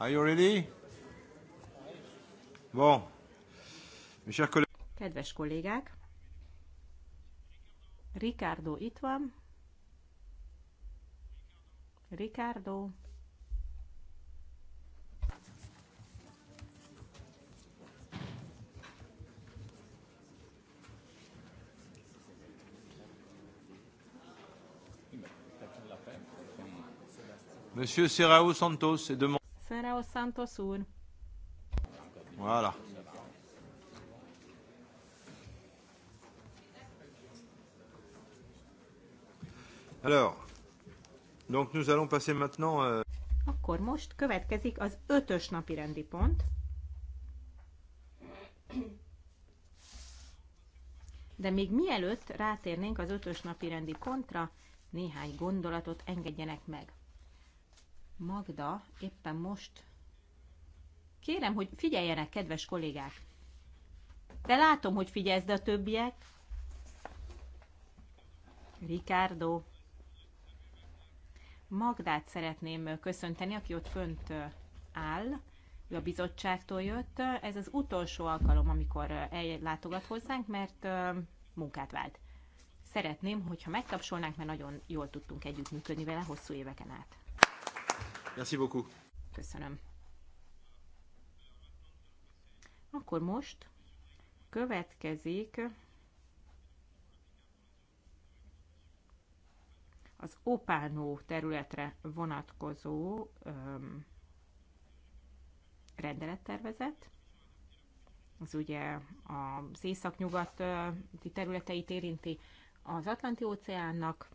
Are you ready? Bon. Kedves kollégák, Ricardo itt van. Ricardo. Monsieur Serrao Santos est demandé. Los Santos úr. Voilà. Alors, donc nous allons passer maintenant... Euh... Akkor most következik az ötös napi rendi pont. De még mielőtt rátérnénk az ötös napi rendi pontra, néhány gondolatot engedjenek meg. Magda éppen most Kérem, hogy figyeljenek, kedves kollégák! De látom, hogy figyelsz, de a többiek. Ricardo. Magdát szeretném köszönteni, aki ott fönt áll. Ő a bizottságtól jött. Ez az utolsó alkalom, amikor ellátogat hozzánk, mert munkát vált. Szeretném, hogyha megtapsolnánk, mert nagyon jól tudtunk együttműködni vele hosszú éveken át. Merci beaucoup. Köszönöm. Akkor most következik az Opánó területre vonatkozó öm, rendelettervezet. Az ugye az északnyugati területeit érinti az Atlanti-óceánnak.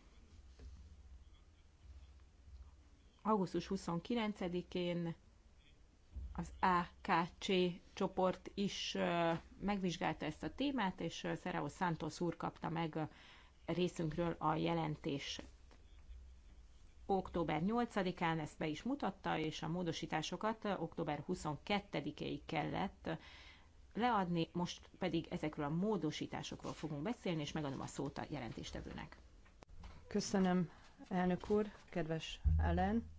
Augusztus 29-én az AKC csoport is megvizsgálta ezt a témát, és Szereo Santos úr kapta meg a részünkről a jelentés október 8-án ezt be is mutatta, és a módosításokat október 22-ig kellett leadni, most pedig ezekről a módosításokról fogunk beszélni, és megadom a szót a jelentéstevőnek. Köszönöm, elnök úr, kedves Ellen.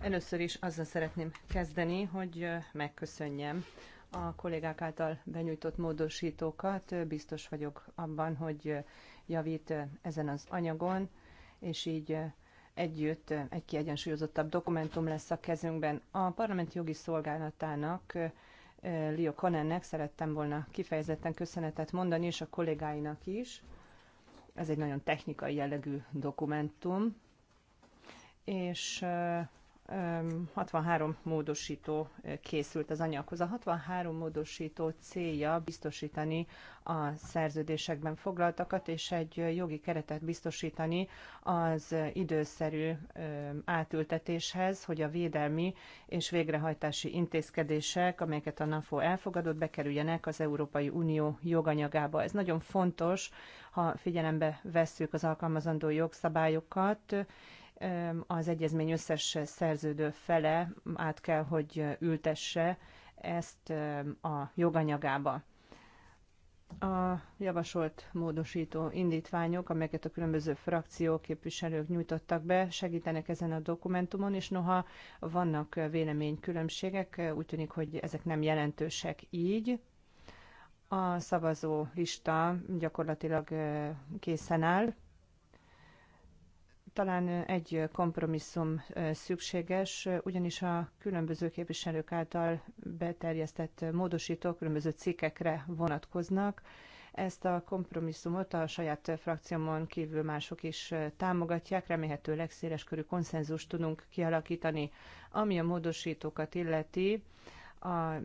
Először is azzal szeretném kezdeni, hogy megköszönjem a kollégák által benyújtott módosítókat. Biztos vagyok abban, hogy javít ezen az anyagon, és így együtt egy kiegyensúlyozottabb dokumentum lesz a kezünkben. A Parlament Jogi Szolgálatának, Leo Conennek szerettem volna kifejezetten köszönetet mondani, és a kollégáinak is. Ez egy nagyon technikai jellegű dokumentum, és 63 módosító készült az anyaghoz. A 63 módosító célja biztosítani a szerződésekben foglaltakat, és egy jogi keretet biztosítani az időszerű átültetéshez, hogy a védelmi és végrehajtási intézkedések, amelyeket a NAFO elfogadott, bekerüljenek az Európai Unió joganyagába. Ez nagyon fontos, ha figyelembe vesszük az alkalmazandó jogszabályokat, az egyezmény összes szerződő fele át kell, hogy ültesse ezt a joganyagába. A javasolt módosító indítványok, amelyeket a különböző frakciók, képviselők nyújtottak be, segítenek ezen a dokumentumon, és noha vannak véleménykülönbségek, úgy tűnik, hogy ezek nem jelentősek így. A szavazó lista gyakorlatilag készen áll, talán egy kompromisszum szükséges, ugyanis a különböző képviselők által beterjesztett módosítók különböző cikkekre vonatkoznak. Ezt a kompromisszumot a saját frakciómon kívül mások is támogatják, remélhetőleg körű konszenzust tudunk kialakítani. Ami a módosítókat illeti, a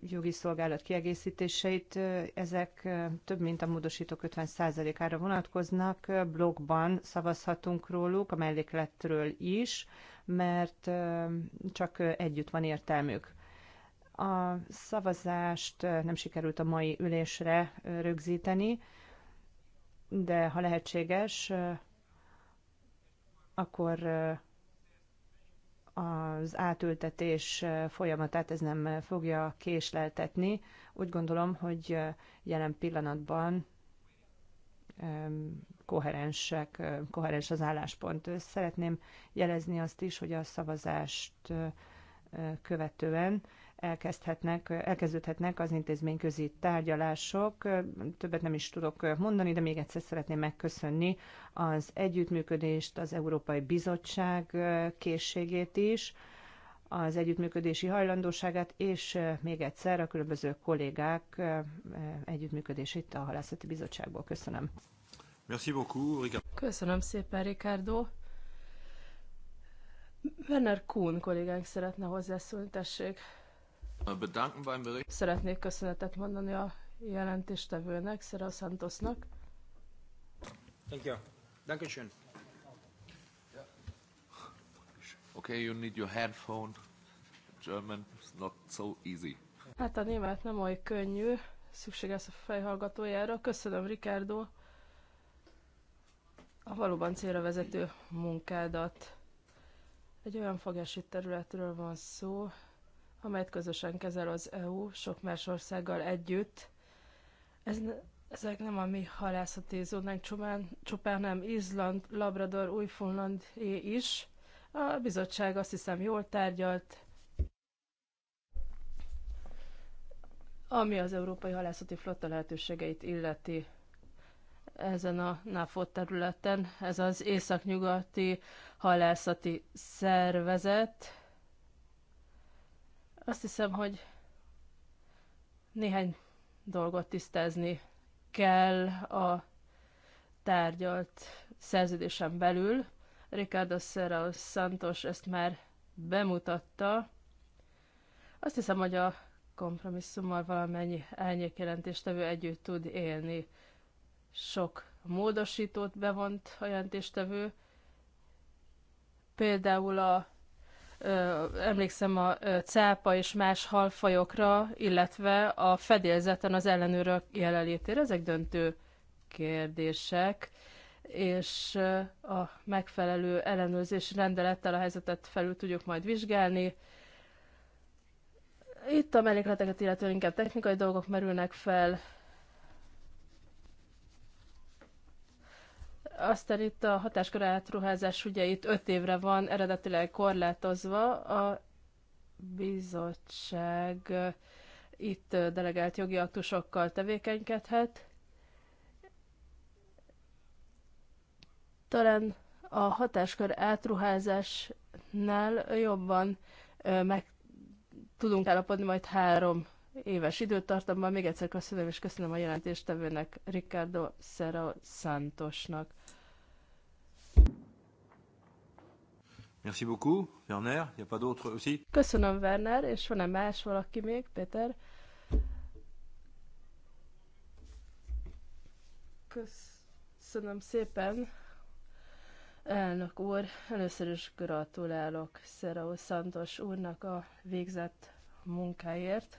jogi szolgálat kiegészítéseit, ezek több mint a módosítók 50%-ára vonatkoznak, blogban szavazhatunk róluk, a mellékletről is, mert csak együtt van értelmük. A szavazást nem sikerült a mai ülésre rögzíteni, de ha lehetséges, akkor az átültetés folyamatát ez nem fogja késleltetni. Úgy gondolom, hogy jelen pillanatban koherensek, koherens az álláspont. Szeretném jelezni azt is, hogy a szavazást követően elkezdhetnek, elkezdődhetnek az intézményközi tárgyalások. Többet nem is tudok mondani, de még egyszer szeretném megköszönni az együttműködést, az Európai Bizottság készségét is, az együttműködési hajlandóságát, és még egyszer a különböző kollégák együttműködését a Halászati Bizottságból. Köszönöm. Merci beaucoup, Ricardo. Köszönöm szépen, Ricardo. Werner Kuhn kollégánk szeretne hozzászólni, tessék. Szeretnék köszönetet mondani a jelentéstevőnek, a Santosnak. Thank you. Dankeschön. Okay, you need your headphone. German is not so easy. Hát a német nem oly könnyű. Szükség lesz a fejhallgatójára. Köszönöm, Ricardo. A valóban célra vezető munkádat. Egy olyan fogási területről van szó, amelyet közösen kezel az EU sok más országgal együtt. Ez, ezek nem a mi halászati zónánk csupán, csupán nem Izland, Labrador, Újfunland is. A bizottság azt hiszem jól tárgyalt, ami az európai halászati flotta lehetőségeit illeti ezen a NAFO területen. Ez az északnyugati halászati szervezet, azt hiszem, hogy néhány dolgot tisztázni kell a tárgyalt szerződésen belül. Ricardo Serra Santos ezt már bemutatta. Azt hiszem, hogy a kompromisszummal valamennyi elnyékjelentéstevő együtt tud élni. Sok módosítót bevont a jelentéstevő, például a emlékszem a cápa és más halfajokra, illetve a fedélzeten az ellenőrök jelenlétére. Ezek döntő kérdések, és a megfelelő ellenőrzési rendelettel a helyzetet felül tudjuk majd vizsgálni. Itt a mellékleteket illetően inkább technikai dolgok merülnek fel, Aztán itt a hatáskör átruházás ugye itt öt évre van eredetileg korlátozva. A bizottság itt delegált jogi aktusokkal tevékenykedhet. Talán a hatáskör átruházásnál jobban meg tudunk állapodni majd három éves időtartamban. Még egyszer köszönöm, és köszönöm a jelentéstevőnek, Ricardo Serra Santosnak. Merci beaucoup, Werner. Y a pas d'autres aussi? Köszönöm, Werner, és van-e más valaki még, Péter? Köszönöm szépen. Elnök úr, először is gratulálok Szerau Szantos úrnak a végzett munkáért.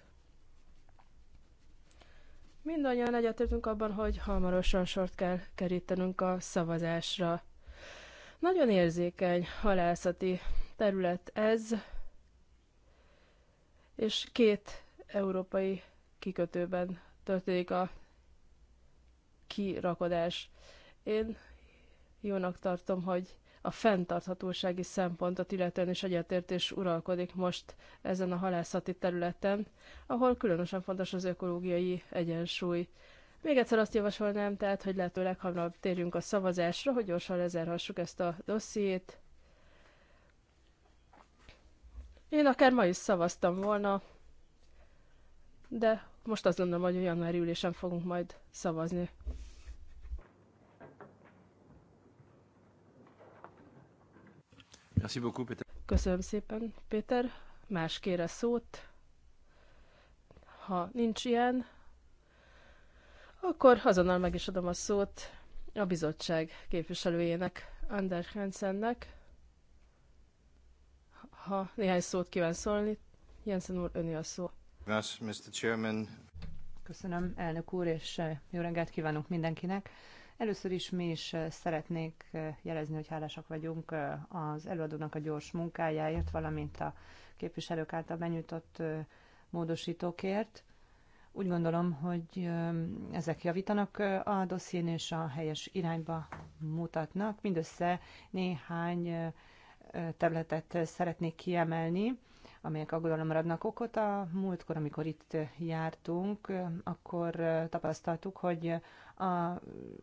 Mindannyian egyetértünk abban, hogy hamarosan sort kell kerítenünk a szavazásra. Nagyon érzékeny halászati terület ez, és két európai kikötőben történik a kirakodás. Én jónak tartom, hogy a fenntarthatósági szempontot illetően is egyetértés uralkodik most ezen a halászati területen, ahol különösen fontos az ökológiai egyensúly. Még egyszer azt javasolnám, tehát, hogy lehetőleg hamarabb térjünk a szavazásra, hogy gyorsan lezárhassuk ezt a dossziét. Én akár ma is szavaztam volna, de most azt gondolom, hogy a ülésen fogunk majd szavazni. Köszönöm szépen, Péter. Más kére szót. Ha nincs ilyen, akkor azonnal meg is adom a szót a bizottság képviselőjének, Ander Hansennek. Ha néhány szót kíván szólni, Jensen úr, öné a szó. Köszönöm, elnök úr, és eh, jó reggelt kívánunk mindenkinek. Először is mi is eh, szeretnék eh, jelezni, hogy hálásak vagyunk az előadónak a gyors munkájáért, valamint a képviselők által benyújtott módosítókért. Úgy gondolom, hogy ezek javítanak a dosszín és a helyes irányba mutatnak. Mindössze néhány területet szeretnék kiemelni, amelyek aggodalomra adnak okot. A múltkor, amikor itt jártunk, akkor tapasztaltuk, hogy a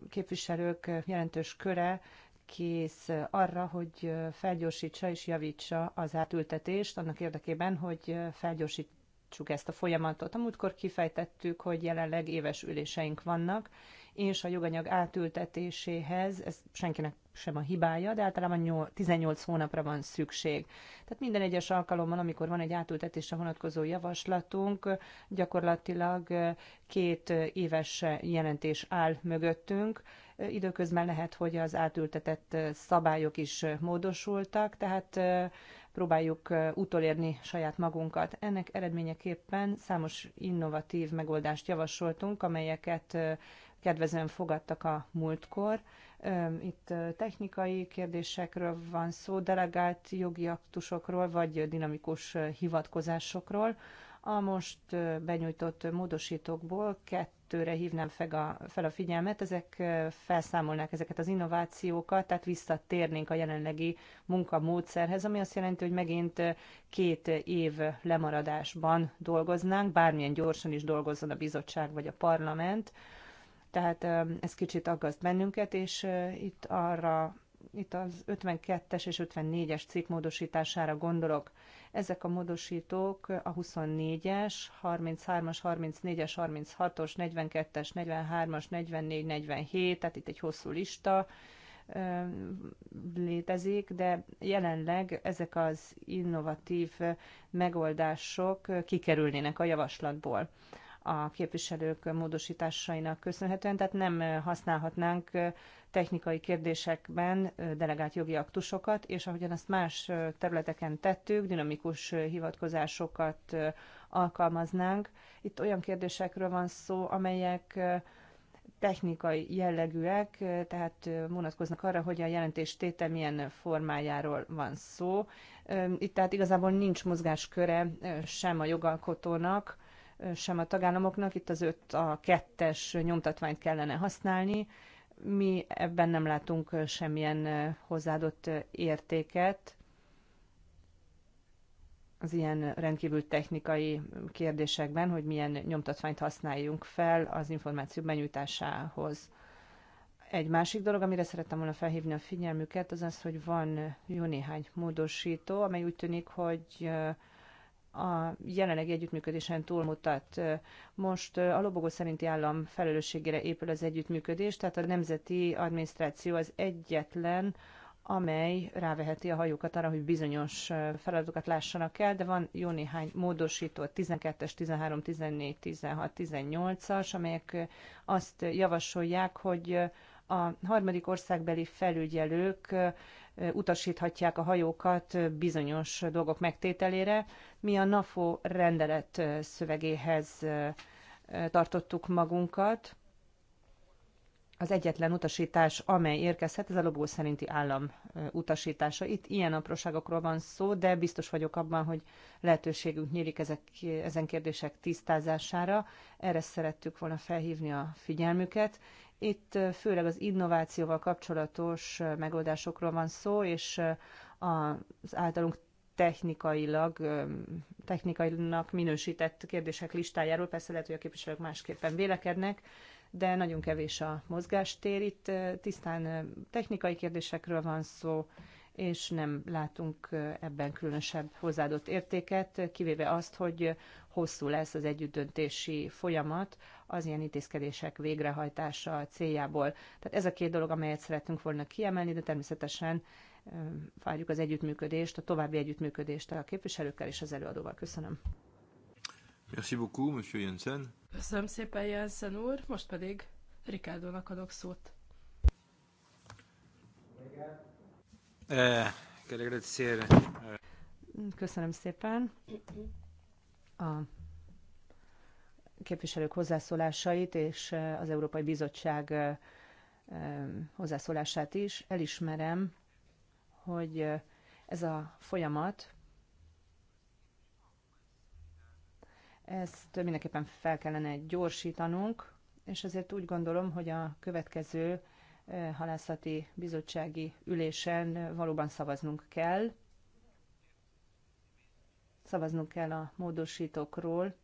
képviselők jelentős köre kész arra, hogy felgyorsítsa és javítsa az átültetést annak érdekében, hogy felgyorsít, folytatjuk ezt a folyamatot. A múltkor kifejtettük, hogy jelenleg éves üléseink vannak, és a joganyag átültetéséhez, ez senkinek sem a hibája, de általában 18 hónapra van szükség. Tehát minden egyes alkalommal, amikor van egy átültetésre vonatkozó javaslatunk, gyakorlatilag két éves jelentés áll mögöttünk. Időközben lehet, hogy az átültetett szabályok is módosultak, tehát próbáljuk utolérni saját magunkat. Ennek eredményeképpen számos innovatív megoldást javasoltunk, amelyeket kedvezően fogadtak a múltkor. Itt technikai kérdésekről van szó, delegált jogi aktusokról, vagy dinamikus hivatkozásokról. A most benyújtott módosítókból kettő kettőre hívnám fel a, fel a figyelmet, ezek felszámolnák ezeket az innovációkat, tehát visszatérnénk a jelenlegi munkamódszerhez, ami azt jelenti, hogy megint két év lemaradásban dolgoznánk, bármilyen gyorsan is dolgozzon a bizottság vagy a parlament, tehát ez kicsit aggaszt bennünket, és itt arra itt az 52-es és 54-es cikk módosítására gondolok. Ezek a módosítók a 24-es, 33-as, 34-es, 36-os, 42-es, 43-as, 44, 47, tehát itt egy hosszú lista létezik, de jelenleg ezek az innovatív megoldások kikerülnének a javaslatból a képviselők módosításainak köszönhetően, tehát nem használhatnánk technikai kérdésekben delegált jogi aktusokat, és ahogyan azt más területeken tettük, dinamikus hivatkozásokat alkalmaznánk. Itt olyan kérdésekről van szó, amelyek technikai jellegűek, tehát vonatkoznak arra, hogy a jelentés tétel milyen formájáról van szó. Itt tehát igazából nincs mozgásköre sem a jogalkotónak, sem a tagállamoknak. Itt az öt a kettes nyomtatványt kellene használni. Mi ebben nem látunk semmilyen hozzáadott értéket az ilyen rendkívül technikai kérdésekben, hogy milyen nyomtatványt használjunk fel az információ benyújtásához. Egy másik dolog, amire szerettem volna felhívni a figyelmüket, az az, hogy van jó néhány módosító, amely úgy tűnik, hogy a jelenlegi együttműködésen túlmutat. Most a lobogó szerinti állam felelősségére épül az együttműködés, tehát a nemzeti adminisztráció az egyetlen, amely ráveheti a hajókat arra, hogy bizonyos feladatokat lássanak el, de van jó néhány módosító, 12-es, 13, 14, 16, 18-as, amelyek azt javasolják, hogy a harmadik országbeli felügyelők utasíthatják a hajókat bizonyos dolgok megtételére. Mi a NAFO rendelet szövegéhez tartottuk magunkat. Az egyetlen utasítás, amely érkezhet, ez a lobó szerinti állam utasítása. Itt ilyen apróságokról van szó, de biztos vagyok abban, hogy lehetőségünk nyílik ezek, ezen kérdések tisztázására. Erre szerettük volna felhívni a figyelmüket, itt főleg az innovációval kapcsolatos megoldásokról van szó, és az általunk technikailag, technikailag minősített kérdések listájáról, persze lehet, hogy a képviselők másképpen vélekednek, de nagyon kevés a mozgástér. Itt tisztán technikai kérdésekről van szó, és nem látunk ebben különösebb hozzáadott értéket, kivéve azt, hogy hosszú lesz az együttdöntési folyamat az ilyen intézkedések végrehajtása céljából. Tehát ez a két dolog, amelyet szerettünk volna kiemelni, de természetesen várjuk az együttműködést, a további együttműködést a képviselőkkel és az előadóval. Köszönöm. Merci beaucoup, Monsieur Jensen. Köszönöm szépen, Jensen úr. Most pedig Rikádónak adok szót. Eh, eh, Köszönöm szépen a képviselők hozzászólásait és az Európai Bizottság hozzászólását is. Elismerem, hogy ez a folyamat, ezt mindenképpen fel kellene gyorsítanunk, és ezért úgy gondolom, hogy a következő halászati bizottsági ülésen valóban szavaznunk kell. Szavaznunk kell a módosítókról,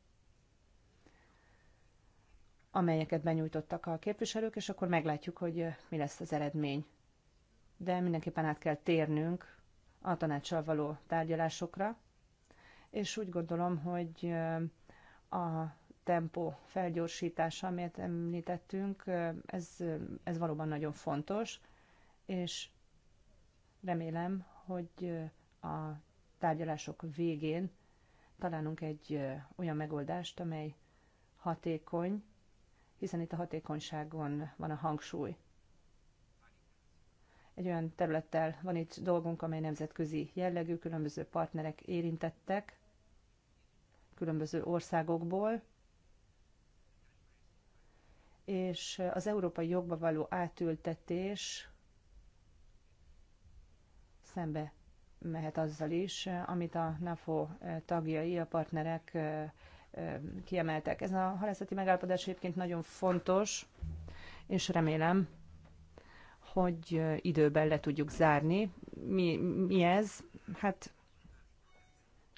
amelyeket benyújtottak a képviselők, és akkor meglátjuk, hogy mi lesz az eredmény. De mindenképpen át kell térnünk a tanácssal való tárgyalásokra, és úgy gondolom, hogy a tempó felgyorsítása, amit említettünk, ez, ez valóban nagyon fontos, és remélem, hogy a tárgyalások végén találunk egy olyan megoldást, amely hatékony, hiszen itt a hatékonyságon van a hangsúly. Egy olyan területtel van itt dolgunk, amely nemzetközi jellegű, különböző partnerek érintettek, különböző országokból, és az európai jogba való átültetés szembe mehet azzal is, amit a NAFO tagjai, a partnerek kiemeltek. Ez a halászati megállapodás egyébként nagyon fontos, és remélem, hogy időben le tudjuk zárni. Mi, mi ez? Hát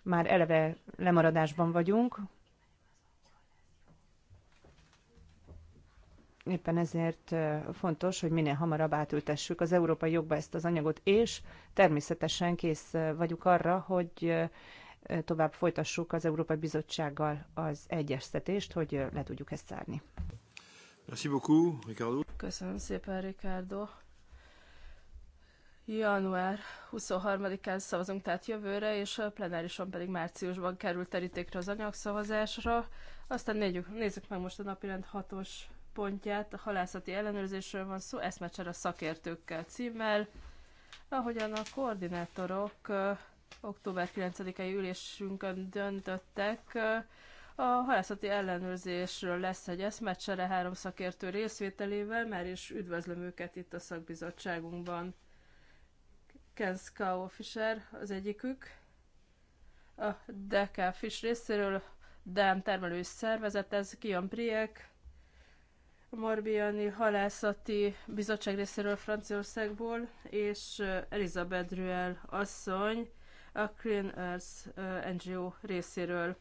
már eleve lemaradásban vagyunk. Éppen ezért fontos, hogy minél hamarabb átültessük az európai jogba ezt az anyagot, és természetesen kész vagyok arra, hogy tovább folytassuk az Európai Bizottsággal az egyeztetést, hogy le tudjuk ezt zárni. Merci beaucoup, Ricardo. Köszönöm szépen, Ricardo. Január 23-án szavazunk, tehát jövőre, és a plenárison pedig márciusban került terítékre az anyagszavazásra. Aztán nézzük, nézzük meg most a napirend hatos pontját. A halászati ellenőrzésről van szó, eszmecser a szakértőkkel címmel. Ahogyan a koordinátorok október 9-i ülésünkön döntöttek. A halászati ellenőrzésről lesz egy eszmecsere három szakértő részvételével, mert is üdvözlöm őket itt a szakbizottságunkban. Kenz Fischer az egyikük, a DK Fish részéről, Dán termelői szervezet, ez Kian Priek, Morbiani halászati bizottság részéről Franciaországból, és Elizabeth Ruel asszony, a Clean Earth NGO részéről.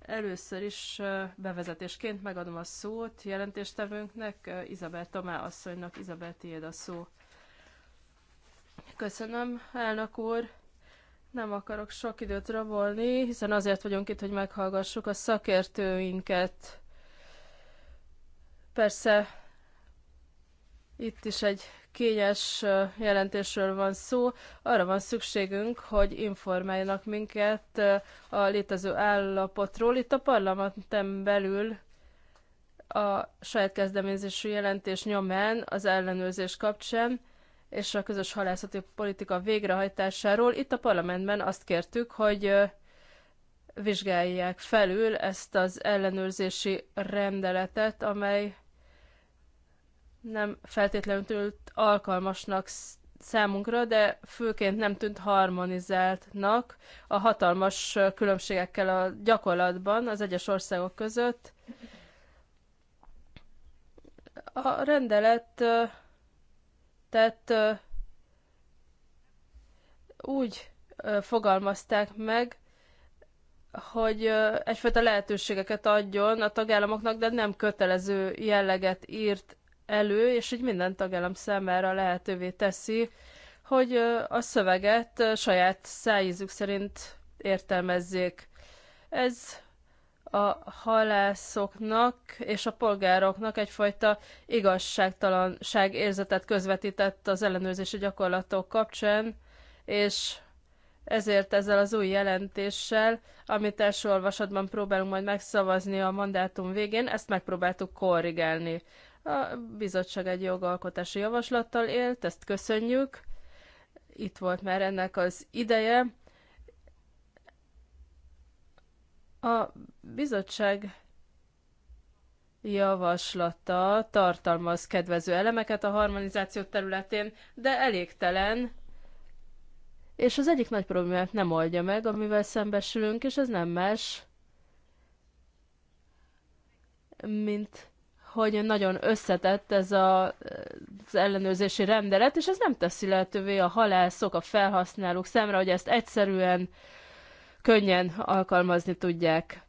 Először is bevezetésként megadom a szót jelentéstevőnknek, Izabel Tomá asszonynak. Izabel, tiéd a szó. Köszönöm, elnök úr. Nem akarok sok időt rabolni, hiszen azért vagyunk itt, hogy meghallgassuk a szakértőinket. Persze itt is egy kényes jelentésről van szó, arra van szükségünk, hogy informáljanak minket a létező állapotról. Itt a parlamenten belül a saját kezdeményezésű jelentés nyomán az ellenőrzés kapcsán és a közös halászati politika végrehajtásáról. Itt a parlamentben azt kértük, hogy vizsgálják felül ezt az ellenőrzési rendeletet, amely nem feltétlenül tűnt alkalmasnak számunkra, de főként nem tűnt harmonizáltnak a hatalmas különbségekkel a gyakorlatban az egyes országok között. A rendelet tehát úgy fogalmazták meg, hogy egyfajta lehetőségeket adjon a tagállamoknak, de nem kötelező jelleget írt elő, és így minden tagállam számára lehetővé teszi, hogy a szöveget saját szájízük szerint értelmezzék. Ez a halászoknak és a polgároknak egyfajta igazságtalanság érzetet közvetített az ellenőrzési gyakorlatok kapcsán, és ezért ezzel az új jelentéssel, amit első olvasatban próbálunk majd megszavazni a mandátum végén, ezt megpróbáltuk korrigálni. A bizottság egy jogalkotási javaslattal élt, ezt köszönjük. Itt volt már ennek az ideje. A bizottság javaslata tartalmaz kedvező elemeket a harmonizáció területén, de elégtelen, és az egyik nagy problémát nem oldja meg, amivel szembesülünk, és ez nem más, mint hogy nagyon összetett ez a, az ellenőrzési rendelet, és ez nem teszi lehetővé a halászok, a felhasználók szemre, hogy ezt egyszerűen, könnyen alkalmazni tudják.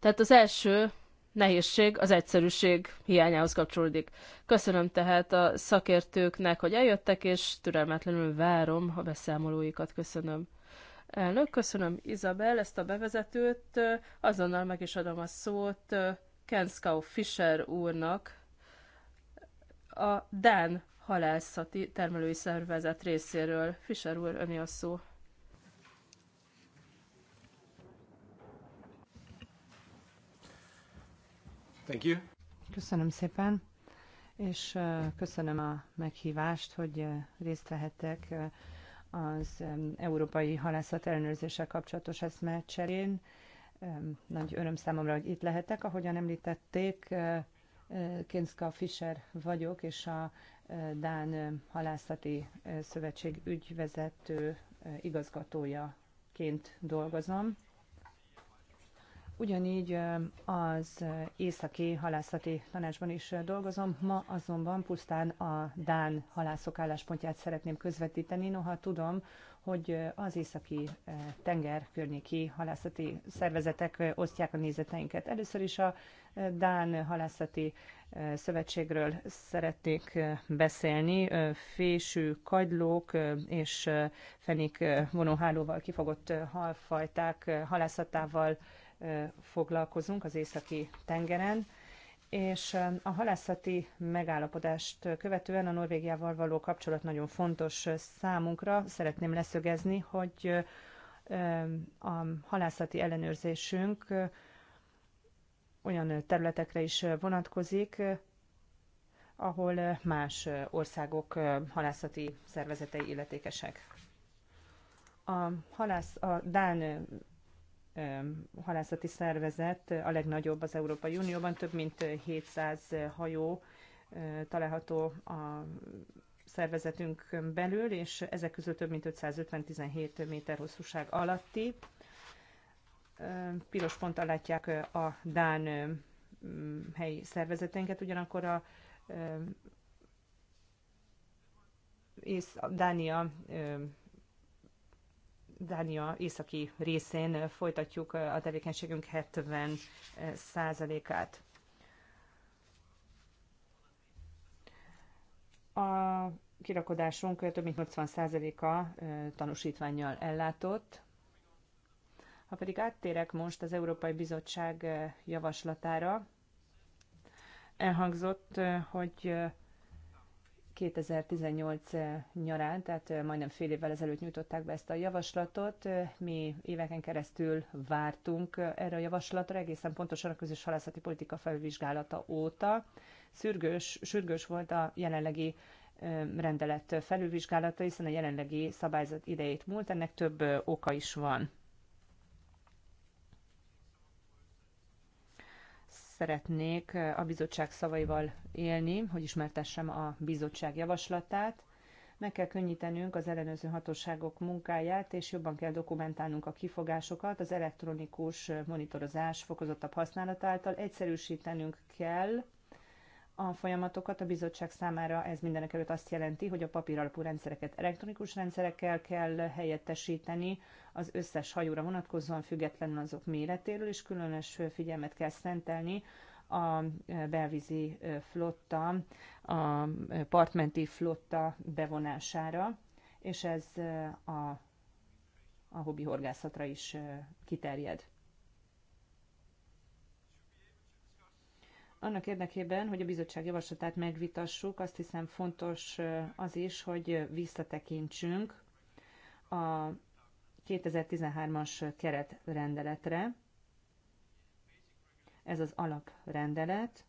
Tehát az első nehézség az egyszerűség hiányához kapcsolódik. Köszönöm tehát a szakértőknek, hogy eljöttek, és türelmetlenül várom a beszámolóikat. Köszönöm. Elnök, köszönöm Izabel ezt a bevezetőt, azonnal meg is adom a szót Kenskau Fischer úrnak, a Dán halászati termelői szervezet részéről. Fischer úr, öni a szó. Thank you. Köszönöm szépen, és köszönöm a meghívást, hogy részt vehettek az Európai Halászat Ellenőrzéssel kapcsolatos eszmecserén nagy öröm számomra, hogy itt lehetek. Ahogyan említették, eh, eh, Kinska Fischer vagyok, és a eh, Dán Halászati Szövetség ügyvezető igazgatójaként dolgozom. Ugyanígy az északi halászati tanácsban is dolgozom, ma azonban pusztán a Dán halászok álláspontját szeretném közvetíteni, noha tudom, hogy az északi tenger környéki halászati szervezetek osztják a nézeteinket. Először is a Dán halászati szövetségről szeretnék beszélni. Fésű kagylók és fenék vonóhálóval kifogott halfajták halászatával foglalkozunk az északi tengeren, és a halászati megállapodást követően a Norvégiával való kapcsolat nagyon fontos számunkra. Szeretném leszögezni, hogy a halászati ellenőrzésünk olyan területekre is vonatkozik, ahol más országok halászati szervezetei illetékesek. A, halász, a Dán halászati szervezet, a legnagyobb az Európai Unióban, több mint 700 hajó található a szervezetünk belül, és ezek közül több mint 550-17 méter hosszúság alatti. Piros ponttal látják a Dán helyi szervezetünket, ugyanakkor a és Dánia Dánia északi részén folytatjuk a tevékenységünk 70 százalékát. A kirakodásunk több mint 80%-a tanúsítványjal ellátott. Ha pedig áttérek most az Európai Bizottság javaslatára, elhangzott, hogy 2018 eh, nyarán, tehát eh, majdnem fél évvel ezelőtt nyújtották be ezt a javaslatot. Eh, mi éveken keresztül vártunk erre a javaslatra, egészen pontosan a közös halászati politika felvizsgálata óta. Szürgős, sürgős volt a jelenlegi rendelet felülvizsgálata, hiszen a jelenlegi szabályzat idejét múlt, ennek több oka is van. szeretnék a bizottság szavaival élni, hogy ismertessem a bizottság javaslatát. Meg kell könnyítenünk az ellenőrző hatóságok munkáját, és jobban kell dokumentálnunk a kifogásokat az elektronikus monitorozás fokozottabb használat által. Egyszerűsítenünk kell a folyamatokat a bizottság számára ez mindenek előtt azt jelenti, hogy a papír alapú rendszereket elektronikus rendszerekkel kell helyettesíteni az összes hajóra vonatkozóan függetlenül azok méretéről, és különös figyelmet kell szentelni a belvízi flotta, a partmenti flotta bevonására, és ez a, a hobbi horgászatra is kiterjed. Annak érdekében, hogy a bizottság javaslatát megvitassuk, azt hiszem fontos az is, hogy visszatekintsünk a 2013-as keretrendeletre. Ez az alaprendelet,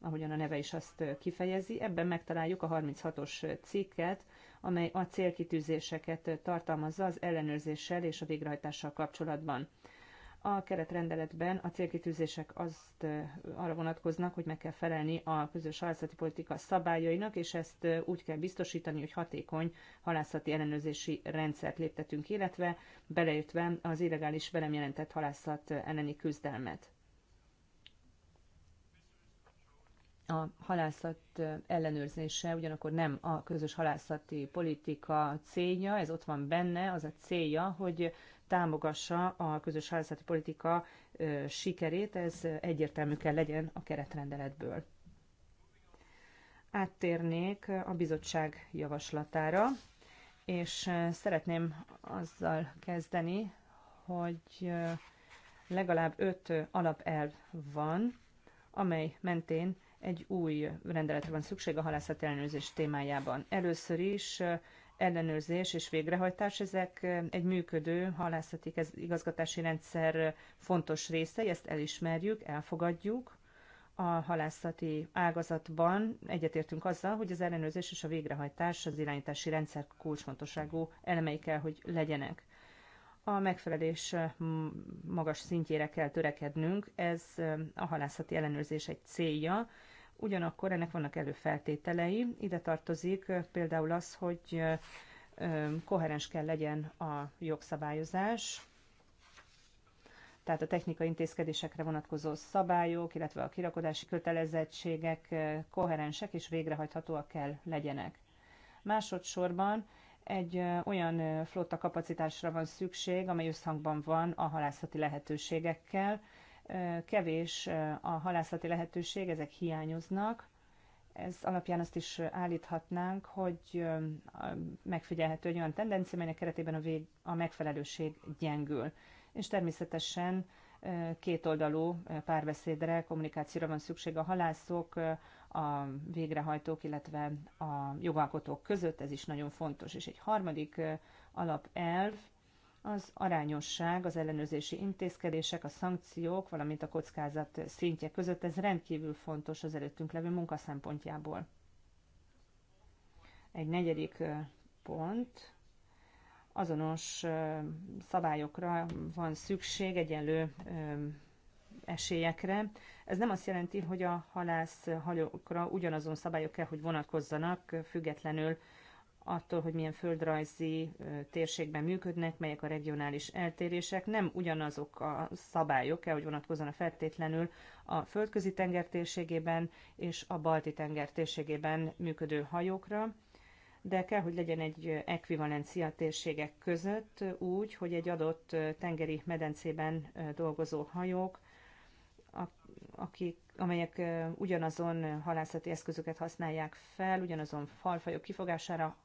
ahogyan a neve is azt kifejezi. Ebben megtaláljuk a 36-os cikket, amely a célkitűzéseket tartalmazza az ellenőrzéssel és a végrehajtással kapcsolatban. A keretrendeletben a célkitűzések azt arra vonatkoznak, hogy meg kell felelni a közös halászati politika szabályainak, és ezt úgy kell biztosítani, hogy hatékony halászati ellenőrzési rendszert léptetünk, illetve beleértve az illegális velem jelentett halászat elleni küzdelmet. a halászat ellenőrzése ugyanakkor nem a közös halászati politika célja, ez ott van benne, az a célja, hogy támogassa a közös házati politika sikerét, ez egyértelmű kell legyen a keretrendeletből. Áttérnék a bizottság javaslatára, és szeretném azzal kezdeni, hogy legalább öt alapelv van, amely mentén egy új rendeletre van szükség a halászat ellenőrzés témájában. Először is ellenőrzés és végrehajtás, ezek egy működő halászati igazgatási rendszer fontos része, ezt elismerjük, elfogadjuk. A halászati ágazatban egyetértünk azzal, hogy az ellenőrzés és a végrehajtás az irányítási rendszer kulcsfontosságú elemei kell, hogy legyenek. A megfelelés magas szintjére kell törekednünk, ez a halászati ellenőrzés egy célja, Ugyanakkor ennek vannak előfeltételei. Ide tartozik például az, hogy koherens kell legyen a jogszabályozás, tehát a technikai intézkedésekre vonatkozó szabályok, illetve a kirakodási kötelezettségek koherensek és végrehajthatóak kell legyenek. Másodszorban egy olyan flotta kapacitásra van szükség, amely összhangban van a halászati lehetőségekkel, kevés a halászati lehetőség, ezek hiányoznak. Ez alapján azt is állíthatnánk, hogy megfigyelhető egy olyan tendencia, melynek keretében a, vég, a megfelelőség gyengül. És természetesen kétoldalú párbeszédre, kommunikációra van szükség a halászok, a végrehajtók, illetve a jogalkotók között, ez is nagyon fontos. És egy harmadik alapelv, az arányosság, az ellenőrzési intézkedések, a szankciók, valamint a kockázat szintje között, ez rendkívül fontos az előttünk levő munka szempontjából. Egy negyedik pont, azonos szabályokra van szükség, egyenlő esélyekre. Ez nem azt jelenti, hogy a halász halókra ugyanazon szabályok kell, hogy vonatkozzanak, függetlenül attól, hogy milyen földrajzi térségben működnek, melyek a regionális eltérések. Nem ugyanazok a szabályok kell, hogy vonatkozzanak feltétlenül a földközi tenger térségében és a balti tenger térségében működő hajókra, de kell, hogy legyen egy ekvivalencia térségek között úgy, hogy egy adott tengeri medencében dolgozó hajók, akik, amelyek ugyanazon halászati eszközöket használják fel, ugyanazon falfajok kifogására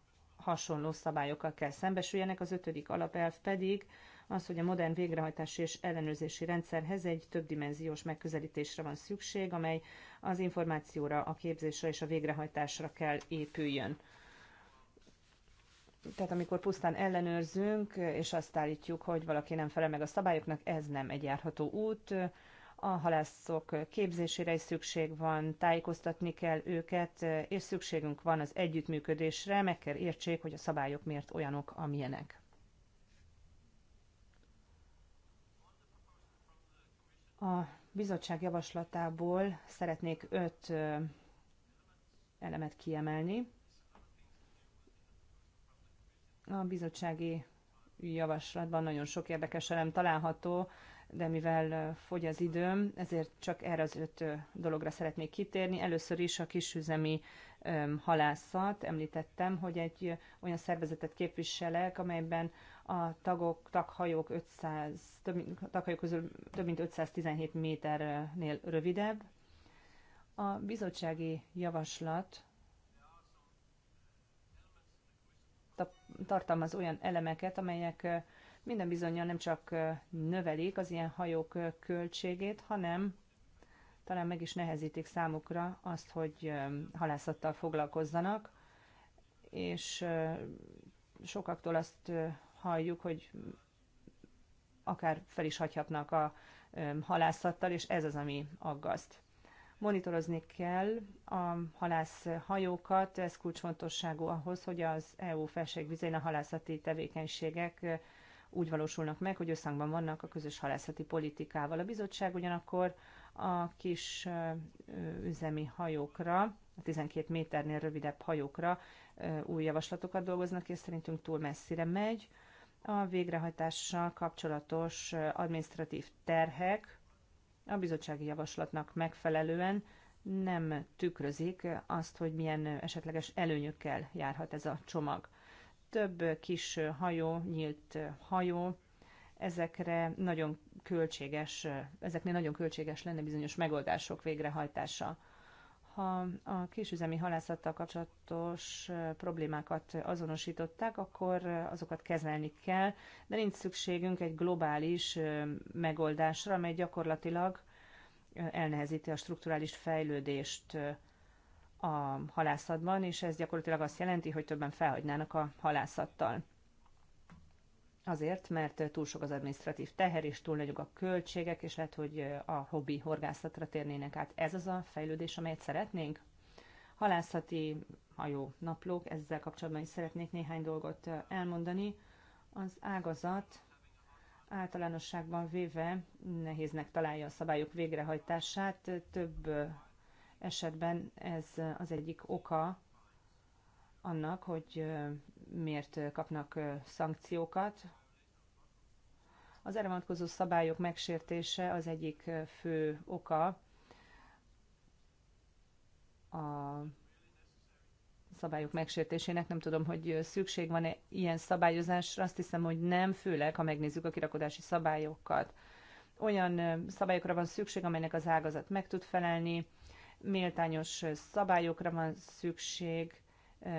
hasonló szabályokkal kell szembesüljenek. Az ötödik alapelv pedig az, hogy a modern végrehajtási és ellenőrzési rendszerhez egy többdimenziós megközelítésre van szükség, amely az információra, a képzésre és a végrehajtásra kell épüljön. Tehát amikor pusztán ellenőrzünk, és azt állítjuk, hogy valaki nem felel meg a szabályoknak, ez nem egy járható út a halászok képzésére is szükség van, tájékoztatni kell őket, és szükségünk van az együttműködésre, meg kell értsék, hogy a szabályok miért olyanok, amilyenek. A bizottság javaslatából szeretnék öt elemet kiemelni. A bizottsági javaslatban nagyon sok érdekes elem található, de mivel fogy az időm, ezért csak erre az öt dologra szeretnék kitérni. Először is a kisüzemi halászat. Említettem, hogy egy olyan szervezetet képviselek, amelyben a tagok, taghajók, 500, több, taghajók közül több mint 517 méternél rövidebb. A bizottsági javaslat tartalmaz olyan elemeket, amelyek minden bizonyal nem csak növelik az ilyen hajók költségét, hanem talán meg is nehezítik számukra azt, hogy halászattal foglalkozzanak, és sokaktól azt halljuk, hogy akár fel is hagyhatnak a halászattal, és ez az, ami aggaszt. Monitorozni kell a halászhajókat, ez kulcsfontosságú ahhoz, hogy az EU felségvizén a halászati tevékenységek úgy valósulnak meg, hogy összhangban vannak a közös halászati politikával. A bizottság ugyanakkor a kis üzemi hajókra, a 12 méternél rövidebb hajókra új javaslatokat dolgoznak, és szerintünk túl messzire megy. A végrehajtással kapcsolatos administratív terhek a bizottsági javaslatnak megfelelően nem tükrözik azt, hogy milyen esetleges előnyökkel járhat ez a csomag több kis hajó, nyílt hajó, ezekre nagyon költséges, ezeknél nagyon költséges lenne bizonyos megoldások végrehajtása. Ha a kisüzemi halászattal kapcsolatos problémákat azonosították, akkor azokat kezelni kell, de nincs szükségünk egy globális megoldásra, amely gyakorlatilag elnehezíti a strukturális fejlődést a halászatban, és ez gyakorlatilag azt jelenti, hogy többen felhagynának a halászattal. Azért, mert túl sok az administratív teher, és túl nagyok a költségek, és lehet, hogy a hobbi horgászatra térnének át. Ez az a fejlődés, amelyet szeretnénk? Halászati hajó naplók, ezzel kapcsolatban is szeretnék néhány dolgot elmondani. Az ágazat általánosságban véve nehéznek találja a szabályok végrehajtását, több esetben ez az egyik oka annak, hogy miért kapnak szankciókat. Az erre vonatkozó szabályok megsértése az egyik fő oka a szabályok megsértésének. Nem tudom, hogy szükség van-e ilyen szabályozásra. Azt hiszem, hogy nem, főleg, ha megnézzük a kirakodási szabályokat. Olyan szabályokra van szükség, amelynek az ágazat meg tud felelni, méltányos szabályokra van szükség,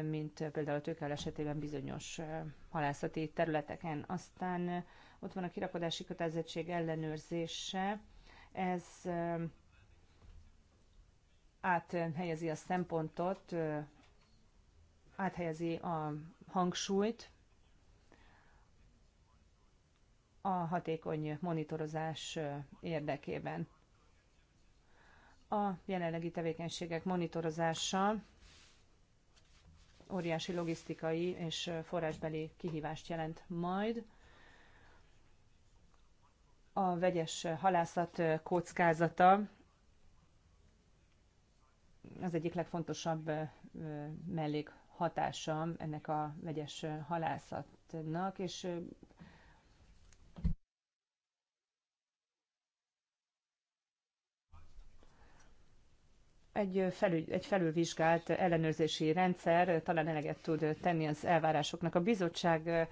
mint például a tőkel esetében bizonyos halászati területeken. Aztán ott van a kirakodási kötelezettség ellenőrzése. Ez áthelyezi a szempontot, áthelyezi a hangsúlyt a hatékony monitorozás érdekében. A jelenlegi tevékenységek monitorozása óriási logisztikai és forrásbeli kihívást jelent majd. A vegyes halászat kockázata az egyik legfontosabb mellékhatása ennek a vegyes halászatnak, és egy, felül, egy felülvizsgált ellenőrzési rendszer talán eleget tud tenni az elvárásoknak. A bizottság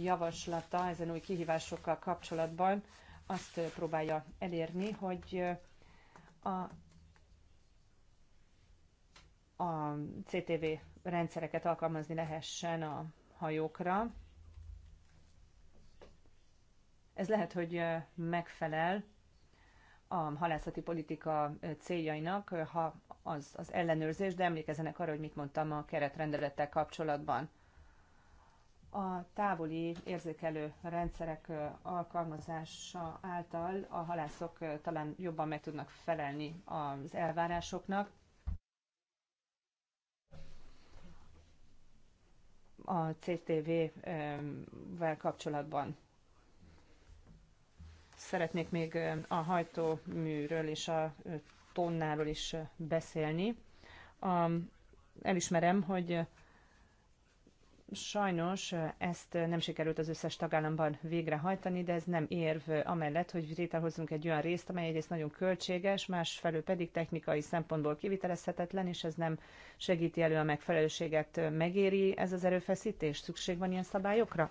javaslata ezen új kihívásokkal kapcsolatban azt próbálja elérni, hogy a a CTV rendszereket alkalmazni lehessen a hajókra. Ez lehet, hogy megfelel a halászati politika céljainak, ha az, az ellenőrzés, de emlékezenek arra, hogy mit mondtam a keretrendelettel kapcsolatban. A távoli érzékelő rendszerek alkalmazása által a halászok talán jobban meg tudnak felelni az elvárásoknak. A CTV-vel kapcsolatban Szeretnék még a hajtóműről és a tonnáról is beszélni. A, elismerem, hogy sajnos ezt nem sikerült az összes tagállamban végrehajtani, de ez nem érv amellett, hogy létrehozzunk egy olyan részt, amely egyrészt nagyon költséges, másfelől pedig technikai szempontból kivitelezhetetlen, és ez nem segíti elő a megfelelőséget. Megéri ez az erőfeszítés? Szükség van ilyen szabályokra?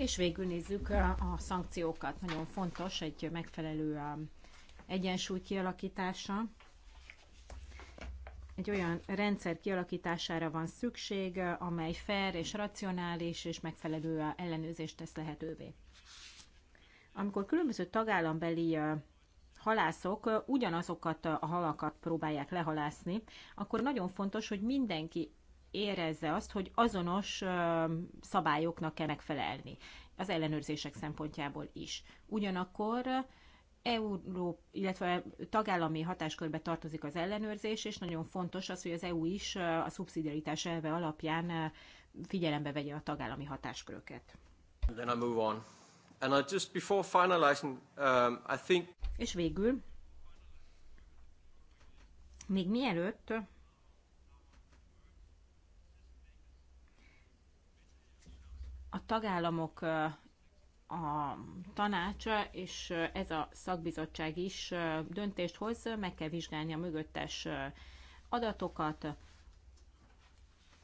És végül nézzük a szankciókat. Nagyon fontos egy megfelelő egyensúly kialakítása. Egy olyan rendszer kialakítására van szükség, amely fair és racionális és megfelelő ellenőrzést tesz lehetővé. Amikor különböző tagállambeli halászok ugyanazokat a halakat próbálják lehalászni, akkor nagyon fontos, hogy mindenki érezze azt, hogy azonos szabályoknak kell megfelelni az ellenőrzések szempontjából is. Ugyanakkor Euró, illetve tagállami hatáskörbe tartozik az ellenőrzés, és nagyon fontos az, hogy az EU is a szubszidiaritás elve alapján figyelembe vegye a tagállami hatásköröket. Um, és végül, még mielőtt a tagállamok, a tanácsa és ez a szakbizottság is döntést hoz, meg kell vizsgálni a mögöttes adatokat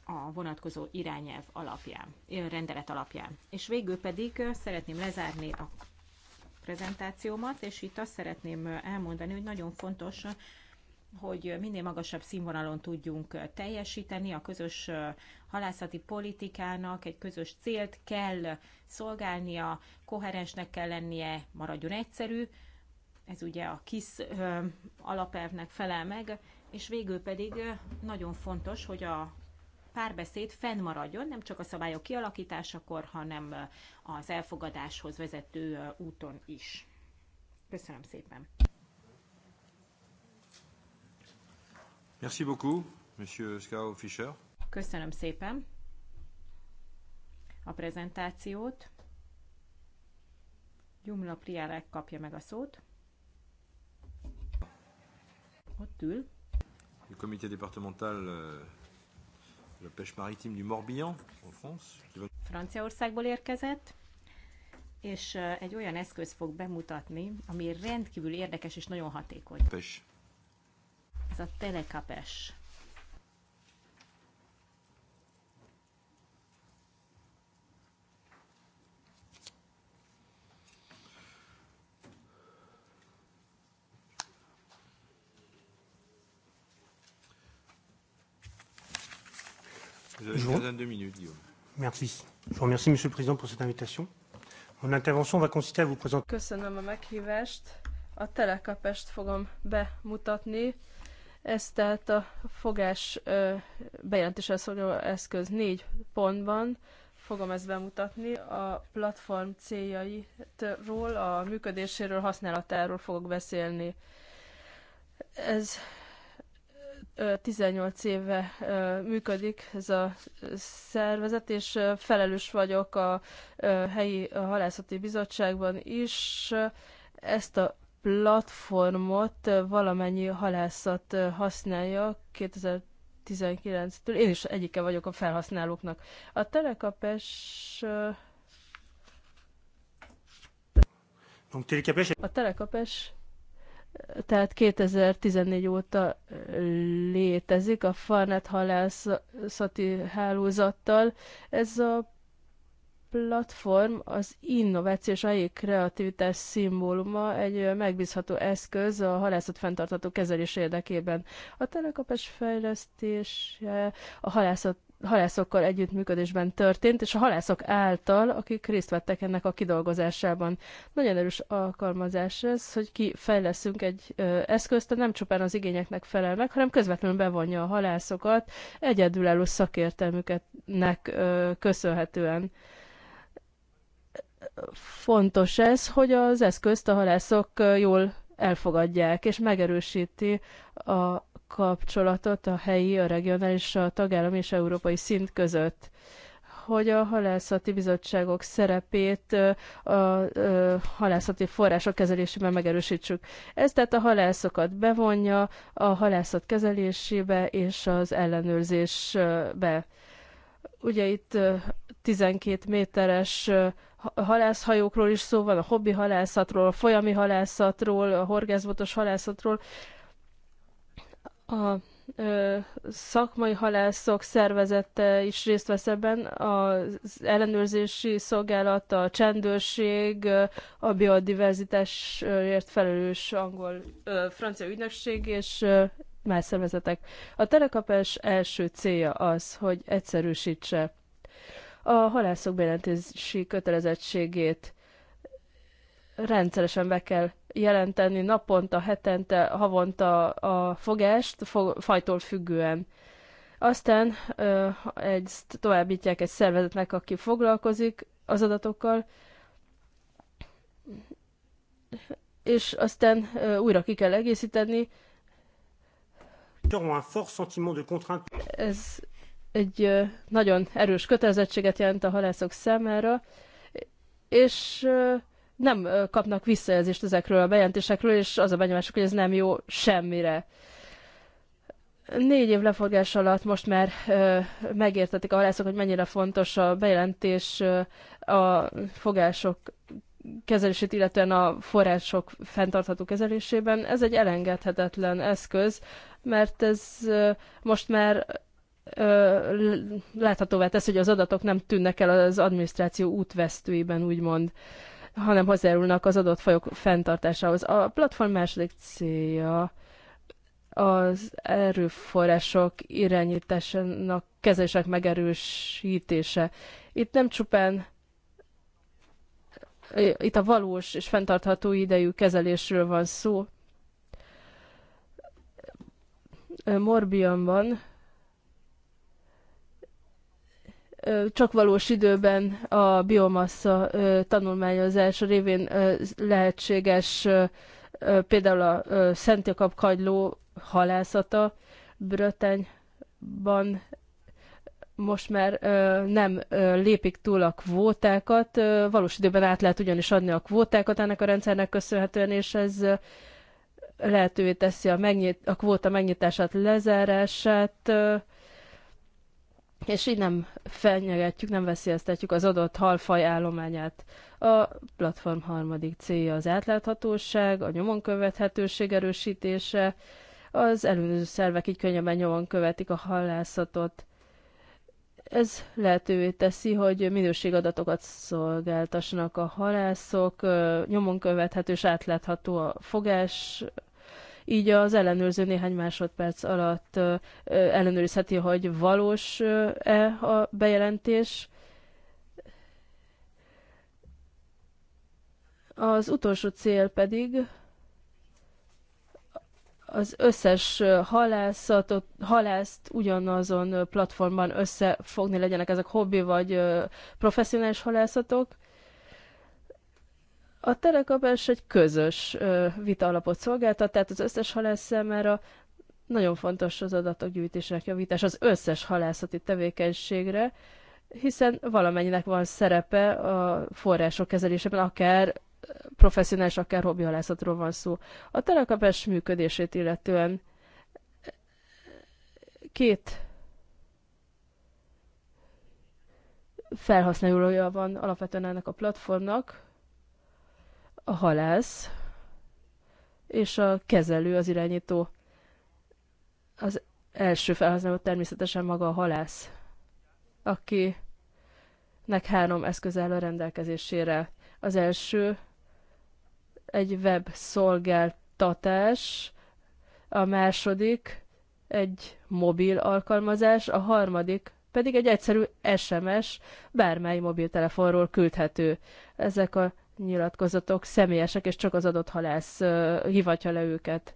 a vonatkozó irányelv alapján, rendelet alapján. És végül pedig szeretném lezárni a prezentációmat, és itt azt szeretném elmondani, hogy nagyon fontos hogy minél magasabb színvonalon tudjunk teljesíteni, a közös halászati politikának egy közös célt kell szolgálnia, koherensnek kell lennie, maradjon egyszerű, ez ugye a KISZ alapelvnek felel meg, és végül pedig nagyon fontos, hogy a párbeszéd fennmaradjon, nem csak a szabályok kialakításakor, hanem az elfogadáshoz vezető úton is. Köszönöm szépen! Merci beaucoup, Monsieur Skau Fischer. Köszönöm szépen a prezentációt. Gyumla Priárek kapja meg a szót. Ott ül. Le comité départemental a euh, la pêche maritime du Morbihan, en France. Franciaországból érkezett, és euh, egy olyan eszköz fog bemutatni, ami rendkívül érdekes és nagyon hatékony. Pêche ez a telekapes. Je Vous donne deux minutes, Guillaume. Merci. Je vous remercie, Monsieur le Président, pour cette invitation. Mon intervention va consister à vous présenter. Köszönöm a meghívást. A Telekapest fogom bemutatni. Ez tehát a fogás bejelentésre szolgáló eszköz négy pontban fogom ezt bemutatni. A platform céljaitról, a működéséről, használatáról fogok beszélni. Ez 18 éve működik ez a szervezet, és felelős vagyok a helyi halászati bizottságban is. Ezt a platformot valamennyi halászat használja 2019-től. Én is egyike vagyok a felhasználóknak. A telekapes a telekapes tehát 2014 óta létezik a Farnet halászati hálózattal. Ez a platform az innováció és a kreativitás szimbóluma, egy megbízható eszköz a halászat fenntartató kezelés érdekében. A telekapes fejlesztése a halászat halászokkal együttműködésben történt, és a halászok által, akik részt vettek ennek a kidolgozásában. Nagyon erős alkalmazás ez, hogy kifejleszünk egy ö, eszközt, nem csupán az igényeknek felel meg, hanem közvetlenül bevonja a halászokat egyedülálló szakértelmüknek köszönhetően fontos ez, hogy az eszközt a halászok jól elfogadják, és megerősíti a kapcsolatot a helyi, a regionális, a tagállami és európai szint között hogy a halászati bizottságok szerepét a halászati források kezelésében megerősítsük. Ez tehát a halászokat bevonja a halászat kezelésébe és az ellenőrzésbe. Ugye itt 12 méteres halászhajókról is szó van, a hobbi halászatról, a folyami halászatról, a horgászbotos halászatról. A ö, szakmai halászok szervezete is részt vesz ebben, az ellenőrzési szolgálat, a csendőrség, a biodiverzitásért felelős angol, francia ügynökség és más szervezetek. A telekapás első célja az, hogy egyszerűsítse a halászok bejelentési kötelezettségét. Rendszeresen be kell jelenteni naponta, hetente, havonta a fogást, fog, fajtól függően. Aztán ö, egy, továbbítják egy szervezetnek, aki foglalkozik az adatokkal, és aztán ö, újra ki kell egészíteni, ez egy nagyon erős kötelezettséget jelent a halászok számára, és nem kapnak visszajelzést ezekről a bejelentésekről, és az a benyomásuk, hogy ez nem jó semmire. Négy év leforgás alatt most már ö, megértetik a halászok, hogy mennyire fontos a bejelentés ö, a fogások kezelését, illetően a források fenntartható kezelésében. Ez egy elengedhetetlen eszköz, mert ez most már láthatóvá tesz, hogy az adatok nem tűnnek el az adminisztráció útvesztőiben, úgymond hanem hozzájárulnak az adott fajok fenntartásához. A platform második célja az erőforrások irányításának kezelések megerősítése. Itt nem csupán itt a valós és fenntartható idejű kezelésről van szó. Morbianban csak valós időben a biomassa tanulmányozás révén lehetséges például a Szentjakab kagyló halászata Brötenyban most már ö, nem ö, lépik túl a kvótákat, ö, valós időben át lehet ugyanis adni a kvótákat ennek a rendszernek köszönhetően, és ez ö, lehetővé teszi a, megnyit, a kvóta megnyitását, lezárását, ö, és így nem fenyegetjük, nem veszélyeztetjük az adott halfaj állományát. A platform harmadik célja az átláthatóság, a nyomon követhetőség erősítése, az előző szervek így könnyebben nyomon követik a halászatot ez lehetővé teszi, hogy minőségadatokat szolgáltassanak a halászok, nyomon követhető és átlátható a fogás, így az ellenőrző néhány másodperc alatt ellenőrizheti, hogy valós-e a bejelentés. Az utolsó cél pedig az összes halászatot, halászt ugyanazon platformban összefogni, legyenek ezek hobbi vagy professzionális halászatok. A telekapás egy közös vita alapot szolgáltat, tehát az összes halász számára nagyon fontos az adatok gyűjtésének javítás az összes halászati tevékenységre, hiszen valamennyinek van szerepe a források kezelésében, akár professzionális, akár hobbihalászatról van szó. A telekapes működését illetően két felhasználója van alapvetően ennek a platformnak, a halász és a kezelő, az irányító. Az első felhasználó természetesen maga a halász, akinek három eszköz áll a rendelkezésére. Az első egy web szolgáltatás, a második egy mobil alkalmazás, a harmadik pedig egy egyszerű SMS, bármely mobiltelefonról küldhető. Ezek a nyilatkozatok személyesek, és csak az adott halász hivatja le őket.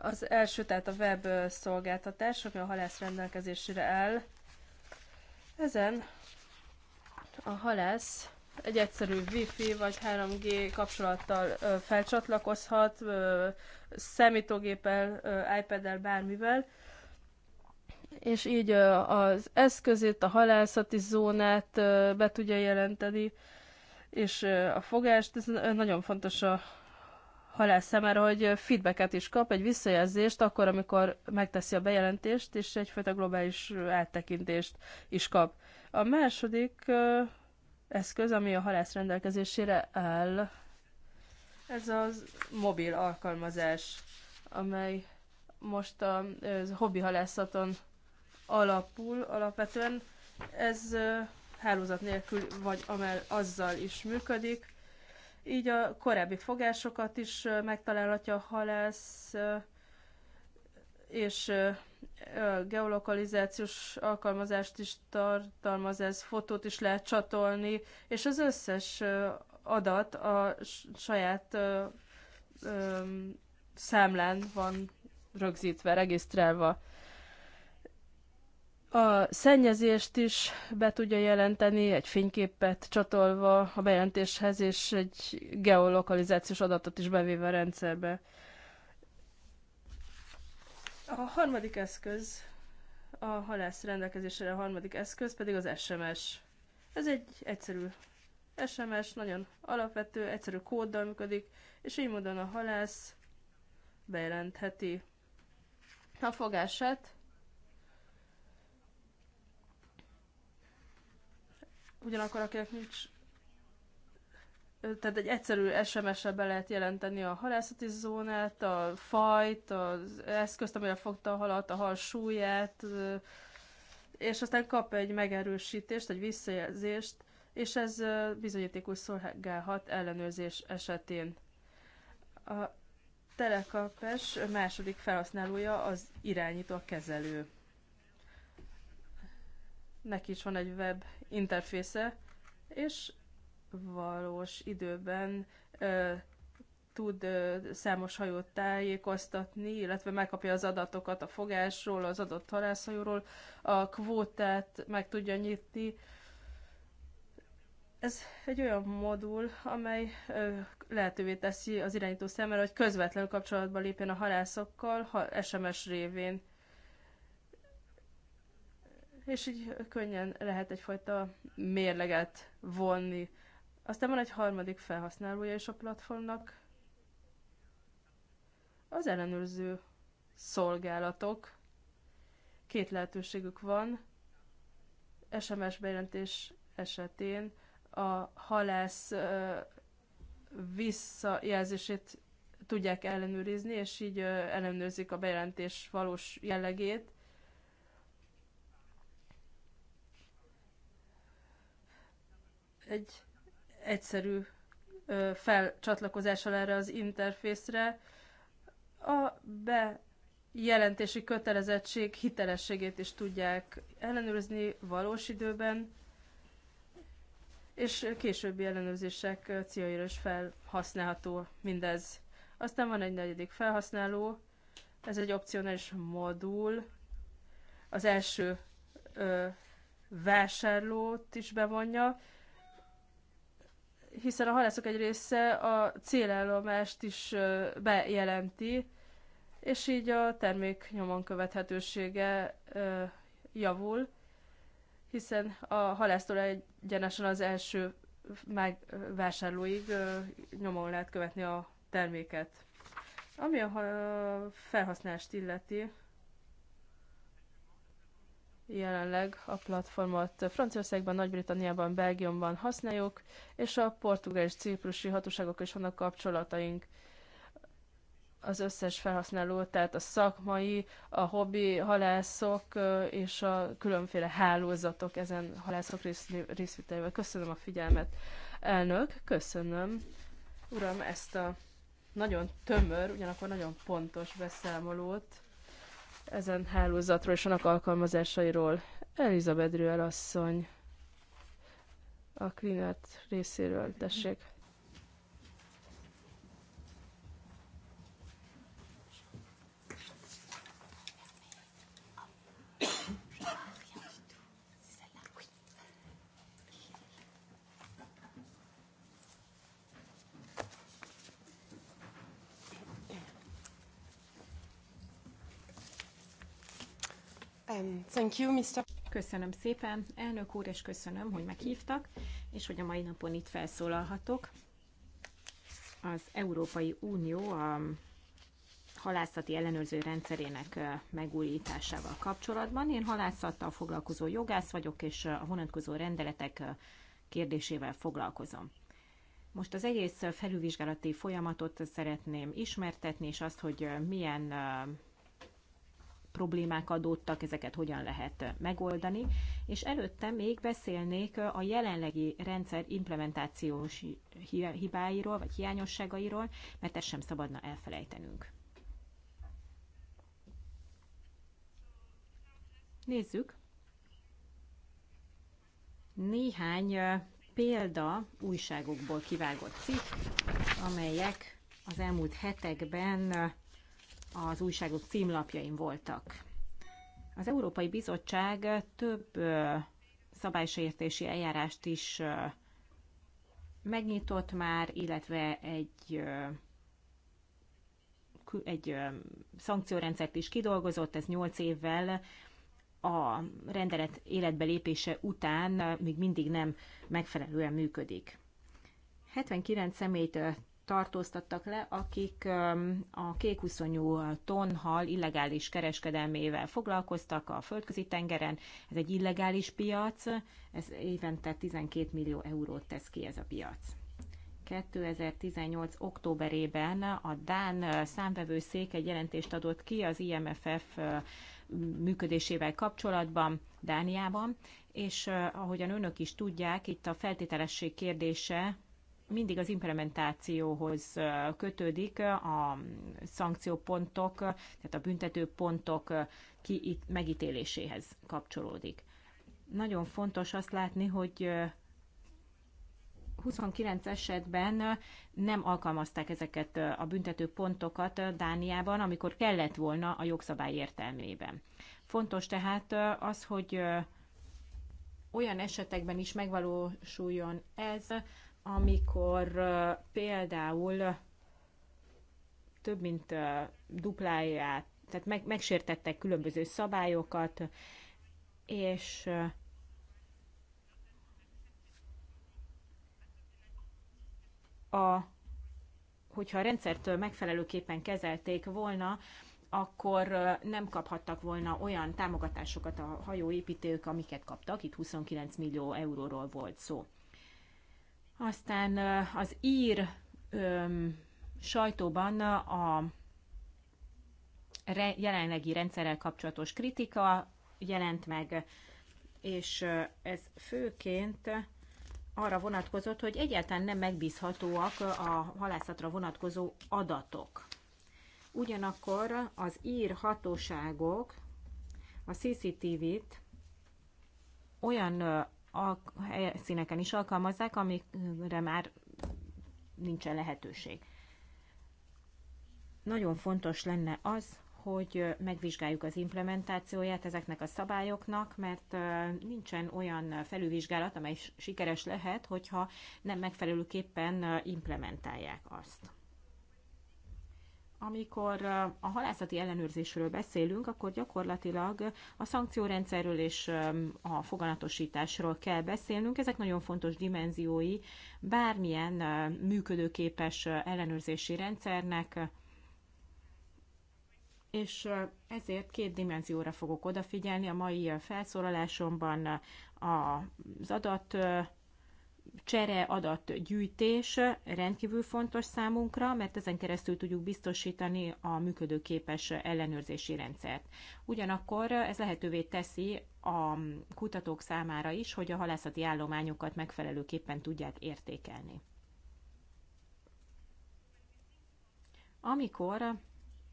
Az első, tehát a web szolgáltatás, ami a halász rendelkezésére áll. Ezen a halász egy egyszerű wifi vagy 3G kapcsolattal felcsatlakozhat, számítógéppel, iPad-el, bármivel, és így az eszközét, a halászati zónát be tudja jelenteni, és a fogást, ez nagyon fontos a halász szemére, hogy feedbacket is kap, egy visszajelzést, akkor, amikor megteszi a bejelentést, és egyfajta globális áttekintést is kap. A második eszköz, ami a halász rendelkezésére áll. Ez az mobil alkalmazás, amely most a hobbi halászaton alapul alapvetően. Ez hálózat nélkül, vagy amel azzal is működik. Így a korábbi fogásokat is megtalálhatja a halász, és geolokalizációs alkalmazást is tartalmaz, ez fotót is lehet csatolni, és az összes adat a saját számlán van rögzítve, regisztrálva. A szennyezést is be tudja jelenteni, egy fényképet csatolva a bejelentéshez, és egy geolokalizációs adatot is bevéve a rendszerbe. A harmadik eszköz, a halász rendelkezésére a harmadik eszköz pedig az SMS. Ez egy egyszerű SMS, nagyon alapvető, egyszerű kóddal működik, és így módon a halász bejelentheti a fogását. Ugyanakkor, akinek nincs tehát egy egyszerű SMS-re be lehet jelenteni a halászati zónát, a fajt, az eszközt, amire fogta a halat, a hal súlyát, és aztán kap egy megerősítést, egy visszajelzést, és ez bizonyítékos szolgálhat ellenőrzés esetén. A telekapes második felhasználója az irányító a kezelő. Neki is van egy web interfésze, és valós időben ö, tud ö, számos hajót tájékoztatni, illetve megkapja az adatokat a fogásról, az adott halászhajóról, a kvótát meg tudja nyitni. Ez egy olyan modul, amely ö, lehetővé teszi az irányító számára, hogy közvetlenül kapcsolatba lépjen a halászokkal ha SMS révén. És így könnyen lehet egyfajta mérleget vonni aztán van egy harmadik felhasználója is a platformnak, az ellenőrző szolgálatok. Két lehetőségük van. SMS bejelentés esetén a halász visszajelzését tudják ellenőrizni, és így ellenőrzik a bejelentés valós jellegét. Egy egyszerű felcsatlakozással erre az interfészre a bejelentési kötelezettség hitelességét is tudják ellenőrizni valós időben, és későbbi ellenőrzések céljára is felhasználható mindez. Aztán van egy negyedik felhasználó, ez egy opcionális modul, az első ö, vásárlót is bevonja, hiszen a halászok egy része a célállomást is bejelenti, és így a termék nyomon követhetősége javul, hiszen a halásztól egyenesen az első vásárlóig nyomon lehet követni a terméket. Ami a felhasználást illeti, Jelenleg a platformot Franciaországban, Nagy-Britanniában, Belgiumban használjuk, és a portugál és ciprusi hatóságok is vannak kapcsolataink az összes felhasználó, tehát a szakmai, a hobbi halászok és a különféle hálózatok ezen halászok részvételével. Köszönöm a figyelmet, elnök, köszönöm, uram, ezt a nagyon tömör, ugyanakkor nagyon pontos beszámolót ezen hálózatról és annak alkalmazásairól. Elizabeth Rüel asszony a Klinert részéről, tessék. thank you, Mr. Köszönöm szépen, elnök úr, és köszönöm, hogy meghívtak, és hogy a mai napon itt felszólalhatok. Az Európai Unió a halászati ellenőrző rendszerének megújításával kapcsolatban. Én halászattal foglalkozó jogász vagyok, és a vonatkozó rendeletek kérdésével foglalkozom. Most az egész felülvizsgálati folyamatot szeretném ismertetni, és azt, hogy milyen problémák adódtak, ezeket hogyan lehet megoldani, és előtte még beszélnék a jelenlegi rendszer implementációs hibáiról, vagy hiányosságairól, mert ezt sem szabadna elfelejtenünk. Nézzük. Néhány példa újságokból kivágott cikk, amelyek az elmúlt hetekben az újságok címlapjain voltak. Az Európai Bizottság több szabálysértési eljárást is megnyitott már, illetve egy egy szankciórendszert is kidolgozott, ez 8 évvel a rendelet életbe lépése után még mindig nem megfelelően működik. 79 személyt tartóztattak le, akik a kékuszonyú tonhal illegális kereskedelmével foglalkoztak a földközi tengeren. Ez egy illegális piac, ez évente 12 millió eurót tesz ki ez a piac. 2018. októberében a Dán számvevőszék egy jelentést adott ki az IMFF működésével kapcsolatban Dániában, és ahogyan önök is tudják, itt a feltételesség kérdése mindig az implementációhoz kötődik a szankciópontok, tehát a büntetőpontok ki megítéléséhez kapcsolódik. Nagyon fontos azt látni, hogy 29 esetben nem alkalmazták ezeket a büntető pontokat Dániában, amikor kellett volna a jogszabály értelmében. Fontos tehát az, hogy olyan esetekben is megvalósuljon ez, amikor például több mint dupláját, tehát meg, megsértettek különböző szabályokat, és a, hogyha a rendszert megfelelőképpen kezelték volna, akkor nem kaphattak volna olyan támogatásokat a hajóépítők, amiket kaptak. Itt 29 millió euróról volt szó. Aztán az ír öm, sajtóban a re, jelenlegi rendszerrel kapcsolatos kritika jelent meg, és ez főként arra vonatkozott, hogy egyáltalán nem megbízhatóak a halászatra vonatkozó adatok. Ugyanakkor az ír hatóságok a CCTV-t olyan a helyszíneken is alkalmazzák, amikre már nincsen lehetőség. Nagyon fontos lenne az, hogy megvizsgáljuk az implementációját ezeknek a szabályoknak, mert nincsen olyan felülvizsgálat, amely sikeres lehet, hogyha nem megfelelőképpen implementálják azt amikor a halászati ellenőrzésről beszélünk, akkor gyakorlatilag a szankciórendszerről és a foganatosításról kell beszélnünk. Ezek nagyon fontos dimenziói bármilyen működőképes ellenőrzési rendszernek, és ezért két dimenzióra fogok odafigyelni a mai felszólalásomban az adat csere gyűjtés rendkívül fontos számunkra, mert ezen keresztül tudjuk biztosítani a működőképes ellenőrzési rendszert. Ugyanakkor ez lehetővé teszi a kutatók számára is, hogy a halászati állományokat megfelelőképpen tudják értékelni. Amikor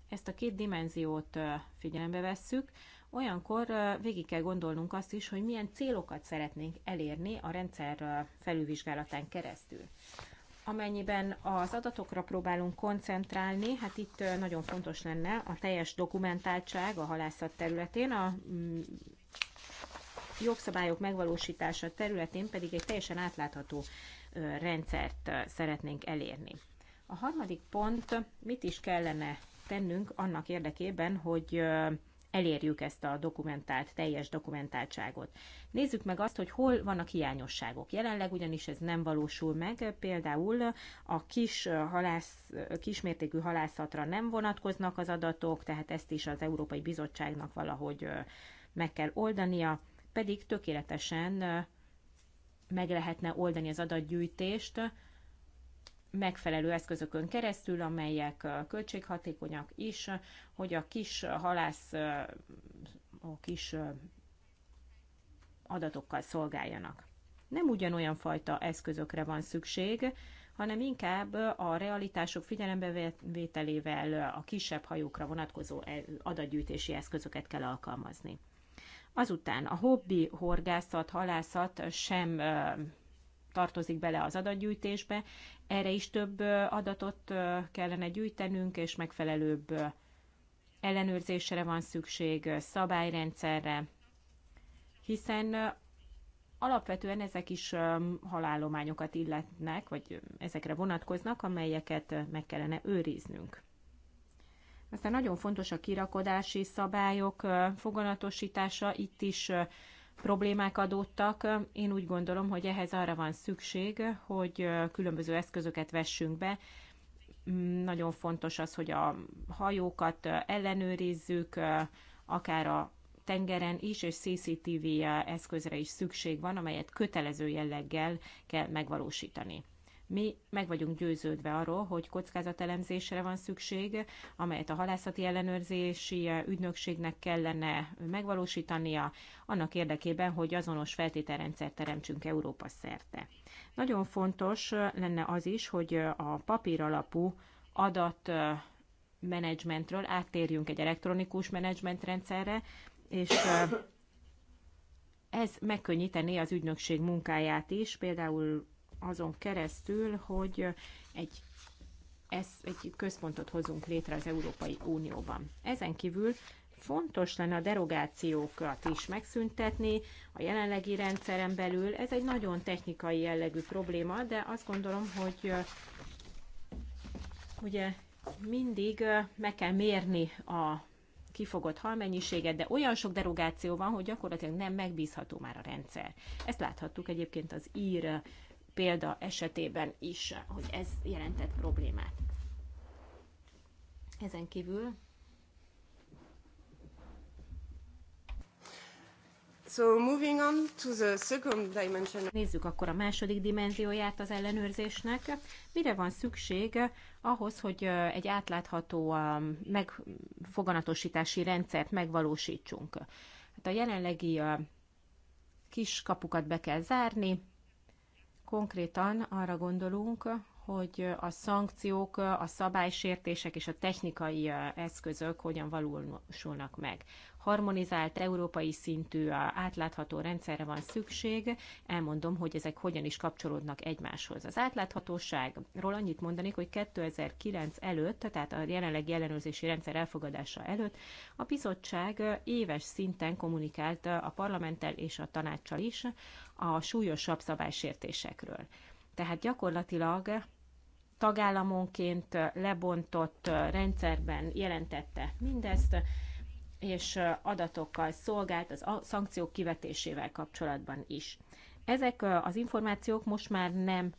ezt a két dimenziót figyelembe vesszük, olyankor végig kell gondolnunk azt is, hogy milyen célokat szeretnénk elérni a rendszer felülvizsgálatán keresztül. Amennyiben az adatokra próbálunk koncentrálni, hát itt nagyon fontos lenne a teljes dokumentáltság a halászat területén, a mm, jogszabályok megvalósítása területén pedig egy teljesen átlátható rendszert szeretnénk elérni. A harmadik pont, mit is kellene tennünk annak érdekében, hogy elérjük ezt a dokumentált, teljes dokumentáltságot. Nézzük meg azt, hogy hol vannak hiányosságok. Jelenleg ugyanis ez nem valósul meg, például a kis halász, kismértékű halászatra nem vonatkoznak az adatok, tehát ezt is az Európai Bizottságnak valahogy meg kell oldania, pedig tökéletesen meg lehetne oldani az adatgyűjtést, megfelelő eszközökön keresztül, amelyek költséghatékonyak is, hogy a kis halász, a kis adatokkal szolgáljanak. Nem ugyanolyan fajta eszközökre van szükség, hanem inkább a realitások figyelembevételével a kisebb hajókra vonatkozó adatgyűjtési eszközöket kell alkalmazni. Azután a hobbi horgászat, halászat sem tartozik bele az adatgyűjtésbe. Erre is több adatot kellene gyűjtenünk, és megfelelőbb ellenőrzésre van szükség, szabályrendszerre, hiszen alapvetően ezek is halállományokat illetnek, vagy ezekre vonatkoznak, amelyeket meg kellene őriznünk. Aztán nagyon fontos a kirakodási szabályok foganatosítása, itt is problémák adódtak. Én úgy gondolom, hogy ehhez arra van szükség, hogy különböző eszközöket vessünk be. Nagyon fontos az, hogy a hajókat ellenőrizzük, akár a tengeren is, és CCTV eszközre is szükség van, amelyet kötelező jelleggel kell megvalósítani. Mi meg vagyunk győződve arról, hogy kockázatelemzésre van szükség, amelyet a halászati ellenőrzési ügynökségnek kellene megvalósítania, annak érdekében, hogy azonos feltételrendszert teremtsünk Európa szerte. Nagyon fontos lenne az is, hogy a papír alapú adat menedzsmentről áttérjünk egy elektronikus menedzsmentrendszerre, és ez megkönnyítené az ügynökség munkáját is, például azon keresztül, hogy egy, ez, egy központot hozunk létre az Európai Unióban. Ezen kívül fontos lenne a derogációkat is megszüntetni a jelenlegi rendszeren belül. Ez egy nagyon technikai jellegű probléma, de azt gondolom, hogy ugye mindig meg kell mérni a kifogott halmennyiséget, de olyan sok derogáció van, hogy gyakorlatilag nem megbízható már a rendszer. Ezt láthattuk egyébként az ír példa esetében is, hogy ez jelentett problémát. Ezen kívül So moving on to the second dimension. Nézzük akkor a második dimenzióját az ellenőrzésnek. Mire van szükség ahhoz, hogy egy átlátható megfoganatosítási rendszert megvalósítsunk? Hát a jelenlegi kis kapukat be kell zárni, Konkrétan arra gondolunk, hogy a szankciók, a szabálysértések és a technikai eszközök hogyan valósulnak meg. Harmonizált európai szintű átlátható rendszerre van szükség, elmondom, hogy ezek hogyan is kapcsolódnak egymáshoz. Az átláthatóságról annyit mondanék, hogy 2009 előtt, tehát a jelenlegi ellenőrzési rendszer elfogadása előtt a bizottság éves szinten kommunikált a parlamenttel és a tanácssal is a súlyosabb szabálysértésekről. Tehát gyakorlatilag tagállamonként lebontott rendszerben jelentette mindezt, és adatokkal szolgált az szankciók kivetésével kapcsolatban is. Ezek az információk most már nem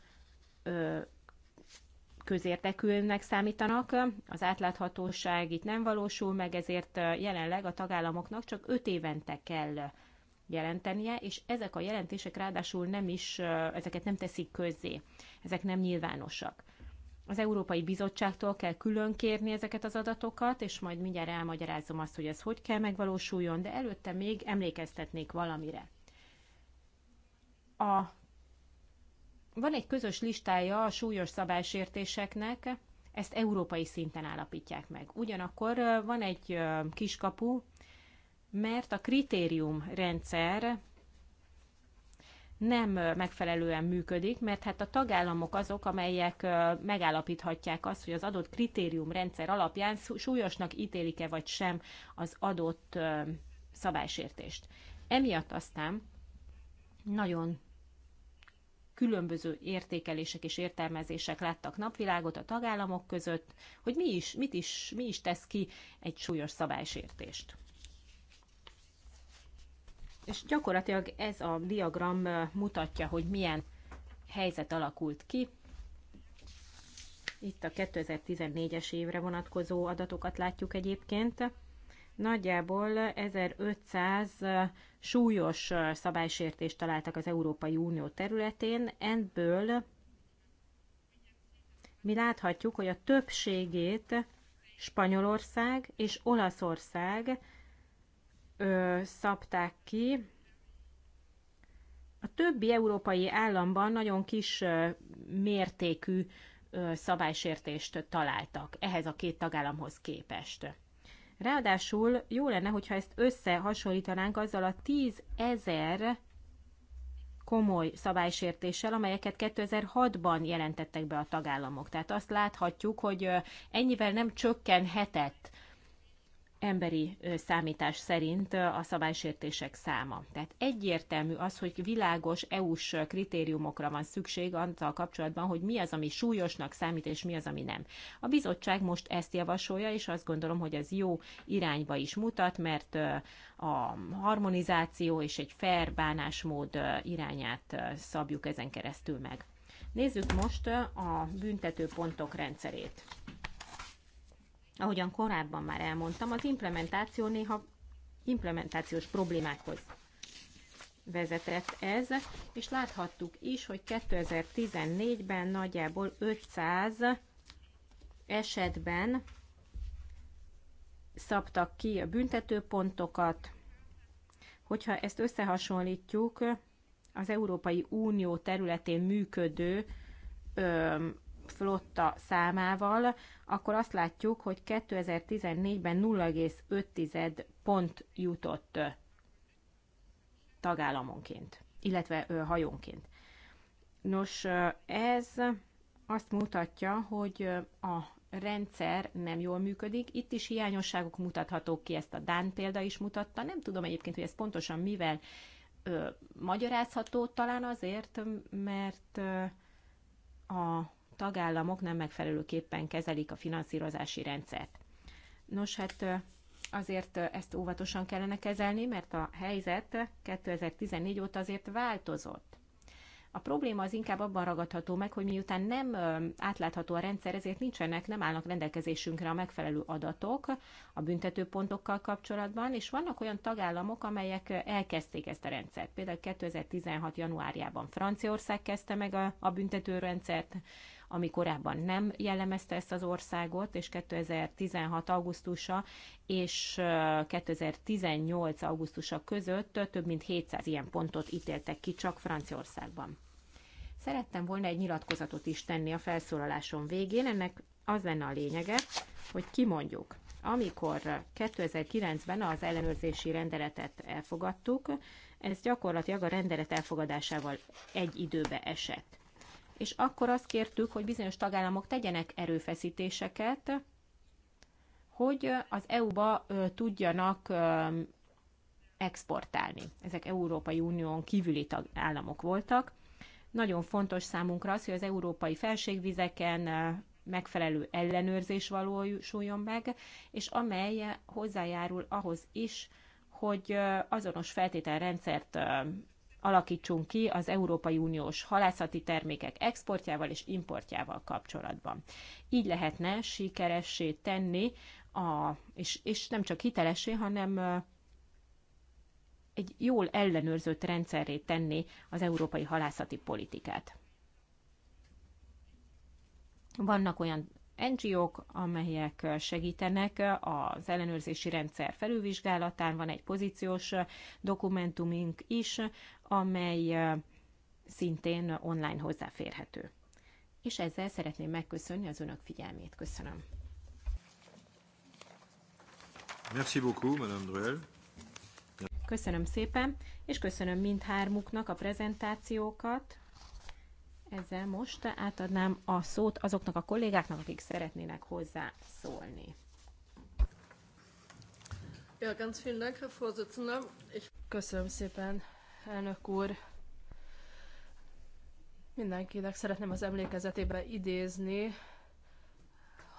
közértekülnek számítanak, az átláthatóság itt nem valósul meg, ezért jelenleg a tagállamoknak csak öt évente kell jelentenie, és ezek a jelentések ráadásul nem is, ezeket nem teszik közzé, ezek nem nyilvánosak az Európai Bizottságtól kell külön kérni ezeket az adatokat, és majd mindjárt elmagyarázom azt, hogy ez hogy kell megvalósuljon, de előtte még emlékeztetnék valamire. A, van egy közös listája a súlyos szabálysértéseknek, ezt európai szinten állapítják meg. Ugyanakkor van egy kiskapu, mert a kritériumrendszer nem megfelelően működik, mert hát a tagállamok azok, amelyek megállapíthatják azt, hogy az adott kritériumrendszer alapján súlyosnak ítélik-e vagy sem az adott szabálysértést. Emiatt aztán nagyon különböző értékelések és értelmezések láttak napvilágot a tagállamok között, hogy mi is, mit is, mi is tesz ki egy súlyos szabálysértést. És gyakorlatilag ez a diagram mutatja, hogy milyen helyzet alakult ki. Itt a 2014-es évre vonatkozó adatokat látjuk egyébként. Nagyjából 1500 súlyos szabálysértést találtak az Európai Unió területén, ebből mi láthatjuk, hogy a többségét Spanyolország és Olaszország ö, szabták ki. A többi európai államban nagyon kis ö, mértékű ö, szabálysértést találtak ehhez a két tagállamhoz képest. Ráadásul jó lenne, hogyha ezt összehasonlítanánk azzal a 10 ezer komoly szabálysértéssel, amelyeket 2006-ban jelentettek be a tagállamok. Tehát azt láthatjuk, hogy ennyivel nem csökkenhetett emberi számítás szerint a szabálysértések száma. Tehát egyértelmű az, hogy világos EU-s kritériumokra van szükség azzal kapcsolatban, hogy mi az, ami súlyosnak számít, és mi az, ami nem. A bizottság most ezt javasolja, és azt gondolom, hogy ez jó irányba is mutat, mert a harmonizáció és egy fair bánásmód irányát szabjuk ezen keresztül meg. Nézzük most a büntető pontok rendszerét. Ahogyan korábban már elmondtam, az implementáció néha implementációs problémákhoz vezetett ez, és láthattuk is, hogy 2014-ben nagyjából 500 esetben szabtak ki a büntetőpontokat. Hogyha ezt összehasonlítjuk az Európai Unió területén működő ö, flotta számával, akkor azt látjuk, hogy 2014-ben 0,5 pont jutott tagállamonként, illetve hajónként. Nos, ez azt mutatja, hogy a rendszer nem jól működik. Itt is hiányosságok mutathatók ki, ezt a Dán példa is mutatta. Nem tudom egyébként, hogy ez pontosan mivel ö, magyarázható, talán azért, mert ö, a tagállamok nem megfelelőképpen kezelik a finanszírozási rendszert. Nos, hát azért ezt óvatosan kellene kezelni, mert a helyzet 2014 óta azért változott. A probléma az inkább abban ragadható meg, hogy miután nem átlátható a rendszer, ezért nincsenek, nem állnak rendelkezésünkre a megfelelő adatok a büntetőpontokkal kapcsolatban, és vannak olyan tagállamok, amelyek elkezdték ezt a rendszert. Például 2016. januárjában Franciaország kezdte meg a, a büntetőrendszert, ami korábban nem jellemezte ezt az országot, és 2016. augusztusa és 2018. augusztusa között több mint 700 ilyen pontot ítéltek ki csak Franciaországban. Szerettem volna egy nyilatkozatot is tenni a felszólalásom végén, ennek az lenne a lényege, hogy kimondjuk. Amikor 2009-ben az ellenőrzési rendeletet elfogadtuk, ez gyakorlatilag a rendelet elfogadásával egy időbe esett és akkor azt kértük, hogy bizonyos tagállamok tegyenek erőfeszítéseket, hogy az EU-ba tudjanak exportálni. Ezek Európai Unión kívüli államok voltak. Nagyon fontos számunkra az, hogy az európai felségvizeken megfelelő ellenőrzés valósuljon meg, és amely hozzájárul ahhoz is, hogy azonos feltételrendszert alakítsunk ki az Európai Uniós halászati termékek exportjával és importjával kapcsolatban. Így lehetne sikeressé tenni, a, és, és nem csak hitelessé, hanem egy jól ellenőrzött rendszerré tenni az európai halászati politikát. Vannak olyan NGO-k, amelyek segítenek az ellenőrzési rendszer felülvizsgálatán, van egy pozíciós dokumentumunk is, amely szintén online hozzáférhető. És ezzel szeretném megköszönni az önök figyelmét. Köszönöm. Merci beaucoup, Madame Druel. Köszönöm szépen, és köszönöm mindhármuknak a prezentációkat. Ezzel most átadnám a szót azoknak a kollégáknak, akik szeretnének hozzá szólni. Ja, ganz vielen Dank, Herr Vorsitzender. Ich... Köszönöm szépen, elnök úr. Mindenkinek szeretném az emlékezetébe idézni,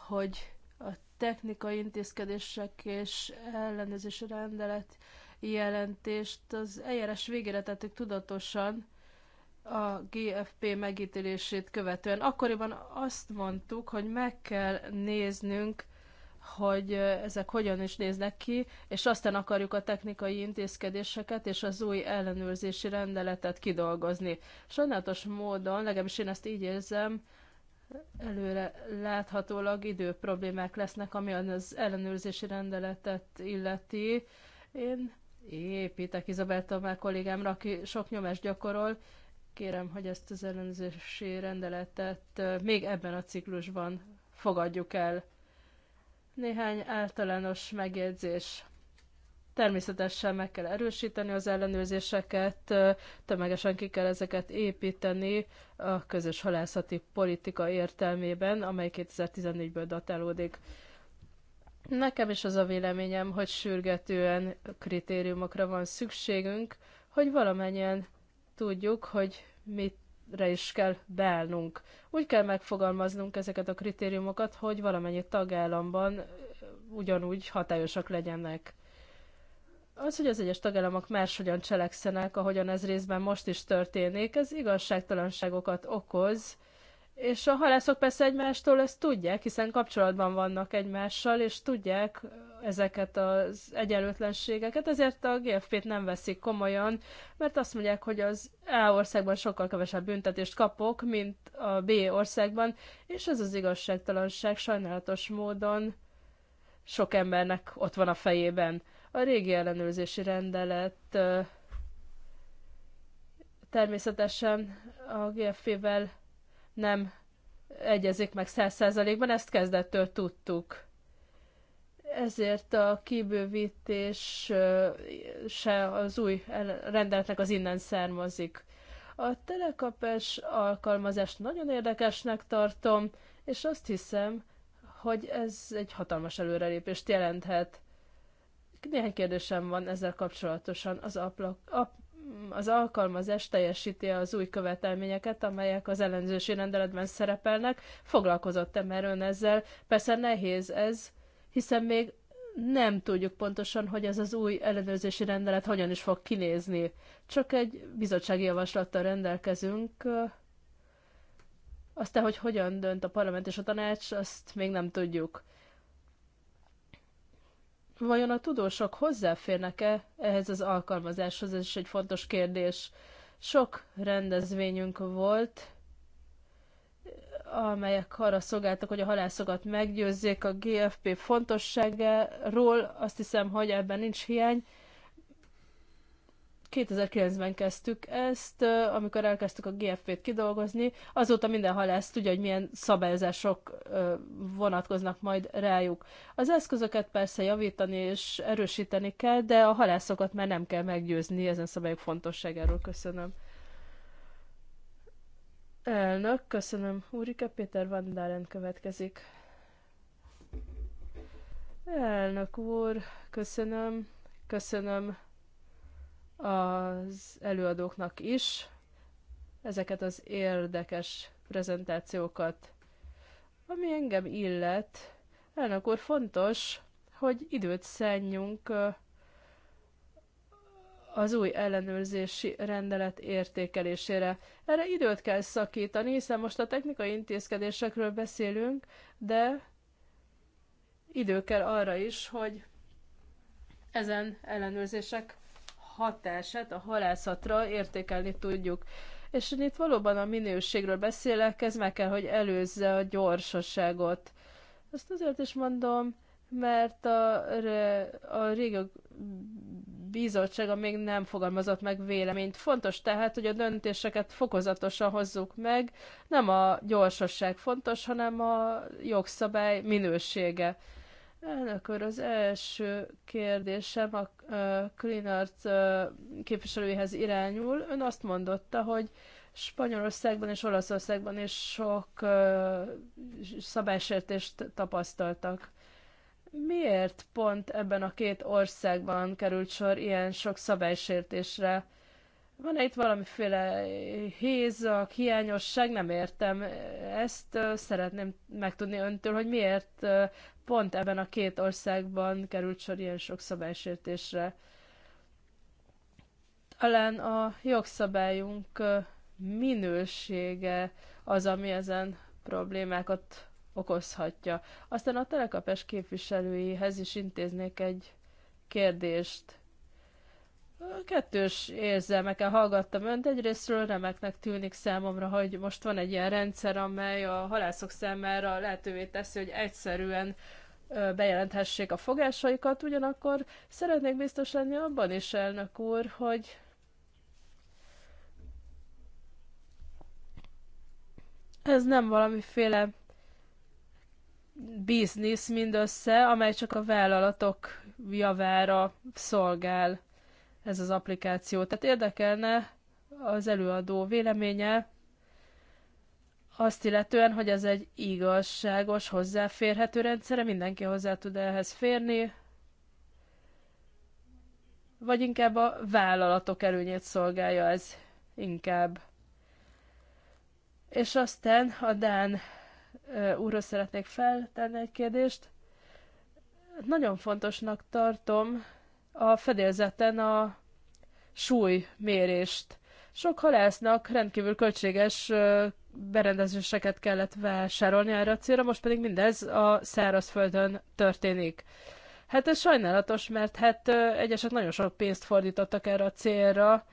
hogy a technikai intézkedések és ellenőrzési rendelet jelentést az eljárás végére tettük tudatosan a GFP megítélését követően. Akkoriban azt mondtuk, hogy meg kell néznünk hogy ezek hogyan is néznek ki, és aztán akarjuk a technikai intézkedéseket és az új ellenőrzési rendeletet kidolgozni. Sajnálatos módon, legalábbis én ezt így érzem, előre láthatólag idő problémák lesznek, ami az ellenőrzési rendeletet illeti. Én építek Izabel Tomá kollégámra, aki sok nyomást gyakorol. Kérem, hogy ezt az ellenőrzési rendeletet még ebben a ciklusban fogadjuk el. Néhány általános megjegyzés. Természetesen meg kell erősíteni az ellenőrzéseket, tömegesen ki kell ezeket építeni a közös halászati politika értelmében, amely 2014-ből datálódik. Nekem is az a véleményem, hogy sürgetően kritériumokra van szükségünk, hogy valamennyien tudjuk, hogy mit re is kell beállnunk. Úgy kell megfogalmaznunk ezeket a kritériumokat, hogy valamennyi tagállamban ugyanúgy hatályosak legyenek. Az, hogy az egyes tagállamok máshogyan cselekszenek, ahogyan ez részben most is történik, ez igazságtalanságokat okoz, és a halászok persze egymástól ezt tudják, hiszen kapcsolatban vannak egymással, és tudják ezeket az egyenlőtlenségeket, ezért a GFP-t nem veszik komolyan, mert azt mondják, hogy az A országban sokkal kevesebb büntetést kapok, mint a B országban, és ez az igazságtalanság sajnálatos módon sok embernek ott van a fejében. A régi ellenőrzési rendelet természetesen a GFP-vel nem egyezik meg száz százalékban, ezt kezdettől tudtuk. Ezért a kibővítés se az új rendeletnek az innen származik. A telekapes alkalmazást nagyon érdekesnek tartom, és azt hiszem, hogy ez egy hatalmas előrelépést jelenthet. Néhány kérdésem van ezzel kapcsolatosan. Az aplak, ap, az alkalmazás teljesíti az új követelményeket, amelyek az ellenzősi rendeletben szerepelnek. Foglalkozott-e már ön ezzel? Persze nehéz ez, hiszen még nem tudjuk pontosan, hogy ez az új ellenőrzési rendelet hogyan is fog kinézni. Csak egy bizottsági javaslattal rendelkezünk. Aztán, hogy hogyan dönt a parlament és a tanács, azt még nem tudjuk. Vajon a tudósok hozzáférnek-e ehhez az alkalmazáshoz? Ez is egy fontos kérdés. Sok rendezvényünk volt, amelyek arra szolgáltak, hogy a halászokat meggyőzzék a GFP fontosságáról. Azt hiszem, hogy ebben nincs hiány. 2009-ben kezdtük ezt, amikor elkezdtük a GFP-t kidolgozni, azóta minden halász tudja, hogy milyen szabályozások vonatkoznak majd rájuk. Az eszközöket persze javítani és erősíteni kell, de a halászokat már nem kell meggyőzni ezen szabályok fontosságáról. Köszönöm. Elnök, köszönöm. Úrike Péter Van következik. Elnök úr, köszönöm. Köszönöm az előadóknak is ezeket az érdekes prezentációkat. Ami engem illet, elnök úr, fontos, hogy időt szennyünk az új ellenőrzési rendelet értékelésére. Erre időt kell szakítani, hiszen most a technikai intézkedésekről beszélünk, de idő kell arra is, hogy ezen ellenőrzések hatását a halászatra értékelni tudjuk. És itt valóban a minőségről beszélek, ez meg kell, hogy előzze a gyorsaságot. Ezt azért is mondom, mert a, a régi bizottsága még nem fogalmazott meg véleményt. Fontos tehát, hogy a döntéseket fokozatosan hozzuk meg, nem a gyorsaság fontos, hanem a jogszabály minősége. Elnök úr, az első kérdésem a Clean Arts képviselőjéhez irányul. Ön azt mondotta, hogy Spanyolországban és Olaszországban is sok szabálysértést tapasztaltak. Miért pont ebben a két országban került sor ilyen sok szabálysértésre? Van-e itt valamiféle hézak, hiányosság? Nem értem. Ezt szeretném megtudni öntől, hogy miért Pont ebben a két országban került sor ilyen sok szabálysértésre. Talán a jogszabályunk minősége az, ami ezen problémákat okozhatja. Aztán a telekapes képviselőihez is intéznék egy kérdést. Kettős érzelmeken hallgattam önt. Egyrésztről remeknek tűnik számomra, hogy most van egy ilyen rendszer, amely a halászok számára lehetővé teszi, hogy egyszerűen bejelenthessék a fogásaikat, ugyanakkor szeretnék biztos lenni abban is, elnök úr, hogy ez nem valamiféle biznisz mindössze, amely csak a vállalatok javára szolgál ez az applikáció. Tehát érdekelne az előadó véleménye azt illetően, hogy ez egy igazságos, hozzáférhető rendszere, mindenki hozzá tud ehhez férni, vagy inkább a vállalatok előnyét szolgálja ez inkább. És aztán a Dán úrhoz szeretnék feltenni egy kérdést. Nagyon fontosnak tartom a fedélzeten a súlymérést. Sok halásznak rendkívül költséges berendezéseket kellett vásárolni erre a célra, most pedig mindez a szárazföldön történik. Hát ez sajnálatos, mert hát egyesek nagyon sok pénzt fordítottak erre a célra,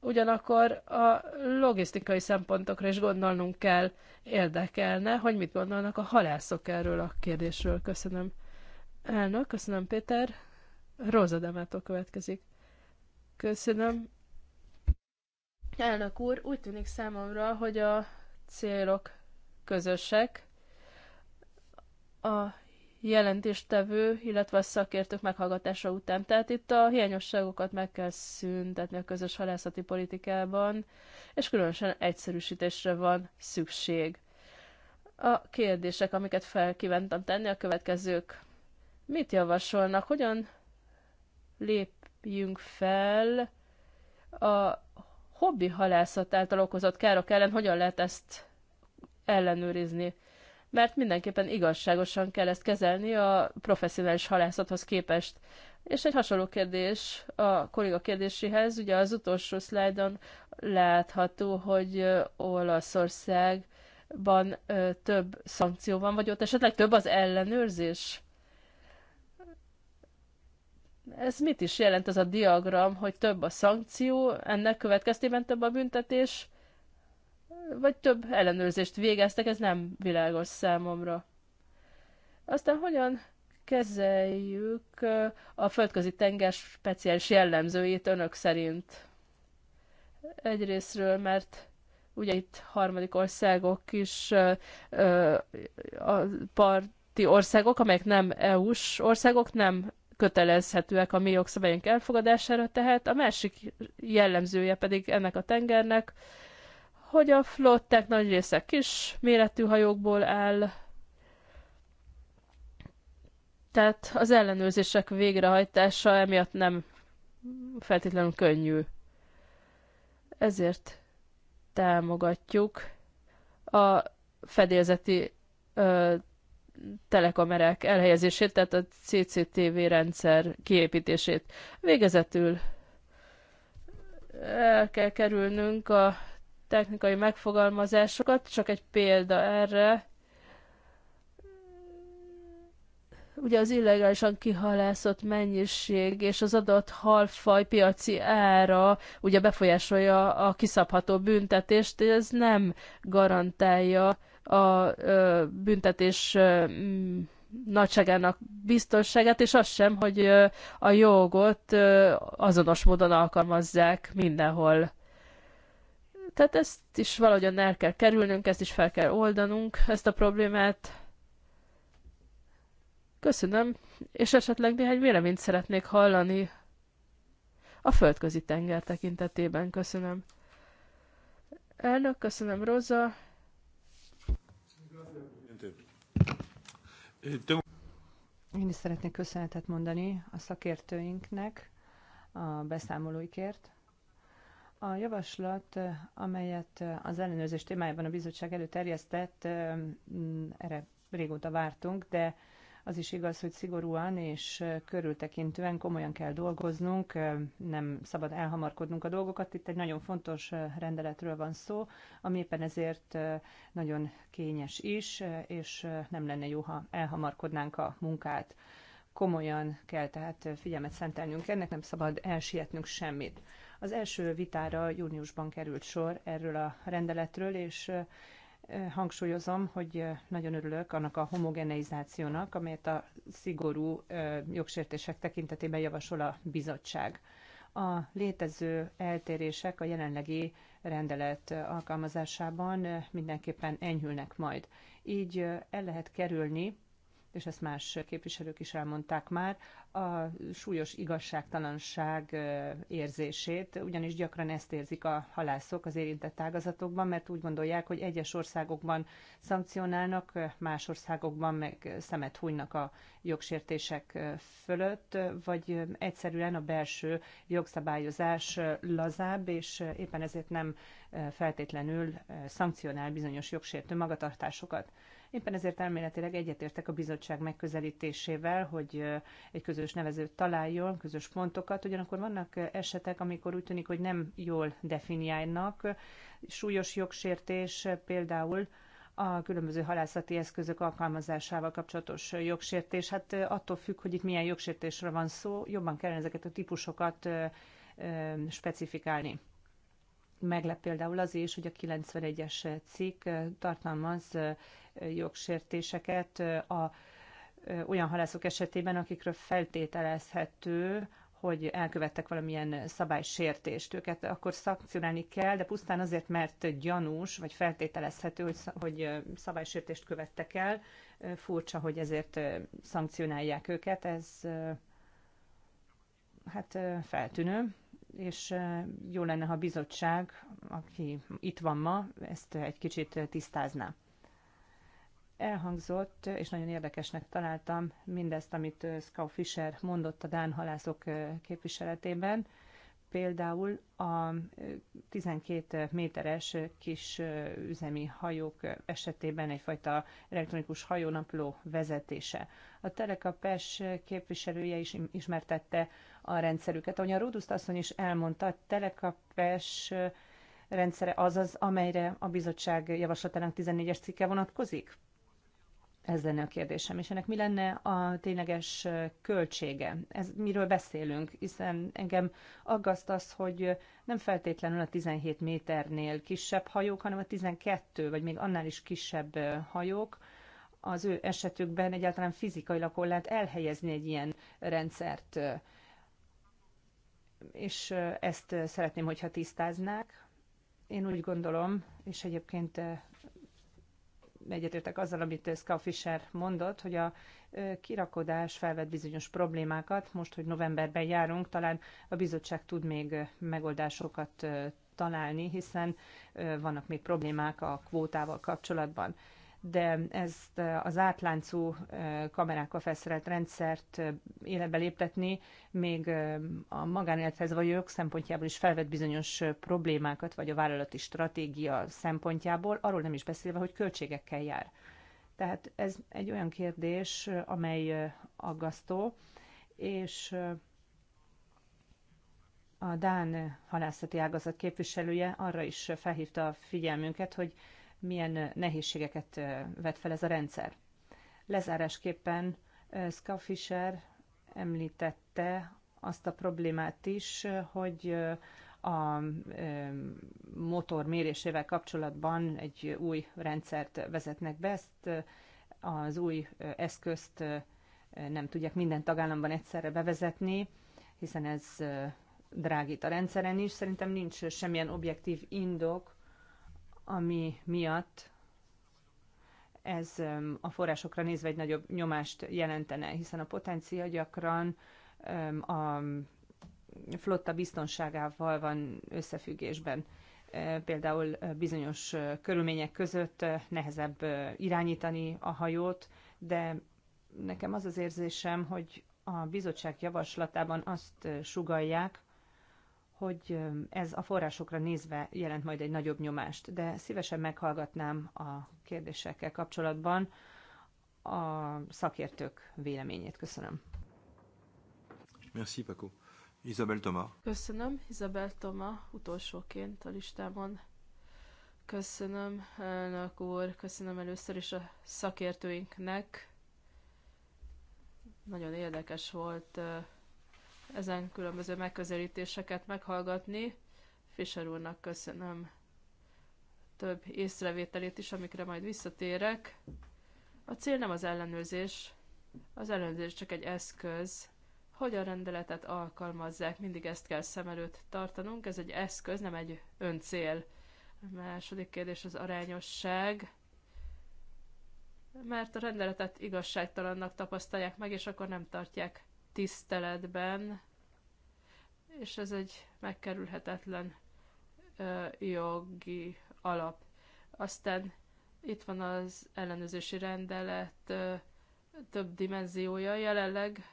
ugyanakkor a logisztikai szempontokra is gondolnunk kell, érdekelne, hogy mit gondolnak a halászok erről a kérdésről. Köszönöm. Elnök, köszönöm Péter. Róza Demától következik. Köszönöm. Elnök úr, úgy tűnik számomra, hogy a célok közösek. A jelentéstevő, illetve a szakértők meghallgatása után. Tehát itt a hiányosságokat meg kell szüntetni a közös halászati politikában, és különösen egyszerűsítésre van szükség. A kérdések, amiket felkívántam tenni, a következők. Mit javasolnak? Hogyan lépjünk fel a hobbi halászat által okozott károk ellen hogyan lehet ezt ellenőrizni. Mert mindenképpen igazságosan kell ezt kezelni a professzionális halászathoz képest. És egy hasonló kérdés a kolléga kérdéséhez, ugye az utolsó szlájdon látható, hogy Olaszországban több szankció van, vagy ott esetleg több az ellenőrzés? Ez mit is jelent ez a diagram, hogy több a szankció, ennek következtében több a büntetés, vagy több ellenőrzést végeztek, ez nem világos számomra. Aztán hogyan kezeljük uh, a földközi tenger speciális jellemzőit önök szerint? Egyrésztről, mert ugye itt harmadik országok is uh, uh, a part országok, amelyek nem EU-s országok nem kötelezhetőek a mi jogszabályunk elfogadására, tehát a másik jellemzője pedig ennek a tengernek, hogy a flották nagy része kis méretű hajókból áll, tehát az ellenőrzések végrehajtása emiatt nem feltétlenül könnyű. Ezért támogatjuk a fedélzeti ö, telekamerák elhelyezését, tehát a CCTV rendszer kiépítését. Végezetül el kell kerülnünk a technikai megfogalmazásokat, csak egy példa erre. Ugye az illegálisan kihalászott mennyiség és az adott halfaj piaci ára ugye befolyásolja a kiszabható büntetést, és ez nem garantálja a büntetés nagyságának biztonságát, és az sem, hogy a jogot azonos módon alkalmazzák mindenhol. Tehát ezt is valahogyan el kell kerülnünk, ezt is fel kell oldanunk, ezt a problémát. Köszönöm, és esetleg néhány véleményt szeretnék hallani a földközi tenger tekintetében. Köszönöm. Elnök, köszönöm, Rosa. Én is szeretnék köszönetet mondani a szakértőinknek a beszámolóikért. A javaslat, amelyet az ellenőrzés témájában a bizottság előterjesztett, erre régóta vártunk, de az is igaz, hogy szigorúan és körültekintően komolyan kell dolgoznunk, nem szabad elhamarkodnunk a dolgokat. Itt egy nagyon fontos rendeletről van szó, ami éppen ezért nagyon kényes is, és nem lenne jó, ha elhamarkodnánk a munkát. Komolyan kell tehát figyelmet szentelnünk ennek, nem szabad elsietnünk semmit. Az első vitára júniusban került sor erről a rendeletről, és hangsúlyozom, hogy nagyon örülök annak a homogeneizációnak, amelyet a szigorú jogsértések tekintetében javasol a bizottság. A létező eltérések a jelenlegi rendelet alkalmazásában mindenképpen enyhülnek majd. Így el lehet kerülni és ezt más képviselők is elmondták már, a súlyos igazságtalanság érzését, ugyanis gyakran ezt érzik a halászok az érintett ágazatokban, mert úgy gondolják, hogy egyes országokban szankcionálnak, más országokban meg szemet hunynak a jogsértések fölött, vagy egyszerűen a belső jogszabályozás lazább, és éppen ezért nem feltétlenül szankcionál bizonyos jogsértő magatartásokat. Éppen ezért elméletileg egyetértek a bizottság megközelítésével, hogy egy közös nevezőt találjon, közös pontokat, ugyanakkor vannak esetek, amikor úgy tűnik, hogy nem jól definiálnak. Súlyos jogsértés például a különböző halászati eszközök alkalmazásával kapcsolatos jogsértés. Hát attól függ, hogy itt milyen jogsértésre van szó, jobban kellene ezeket a típusokat specifikálni. Meglep például az is, hogy a 91-es cikk tartalmaz jogsértéseket a, olyan halászok esetében, akikről feltételezhető, hogy elkövettek valamilyen szabálysértést. Őket akkor szankcionálni kell, de pusztán azért, mert gyanús, vagy feltételezhető, hogy, szabálysértést követtek el, furcsa, hogy ezért szankcionálják őket. Ez hát feltűnő, és jó lenne, ha a bizottság, aki itt van ma, ezt egy kicsit tisztázná elhangzott, és nagyon érdekesnek találtam mindezt, amit Skau Fischer mondott a Dán halászok képviseletében, például a 12 méteres kis üzemi hajók esetében egyfajta elektronikus hajónapló vezetése. A Telekapes képviselője is ismertette a rendszerüket. Ahogy a Róduszt asszony is elmondta, a Telekapes rendszere az az, amelyre a bizottság javaslatának 14-es cikke vonatkozik? Ez lenne a kérdésem. És ennek mi lenne a tényleges költsége? Ez miről beszélünk? Hiszen engem aggaszt az, hogy nem feltétlenül a 17 méternél kisebb hajók, hanem a 12, vagy még annál is kisebb hajók, az ő esetükben egyáltalán fizikailag hol lehet elhelyezni egy ilyen rendszert. És ezt szeretném, hogyha tisztáznák. Én úgy gondolom, és egyébként egyetértek azzal, amit Ska Fischer mondott, hogy a kirakodás felvet bizonyos problémákat. Most, hogy novemberben járunk, talán a bizottság tud még megoldásokat találni, hiszen vannak még problémák a kvótával kapcsolatban de ezt eh, az átláncú eh, kamerákkal felszerelt rendszert eh, életbe léptetni még a magánélethez vagy jog szempontjából is felvet bizonyos problémákat, vagy a vállalati stratégia szempontjából, arról nem is beszélve, hogy költségekkel jár. Tehát ez egy olyan kérdés, amely aggasztó, és a Dán halászati ágazat képviselője arra is felhívta a figyelmünket, hogy milyen nehézségeket vet fel ez a rendszer. Lezárásképpen Fischer említette azt a problémát is, hogy a motor mérésével kapcsolatban egy új rendszert vezetnek be, ezt az új eszközt nem tudják minden tagállamban egyszerre bevezetni, hiszen ez drágít a rendszeren is. Szerintem nincs semmilyen objektív indok ami miatt ez a forrásokra nézve egy nagyobb nyomást jelentene, hiszen a potencia gyakran a flotta biztonságával van összefüggésben. E, például e, bizonyos e, körülmények között nehezebb irányítani a hajót, de nekem az az érzésem, hogy a bizottság javaslatában azt sugalják, hogy ez a forrásokra nézve jelent majd egy nagyobb nyomást, de szívesen meghallgatnám a kérdésekkel kapcsolatban a szakértők véleményét. Köszönöm. Merci, Paco. Isabel Toma. Köszönöm, Isabel Toma, utolsóként a listában. Köszönöm, elnök úr, köszönöm először is a szakértőinknek. Nagyon érdekes volt uh, ezen különböző megközelítéseket meghallgatni. Fischer úrnak köszönöm több észrevételét is, amikre majd visszatérek. A cél nem az ellenőrzés, az ellenőrzés csak egy eszköz, hogy a rendeletet alkalmazzák, mindig ezt kell szem előtt tartanunk, ez egy eszköz, nem egy öncél. A második kérdés az arányosság, mert a rendeletet igazságtalannak tapasztalják meg, és akkor nem tartják tiszteletben, és ez egy megkerülhetetlen ö, jogi alap. Aztán itt van az ellenőrzési rendelet ö, több dimenziója jelenleg,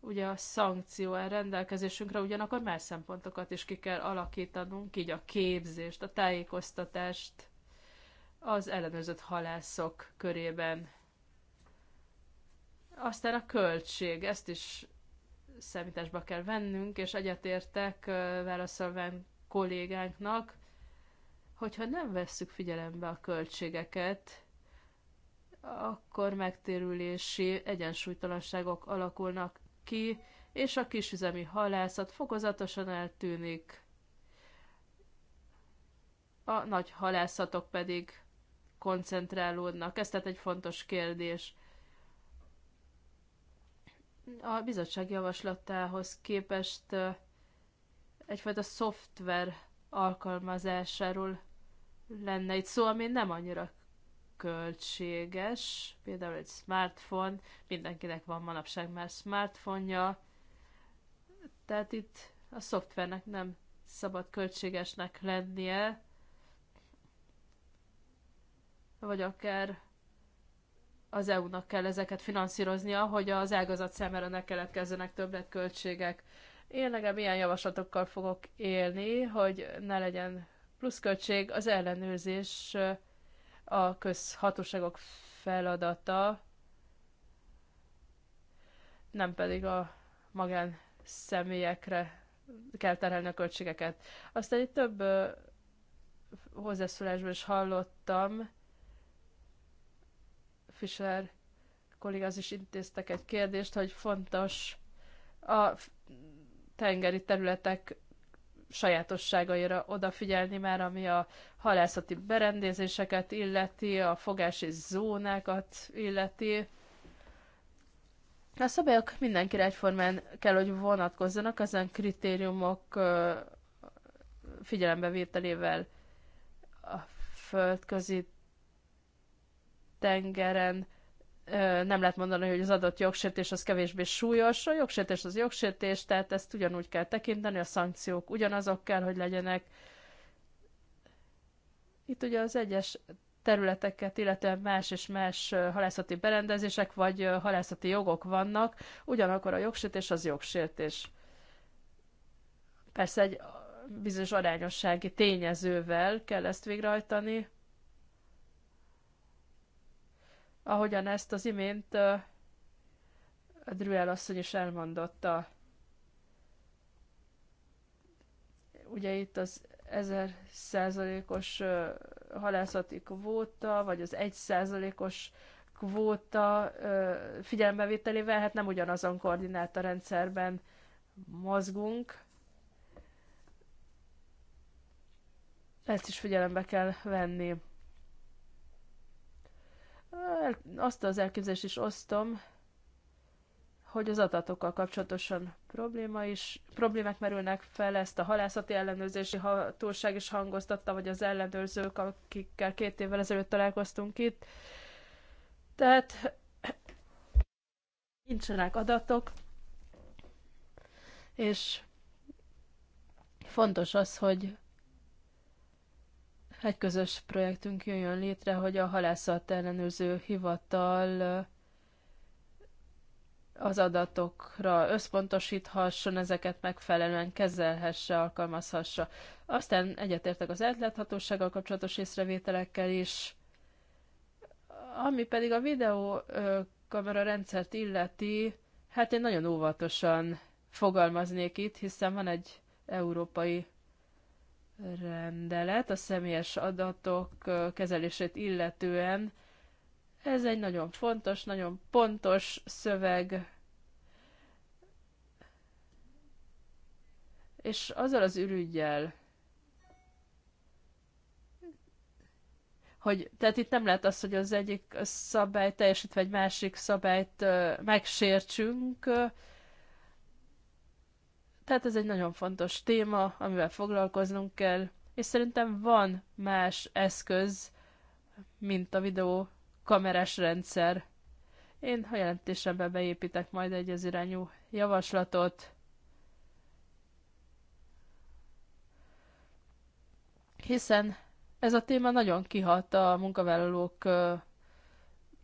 ugye a szankció rendelkezésünkre ugyanakkor más szempontokat is ki kell alakítanunk, így a képzést, a tájékoztatást az ellenőrzött halászok körében aztán a költség, ezt is számításba kell vennünk, és egyetértek válaszolván kollégánknak, hogyha nem vesszük figyelembe a költségeket, akkor megtérülési egyensúlytalanságok alakulnak ki, és a kisüzemi halászat fokozatosan eltűnik, a nagy halászatok pedig koncentrálódnak. Ez tehát egy fontos kérdés a bizottság javaslatához képest egyfajta szoftver alkalmazásáról lenne itt szó, ami nem annyira költséges, például egy smartphone, mindenkinek van manapság már smartphonja, tehát itt a szoftvernek nem szabad költségesnek lennie, vagy akár az EU-nak kell ezeket finanszíroznia, hogy az ágazat szemére ne keletkezzenek többletköltségek. Én legalább ilyen javaslatokkal fogok élni, hogy ne legyen pluszköltség. Az ellenőrzés a közhatóságok feladata, nem pedig a magán személyekre kell terhelni a költségeket. Aztán itt több hozzászólásból is hallottam, Fischer az is intéztek egy kérdést, hogy fontos a tengeri területek sajátosságaira odafigyelni már, ami a halászati berendezéseket illeti, a fogási zónákat illeti. A szabályok mindenkire egyformán kell, hogy vonatkozzanak, ezen kritériumok figyelembevételével a földközi tengeren nem lehet mondani, hogy az adott jogsértés az kevésbé súlyos. A jogsértés az jogsértés, tehát ezt ugyanúgy kell tekinteni, a szankciók ugyanazok kell, hogy legyenek. Itt ugye az egyes területeket, illetve más és más halászati berendezések vagy halászati jogok vannak, ugyanakkor a jogsértés az jogsértés. Persze egy bizonyos arányossági tényezővel kell ezt végrehajtani, ahogyan ezt az imént a Drüel asszony is elmondotta. Ugye itt az 1000%-os halászati kvóta, vagy az 1%-os kvóta figyelembevételével, hát nem ugyanazon koordináta rendszerben mozgunk. Ezt is figyelembe kell venni. Azt az elképzelést is osztom, hogy az adatokkal kapcsolatosan probléma is, problémák merülnek fel, ezt a halászati ellenőrzési hatóság is hangoztatta, vagy az ellenőrzők, akikkel két évvel ezelőtt találkoztunk itt. Tehát nincsenek adatok, és fontos az, hogy egy közös projektünk jöjjön létre, hogy a halászat ellenőrző hivatal az adatokra összpontosíthasson, ezeket megfelelően kezelhesse, alkalmazhassa. Aztán egyetértek az átláthatósággal kapcsolatos észrevételekkel is, ami pedig a videókamera rendszert illeti, hát én nagyon óvatosan fogalmaznék itt, hiszen van egy európai rendelet a személyes adatok kezelését illetően. Ez egy nagyon fontos, nagyon pontos szöveg, és azzal az ürügyjel, hogy tehát itt nem lehet az, hogy az egyik szabályt teljesítve egy másik szabályt megsértsünk, tehát ez egy nagyon fontos téma, amivel foglalkoznunk kell, és szerintem van más eszköz, mint a videó kamerás rendszer. Én a jelentésembe beépítek majd egy az irányú javaslatot. Hiszen ez a téma nagyon kihat a munkavállalók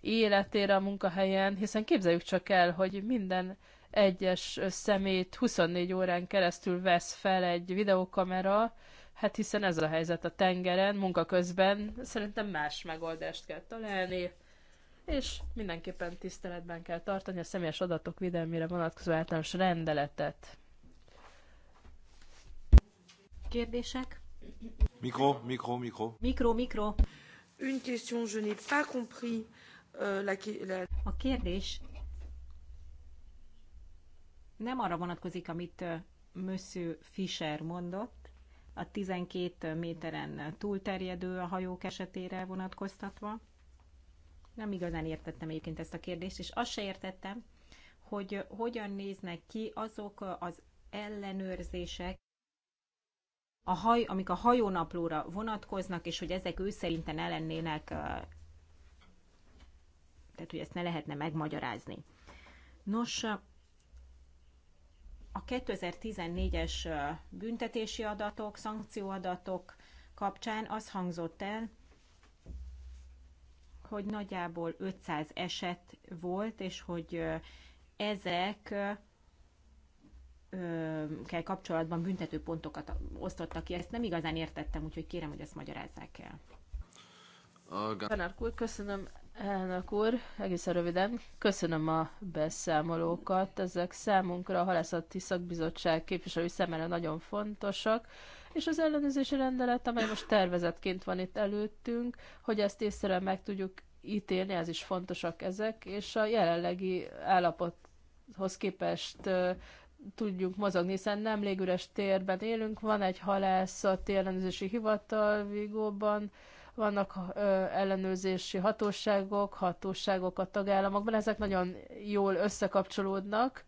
életére a munkahelyen, hiszen képzeljük csak el, hogy minden egyes szemét 24 órán keresztül vesz fel egy videókamera, hát hiszen ez a helyzet a tengeren, munka közben szerintem más megoldást kell találni, és mindenképpen tiszteletben kell tartani a személyes adatok védelmére vonatkozó általános rendeletet. Kérdések? Mikro, mikro, mikro. Mikro, mikro. Une question, je n'ai pas compris. Uh, la, la... A kérdés nem arra vonatkozik, amit Mössző Fischer mondott, a 12 méteren túlterjedő a hajók esetére vonatkoztatva. Nem igazán értettem egyébként ezt a kérdést, és azt se értettem, hogy hogyan néznek ki azok az ellenőrzések, a haj, amik a hajónaplóra vonatkoznak, és hogy ezek ő szerinten lennének, tehát hogy ezt ne lehetne megmagyarázni. Nos, a 2014-es büntetési adatok, szankcióadatok kapcsán az hangzott el, hogy nagyjából 500 eset volt, és hogy ezek kell kapcsolatban büntető pontokat osztottak ki. Ezt nem igazán értettem, úgyhogy kérem, hogy ezt magyarázzák el. köszönöm Elnök úr, egészen röviden, köszönöm a beszámolókat. Ezek számunkra a Halászati Szakbizottság képviselői szemére nagyon fontosak, és az ellenőrzési rendelet, amely most tervezetként van itt előttünk, hogy ezt észre meg tudjuk ítélni, ez is fontosak ezek, és a jelenlegi állapothoz képest tudjunk mozogni, hiszen nem légüres térben élünk, van egy halászati ellenőrzési hivatal Vigóban, vannak ellenőrzési hatóságok, hatóságok a tagállamokban, ezek nagyon jól összekapcsolódnak,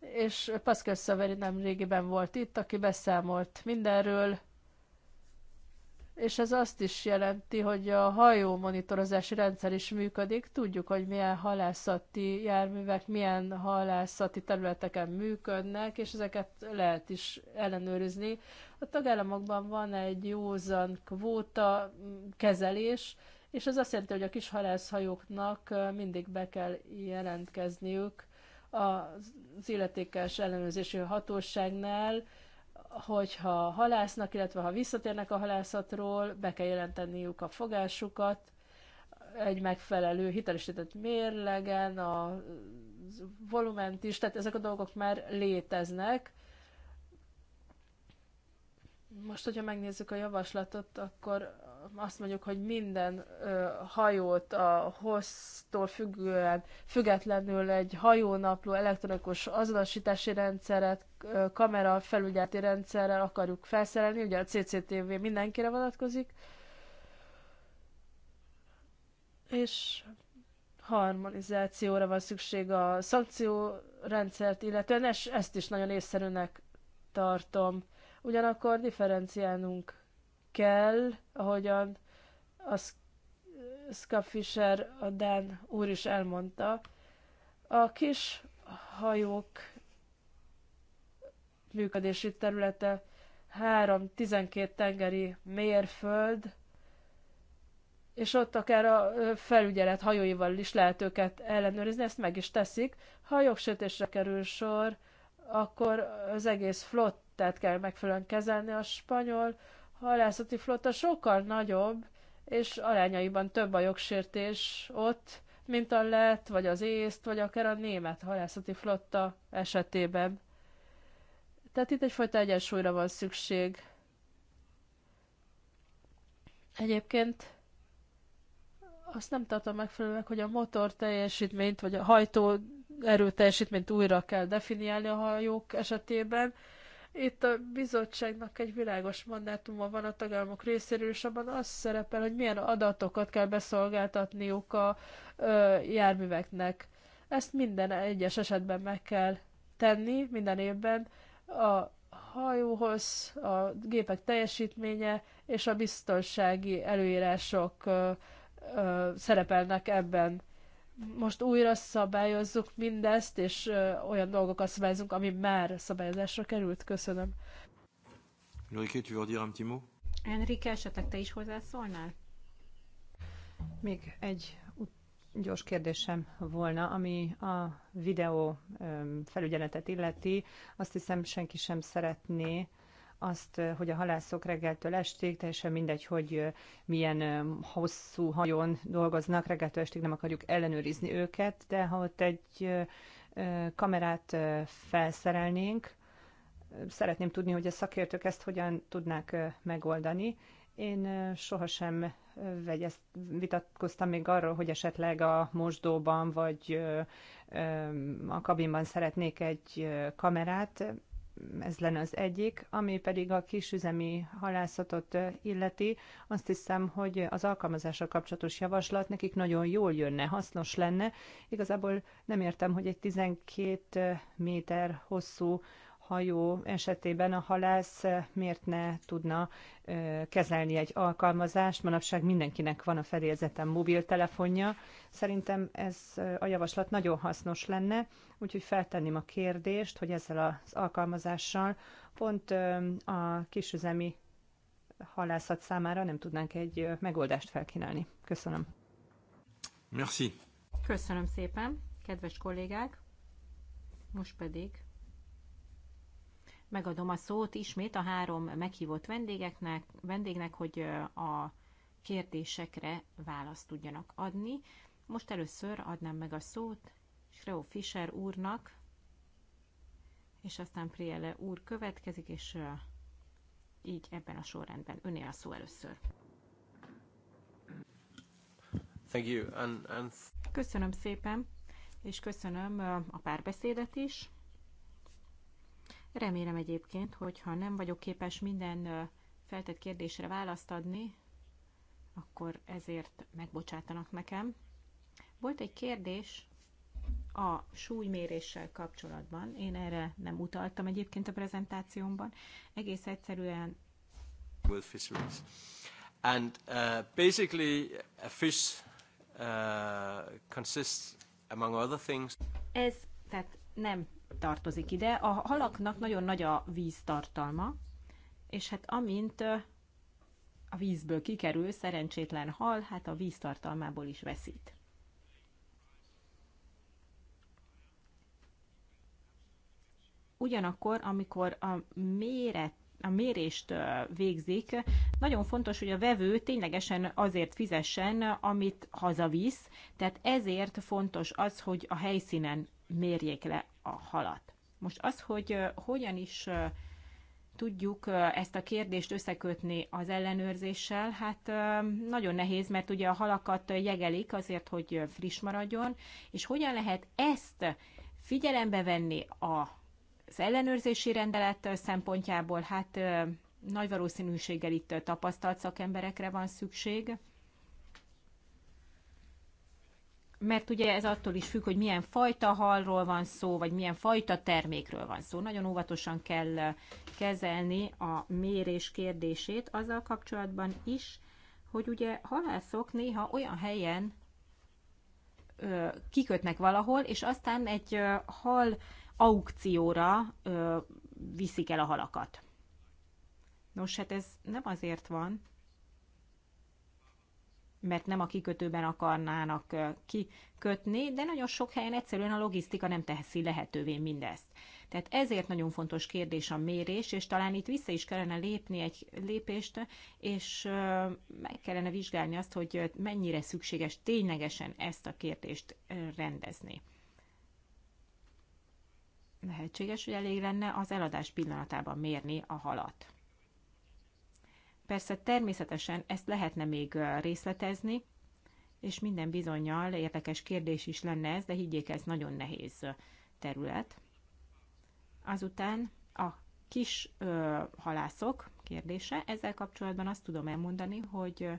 és Pascal Szaveri nem régiben volt itt, aki beszámolt mindenről, és ez azt is jelenti, hogy a hajó monitorozási rendszer is működik. Tudjuk, hogy milyen halászati járművek, milyen halászati területeken működnek, és ezeket lehet is ellenőrizni a tagállamokban van egy józan kvóta mm, kezelés, és ez azt jelenti, hogy a kis halászhajóknak mindig be kell jelentkezniük az illetékes ellenőrzési hatóságnál, hogyha halásznak, illetve ha visszatérnek a halászatról, be kell jelenteniük a fogásukat, egy megfelelő hitelesített mérlegen, a volument is, tehát ezek a dolgok már léteznek, most, hogyha megnézzük a javaslatot, akkor azt mondjuk, hogy minden ö, hajót a hossztól függően, függetlenül egy hajónapló elektronikus azonosítási rendszeret, ö, kamera felügyeleti rendszerrel akarjuk felszerelni, ugye a CCTV mindenkire vonatkozik, és harmonizációra van szükség a szankciórendszert, illetően és ezt is nagyon észszerűnek tartom Ugyanakkor differenciálnunk kell, ahogyan a Ska Fischer, a Dan úr is elmondta, a kis hajók működési területe 3-12 tengeri mérföld, és ott akár a felügyelet hajóival is lehet őket ellenőrizni, ezt meg is teszik. Ha jogsértésre kerül sor, akkor az egész flott tehát kell megfelelően kezelni. A spanyol halászati flotta sokkal nagyobb, és arányaiban több a jogsértés ott, mint a lett, vagy az észt, vagy akár a német halászati flotta esetében. Tehát itt egyfajta egyensúlyra van szükség. Egyébként azt nem tartom megfelelőnek, hogy a motor teljesítményt, vagy a hajtó erőteljesítményt újra kell definiálni a hajók esetében. Itt a bizottságnak egy világos mandátuma van a tagállamok részéről, és abban az szerepel, hogy milyen adatokat kell beszolgáltatniuk a ö, járműveknek. Ezt minden egyes esetben meg kell tenni, minden évben a hajóhoz, a gépek teljesítménye és a biztonsági előírások ö, ö, szerepelnek ebben most újra szabályozzuk mindezt, és olyan dolgokat szabályozunk, ami már szabályozásra került. Köszönöm. Enrique, tu veux dire un petit mot? Enrique, esetleg te is hozzászólnál? Még egy gyors kérdésem volna, ami a videó felügyeletet illeti. Azt hiszem, senki sem szeretné, azt, hogy a halászok reggeltől estig, teljesen mindegy, hogy milyen hosszú hajón dolgoznak, reggeltől estig nem akarjuk ellenőrizni őket, de ha ott egy kamerát felszerelnénk, szeretném tudni, hogy a szakértők ezt hogyan tudnák megoldani. Én sohasem vegyezt, vitatkoztam még arról, hogy esetleg a mosdóban vagy a kabinban szeretnék egy kamerát ez lenne az egyik, ami pedig a kisüzemi halászatot illeti. Azt hiszem, hogy az alkalmazással kapcsolatos javaslat nekik nagyon jól jönne, hasznos lenne. Igazából nem értem, hogy egy 12 méter hosszú hajó esetében a halász miért ne tudna kezelni egy alkalmazást. Manapság mindenkinek van a fedélzeten mobiltelefonja. Szerintem ez a javaslat nagyon hasznos lenne, úgyhogy feltenném a kérdést, hogy ezzel az alkalmazással pont a kisüzemi halászat számára nem tudnánk egy megoldást felkínálni. Köszönöm. Merci. Köszönöm szépen, kedves kollégák. Most pedig megadom a szót ismét a három meghívott vendégeknek, vendégnek, hogy a kérdésekre választ tudjanak adni. Most először adnám meg a szót Schreo Fischer úrnak, és aztán Priele úr következik, és így ebben a sorrendben. Önél a szó először. Thank you. And, and... Köszönöm szépen, és köszönöm a párbeszédet is. Remélem egyébként, hogy ha nem vagyok képes minden feltett kérdésre választ adni, akkor ezért megbocsátanak nekem. Volt egy kérdés a súlyméréssel kapcsolatban. Én erre nem utaltam egyébként a prezentációmban. Egész egyszerűen with fisheries. And uh, basically a fish uh, consists among other things. Ez tehát nem tartozik ide. A halaknak nagyon nagy a víztartalma, és hát amint a vízből kikerül, szerencsétlen hal, hát a víztartalmából is veszít. Ugyanakkor, amikor a méret a mérést végzik, nagyon fontos, hogy a vevő ténylegesen azért fizessen, amit hazavisz, tehát ezért fontos az, hogy a helyszínen mérjék le a halat. Most az, hogy hogyan is tudjuk ezt a kérdést összekötni az ellenőrzéssel, hát nagyon nehéz, mert ugye a halakat jegelik azért, hogy friss maradjon, és hogyan lehet ezt figyelembe venni az ellenőrzési rendelet szempontjából, hát nagy valószínűséggel itt tapasztalt szakemberekre van szükség, mert ugye ez attól is függ, hogy milyen fajta halról van szó, vagy milyen fajta termékről van szó. Nagyon óvatosan kell eh, kezelni a mérés kérdését azzal kapcsolatban is, hogy ugye halászok néha olyan helyen ö, kikötnek valahol, és aztán egy ö, hal aukcióra ö, viszik el a halakat. Nos, hát ez nem azért van, mert nem a kikötőben akarnának kikötni, de nagyon sok helyen egyszerűen a logisztika nem teszi lehetővé mindezt. Tehát ezért nagyon fontos kérdés a mérés, és talán itt vissza is kellene lépni egy lépést, és meg kellene vizsgálni azt, hogy mennyire szükséges ténylegesen ezt a kérdést rendezni. Lehetséges, hogy elég lenne az eladás pillanatában mérni a halat. Persze természetesen ezt lehetne még részletezni, és minden bizonyal érdekes kérdés is lenne ez, de higgyék, ez nagyon nehéz terület. Azután a kis ö, halászok kérdése. Ezzel kapcsolatban azt tudom elmondani, hogy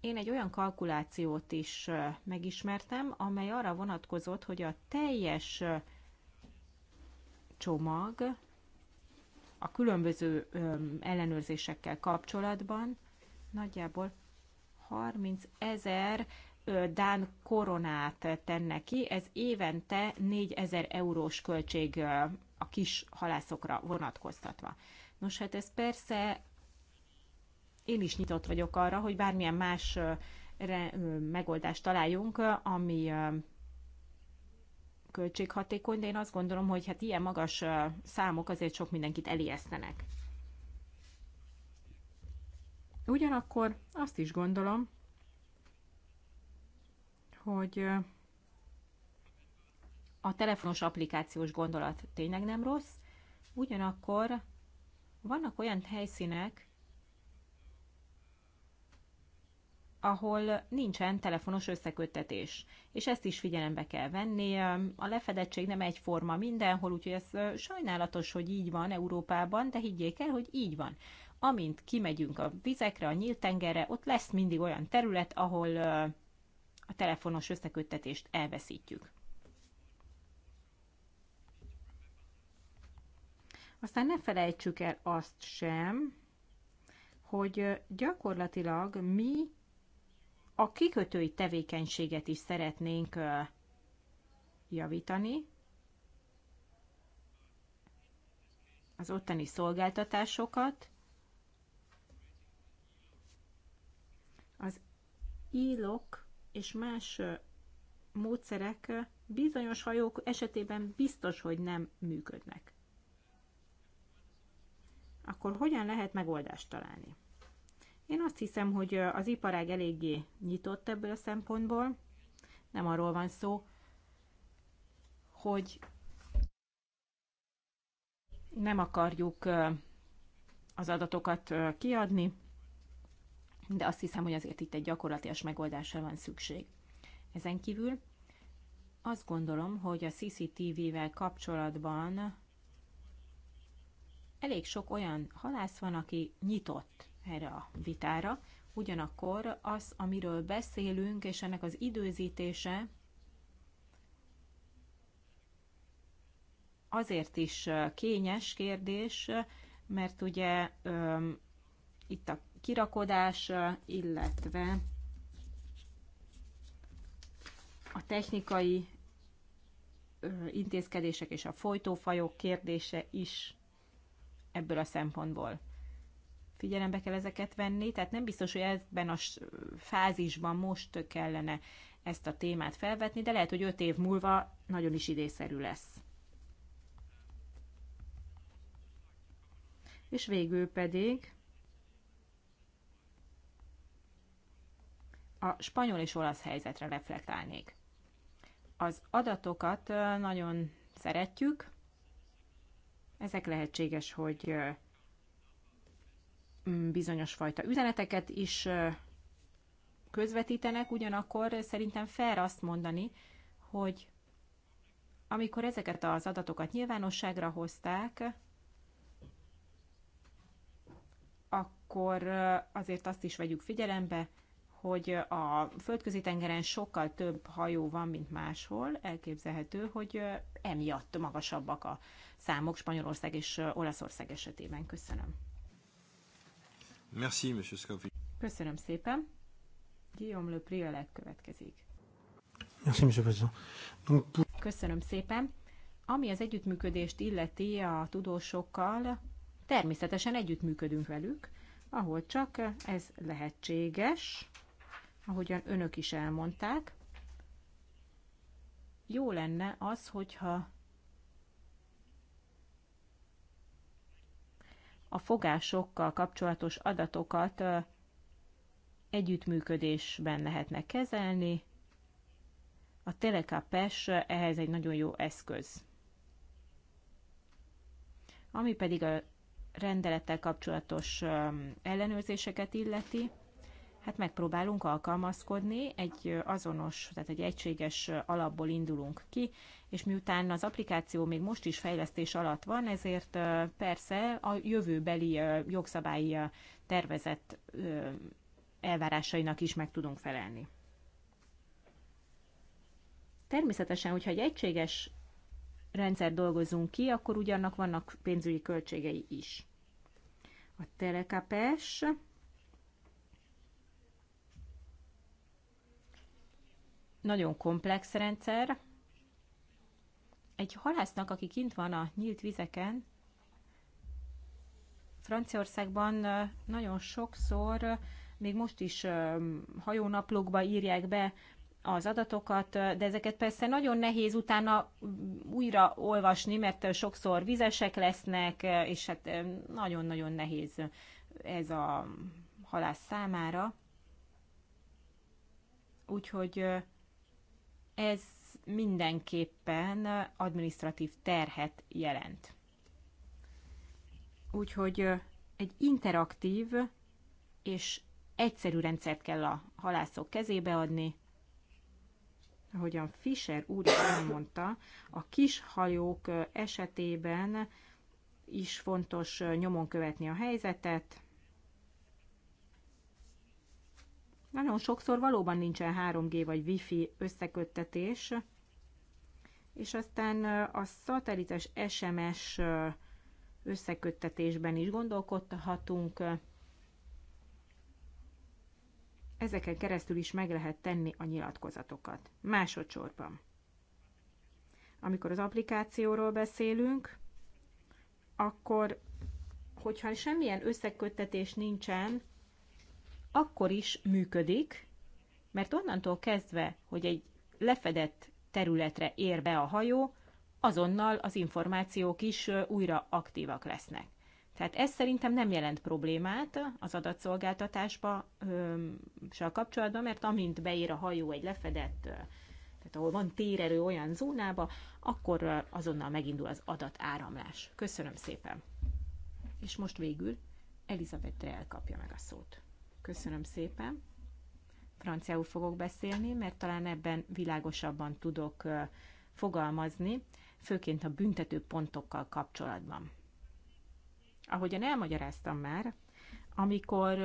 én egy olyan kalkulációt is megismertem, amely arra vonatkozott, hogy a teljes csomag a különböző ellenőrzésekkel kapcsolatban nagyjából 30 ezer Dán koronát tenne ki, ez évente 4 ezer eurós költség a kis halászokra vonatkoztatva. Nos, hát ez persze én is nyitott vagyok arra, hogy bármilyen más megoldást találjunk, ami költséghatékony, de én azt gondolom, hogy hát ilyen magas számok azért sok mindenkit elijesztenek. Ugyanakkor azt is gondolom, hogy a telefonos applikációs gondolat tényleg nem rossz, ugyanakkor vannak olyan helyszínek, ahol nincsen telefonos összeköttetés. És ezt is figyelembe kell venni. A lefedettség nem egyforma mindenhol, úgyhogy ez sajnálatos, hogy így van Európában, de higgyék el, hogy így van. Amint kimegyünk a vizekre, a nyílt tengerre, ott lesz mindig olyan terület, ahol a telefonos összeköttetést elveszítjük. Aztán ne felejtsük el azt sem, hogy gyakorlatilag mi a kikötői tevékenységet is szeretnénk javítani, az ottani szolgáltatásokat, az ílok és más módszerek bizonyos hajók esetében biztos, hogy nem működnek. Akkor hogyan lehet megoldást találni? Én azt hiszem, hogy az iparág eléggé nyitott ebből a szempontból. Nem arról van szó, hogy nem akarjuk az adatokat kiadni, de azt hiszem, hogy azért itt egy gyakorlatilag megoldásra van szükség. Ezen kívül azt gondolom, hogy a CCTV-vel kapcsolatban elég sok olyan halász van, aki nyitott erre a vitára. Ugyanakkor az, amiről beszélünk, és ennek az időzítése azért is kényes kérdés, mert ugye um, itt a kirakodás, illetve a technikai intézkedések és a folytófajok kérdése is ebből a szempontból figyelembe kell ezeket venni, tehát nem biztos, hogy ebben a fázisban most kellene ezt a témát felvetni, de lehet, hogy öt év múlva nagyon is idészerű lesz. És végül pedig a spanyol és olasz helyzetre reflektálnék. Az adatokat nagyon szeretjük, ezek lehetséges, hogy Mm, bizonyos fajta üzeneteket is közvetítenek, ugyanakkor szerintem fair azt mondani, hogy amikor ezeket az adatokat nyilvánosságra hozták, akkor azért azt is vegyük figyelembe, hogy a földközi tengeren sokkal több hajó van, mint máshol. Elképzelhető, hogy emiatt magasabbak a számok Spanyolország és Olaszország esetében. Köszönöm. Merci, Monsieur Scopi. Köszönöm szépen. Guillaume Le Priolet következik. Merci, Monsieur Président. Köszönöm szépen. Ami az együttműködést illeti a tudósokkal, természetesen együttműködünk velük, ahol csak ez lehetséges, ahogyan önök is elmondták. Jó lenne az, hogyha a fogásokkal kapcsolatos adatokat együttműködésben lehetne kezelni. A Telekapes ehhez egy nagyon jó eszköz. Ami pedig a rendelettel kapcsolatos ellenőrzéseket illeti, hát megpróbálunk alkalmazkodni, egy azonos, tehát egy egységes alapból indulunk ki, és miután az applikáció még most is fejlesztés alatt van, ezért persze a jövőbeli jogszabályi tervezett elvárásainak is meg tudunk felelni. Természetesen, hogyha egy egységes rendszer dolgozunk ki, akkor ugyanak vannak pénzügyi költségei is. A telekapes nagyon komplex rendszer. Egy halásznak, aki kint van a nyílt vizeken, Franciaországban nagyon sokszor, még most is hajónaplókba írják be az adatokat, de ezeket persze nagyon nehéz utána mm, újra olvasni, mert sokszor vizesek lesznek, és hát nagyon-nagyon nehéz ez a halász számára. Úgyhogy ez mindenképpen administratív terhet jelent. Úgyhogy egy interaktív és egyszerű rendszert kell a halászok kezébe adni, ahogyan Fischer úr is mondta, a kis hajók esetében is fontos nyomon követni a helyzetet, Nagyon sokszor valóban nincsen 3G vagy Wi-Fi összeköttetés, és aztán a szatelites SMS összeköttetésben is gondolkodhatunk. Ezeken keresztül is meg lehet tenni a nyilatkozatokat. Másodszorban. Amikor az applikációról beszélünk, akkor hogyha semmilyen összeköttetés nincsen akkor is működik, mert onnantól kezdve, hogy egy lefedett területre ér be a hajó, azonnal az információk is újra aktívak lesznek. Tehát ez szerintem nem jelent problémát az adatszolgáltatásba a kapcsolatban, mert amint beír a hajó egy lefedett, tehát ahol van térerő olyan zónába, akkor azonnal megindul az adatáramlás. Köszönöm szépen! És most végül Elizabeth elkapja meg a szót. Köszönöm szépen. Franciául fogok beszélni, mert talán ebben világosabban tudok fogalmazni, főként a büntető pontokkal kapcsolatban. Ahogyan elmagyaráztam már, amikor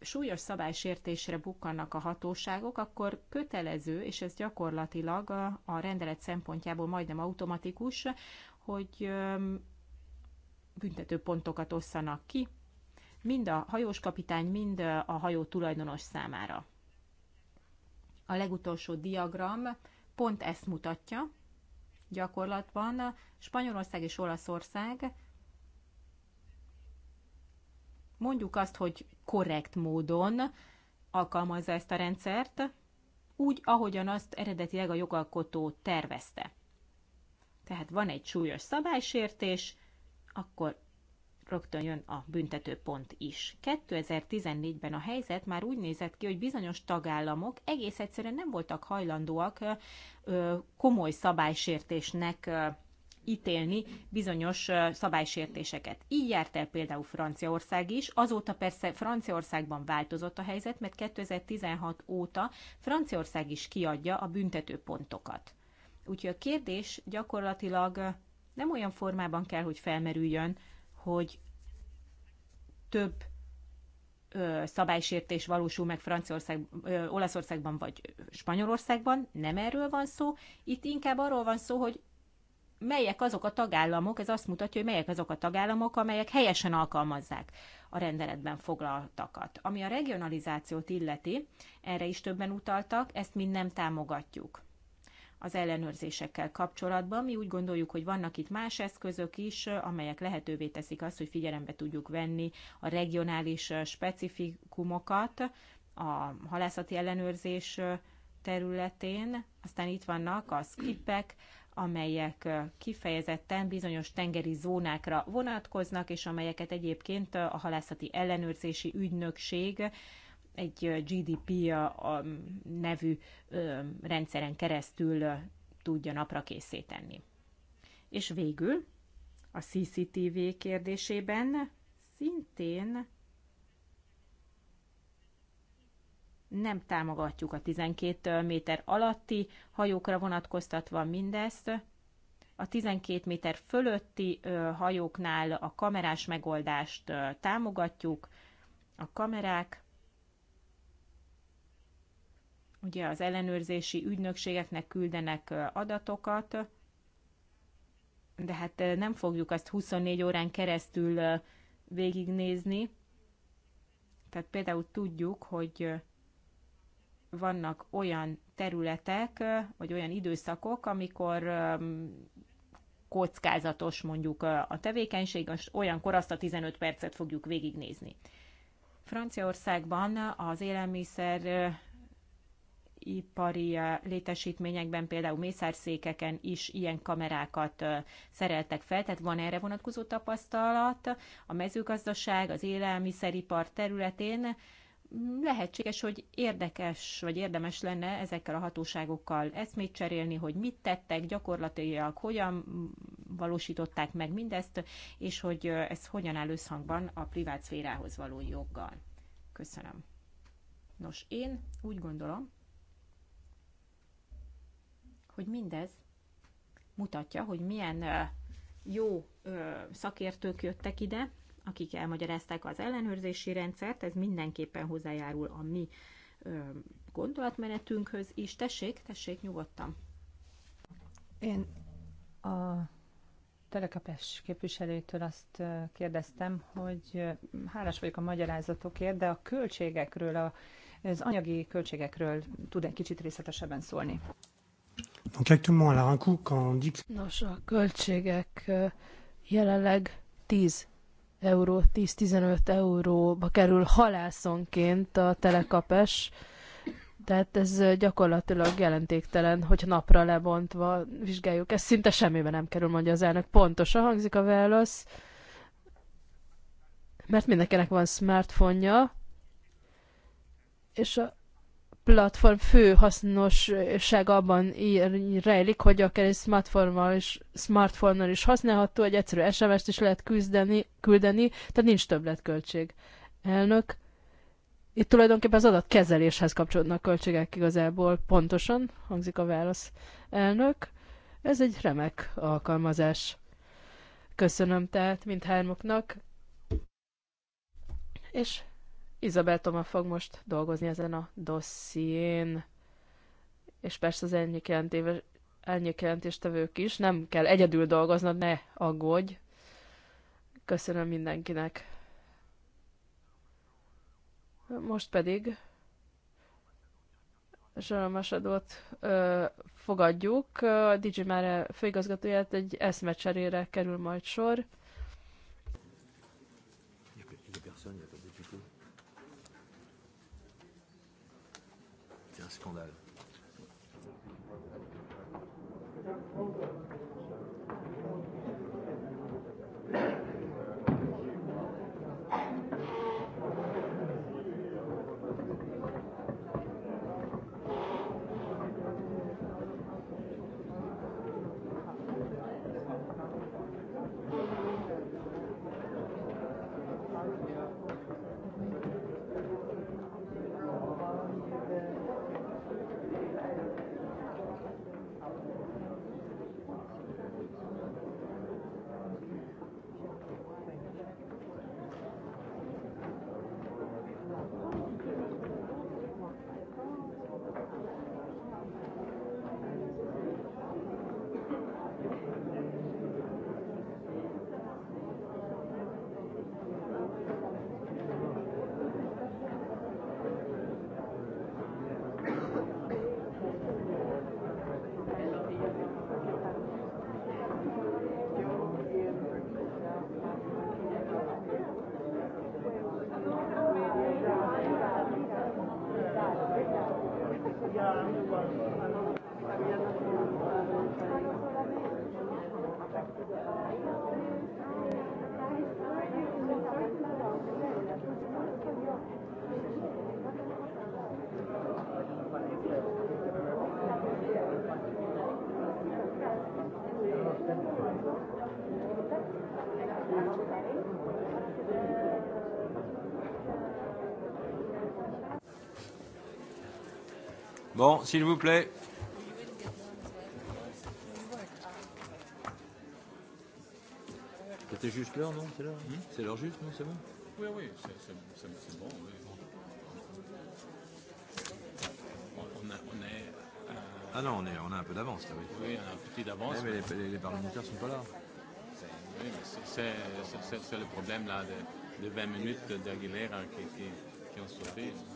súlyos szabálysértésre bukkannak a hatóságok, akkor kötelező, és ez gyakorlatilag a rendelet szempontjából majdnem automatikus, hogy büntető pontokat osszanak ki, mind a hajós kapitány, mind a hajó tulajdonos számára. A legutolsó diagram pont ezt mutatja. Gyakorlatban Spanyolország és Olaszország mondjuk azt, hogy korrekt módon alkalmazza ezt a rendszert, úgy, ahogyan azt eredetileg a jogalkotó tervezte. Tehát van egy súlyos szabálysértés, akkor rögtön jön a büntetőpont is. 2014-ben a helyzet már úgy nézett ki, hogy bizonyos tagállamok egész egyszerűen nem voltak hajlandóak komoly szabálysértésnek ítélni bizonyos szabálysértéseket. Így járt el például Franciaország is. Azóta persze Franciaországban változott a helyzet, mert 2016 óta Franciaország is kiadja a büntetőpontokat. Úgyhogy a kérdés gyakorlatilag nem olyan formában kell, hogy felmerüljön, hogy több ö, szabálysértés valósul meg Franciaország, ö, Olaszországban vagy Spanyolországban, nem erről van szó. Itt inkább arról van szó, hogy melyek azok a tagállamok, ez azt mutatja, hogy melyek azok a tagállamok, amelyek helyesen alkalmazzák a rendeletben foglaltakat. Ami a regionalizációt illeti, erre is többen utaltak, ezt mind nem támogatjuk az ellenőrzésekkel kapcsolatban. Mi úgy gondoljuk, hogy vannak itt más eszközök is, amelyek lehetővé teszik azt, hogy figyelembe tudjuk venni a regionális specifikumokat a halászati ellenőrzés területén. Aztán itt vannak a skripek, amelyek kifejezetten bizonyos tengeri zónákra vonatkoznak, és amelyeket egyébként a halászati ellenőrzési ügynökség egy GDP a nevű rendszeren keresztül tudja napra készíteni. tenni. És végül a CCTV kérdésében szintén nem támogatjuk a 12 méter alatti hajókra vonatkoztatva mindezt. A 12 méter fölötti hajóknál a kamerás megoldást támogatjuk. A kamerák Ugye az ellenőrzési ügynökségeknek küldenek adatokat, de hát nem fogjuk azt 24 órán keresztül végignézni. Tehát például tudjuk, hogy vannak olyan területek, vagy olyan időszakok, amikor kockázatos mondjuk a tevékenység, és olyankor azt a 15 percet fogjuk végignézni. Franciaországban az élelmiszer ipari eh, létesítményekben, például mészárszékeken is ilyen kamerákat eh, szereltek fel, tehát van erre vonatkozó tapasztalat. A mezőgazdaság, az élelmiszeripar területén lehetséges, hogy érdekes vagy érdemes lenne ezekkel a hatóságokkal eszmét cserélni, hogy mit tettek gyakorlatilag, hogyan valósították meg mindezt, és hogy eh, ez hogyan áll összhangban a privát szférához való joggal. Köszönöm. Nos, én úgy gondolom, hogy mindez mutatja, hogy milyen jó szakértők jöttek ide, akik elmagyarázták az ellenőrzési rendszert, ez mindenképpen hozzájárul a mi gondolatmenetünkhöz is. Tessék, tessék, nyugodtan. Én a Telekapes képviselőtől azt kérdeztem, hogy hálás vagyok a magyarázatokért, de a költségekről, az anyagi költségekről tud egy kicsit részletesebben szólni. Donc actuellement, alors un coût quand on dit que... Nos, a költségek jelenleg 10 euró, 10-15 euróba kerül halászonként a telekapes, tehát ez gyakorlatilag jelentéktelen, hogy napra lebontva vizsgáljuk. Ez szinte semmibe nem kerül, mondja az elnök. Pontosan hangzik a válasz, mert mindenkinek van smartphone -ja, és a platform fő hasznossága abban rejlik, hogy akár egy smartphone-nal is, smartphone is használható, egy egyszerű SMS-t is lehet küzdeni, küldeni, tehát nincs többletköltség. Elnök, itt tulajdonképpen az adatkezeléshez kapcsolódnak költségek igazából. Pontosan hangzik a válasz. Elnök, ez egy remek alkalmazás. Köszönöm tehát mindhármoknak. És Izabel Toma fog most dolgozni ezen a dosszién, és persze az elnyékjelentéstevők is. Nem kell egyedül dolgoznod, ne aggódj. Köszönöm mindenkinek. Most pedig ö, fogadjuk. A Digimare főigazgatóját egy eszmecserére kerül majd sor. Bon, s'il vous plaît. C'était juste l'heure, non C'est l'heure hmm C'est l'heure juste, non C'est bon Oui, oui, c'est bon. Oui. On, a, on est. Euh... Ah non, on, est, on a un peu d'avance, là, oui. Oui, on a un petit d'avance. Oui, eh, mais, mais les, les, les parlementaires ne sont pas là. Oui, mais c'est le problème, là, de, de 20 minutes d'Aguilera qui, qui, qui ont sauté. Là.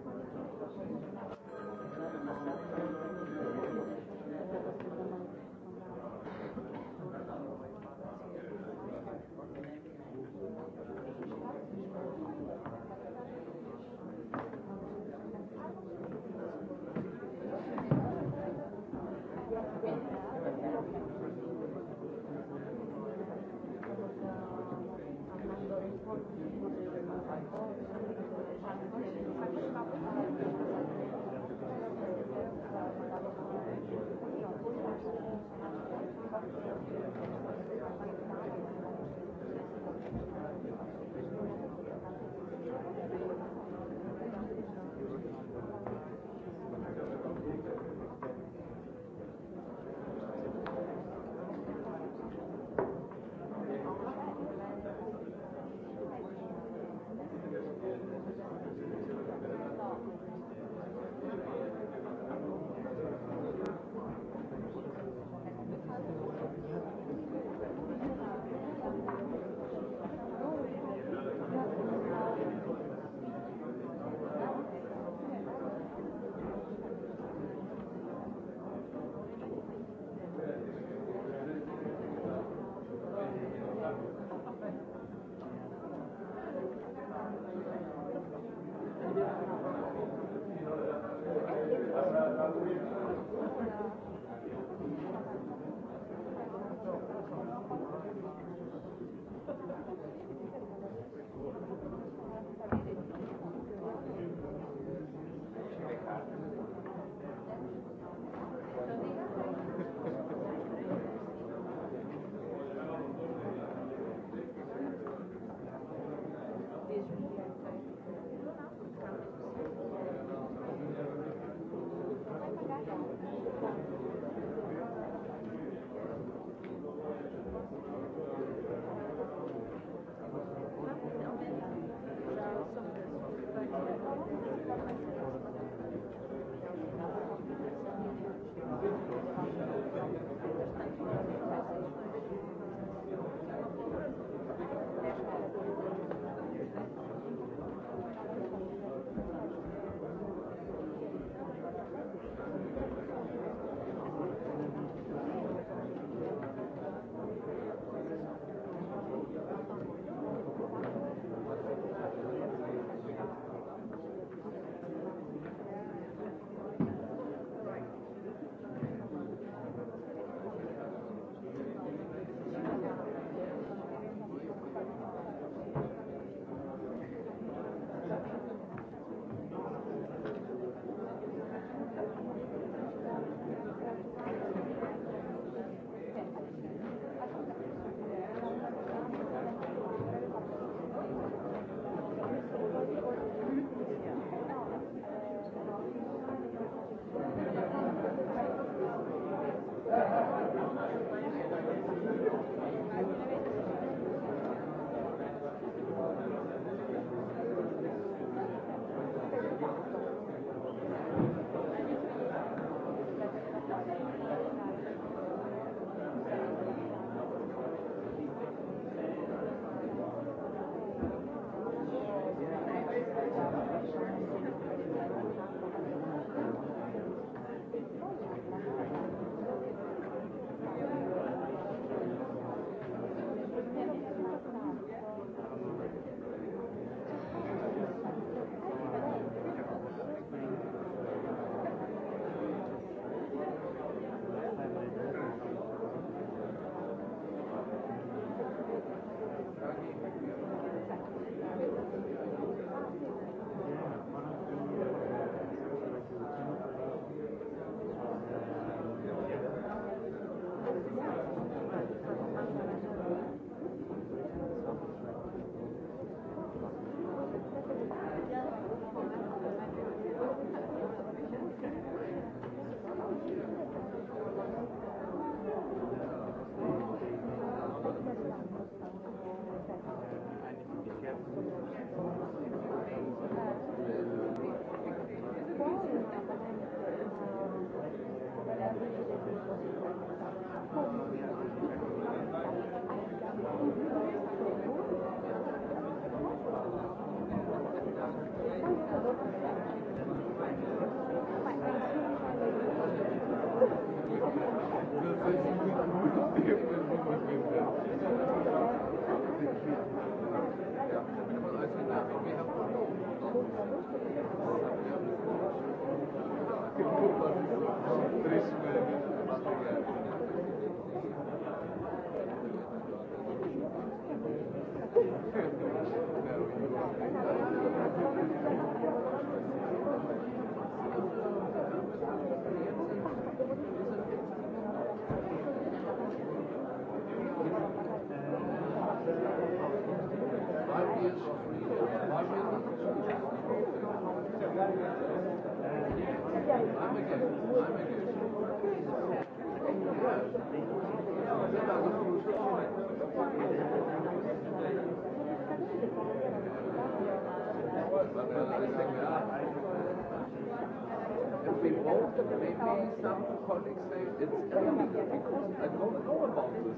after maybe some colleagues say it's illegal because I don't know about this.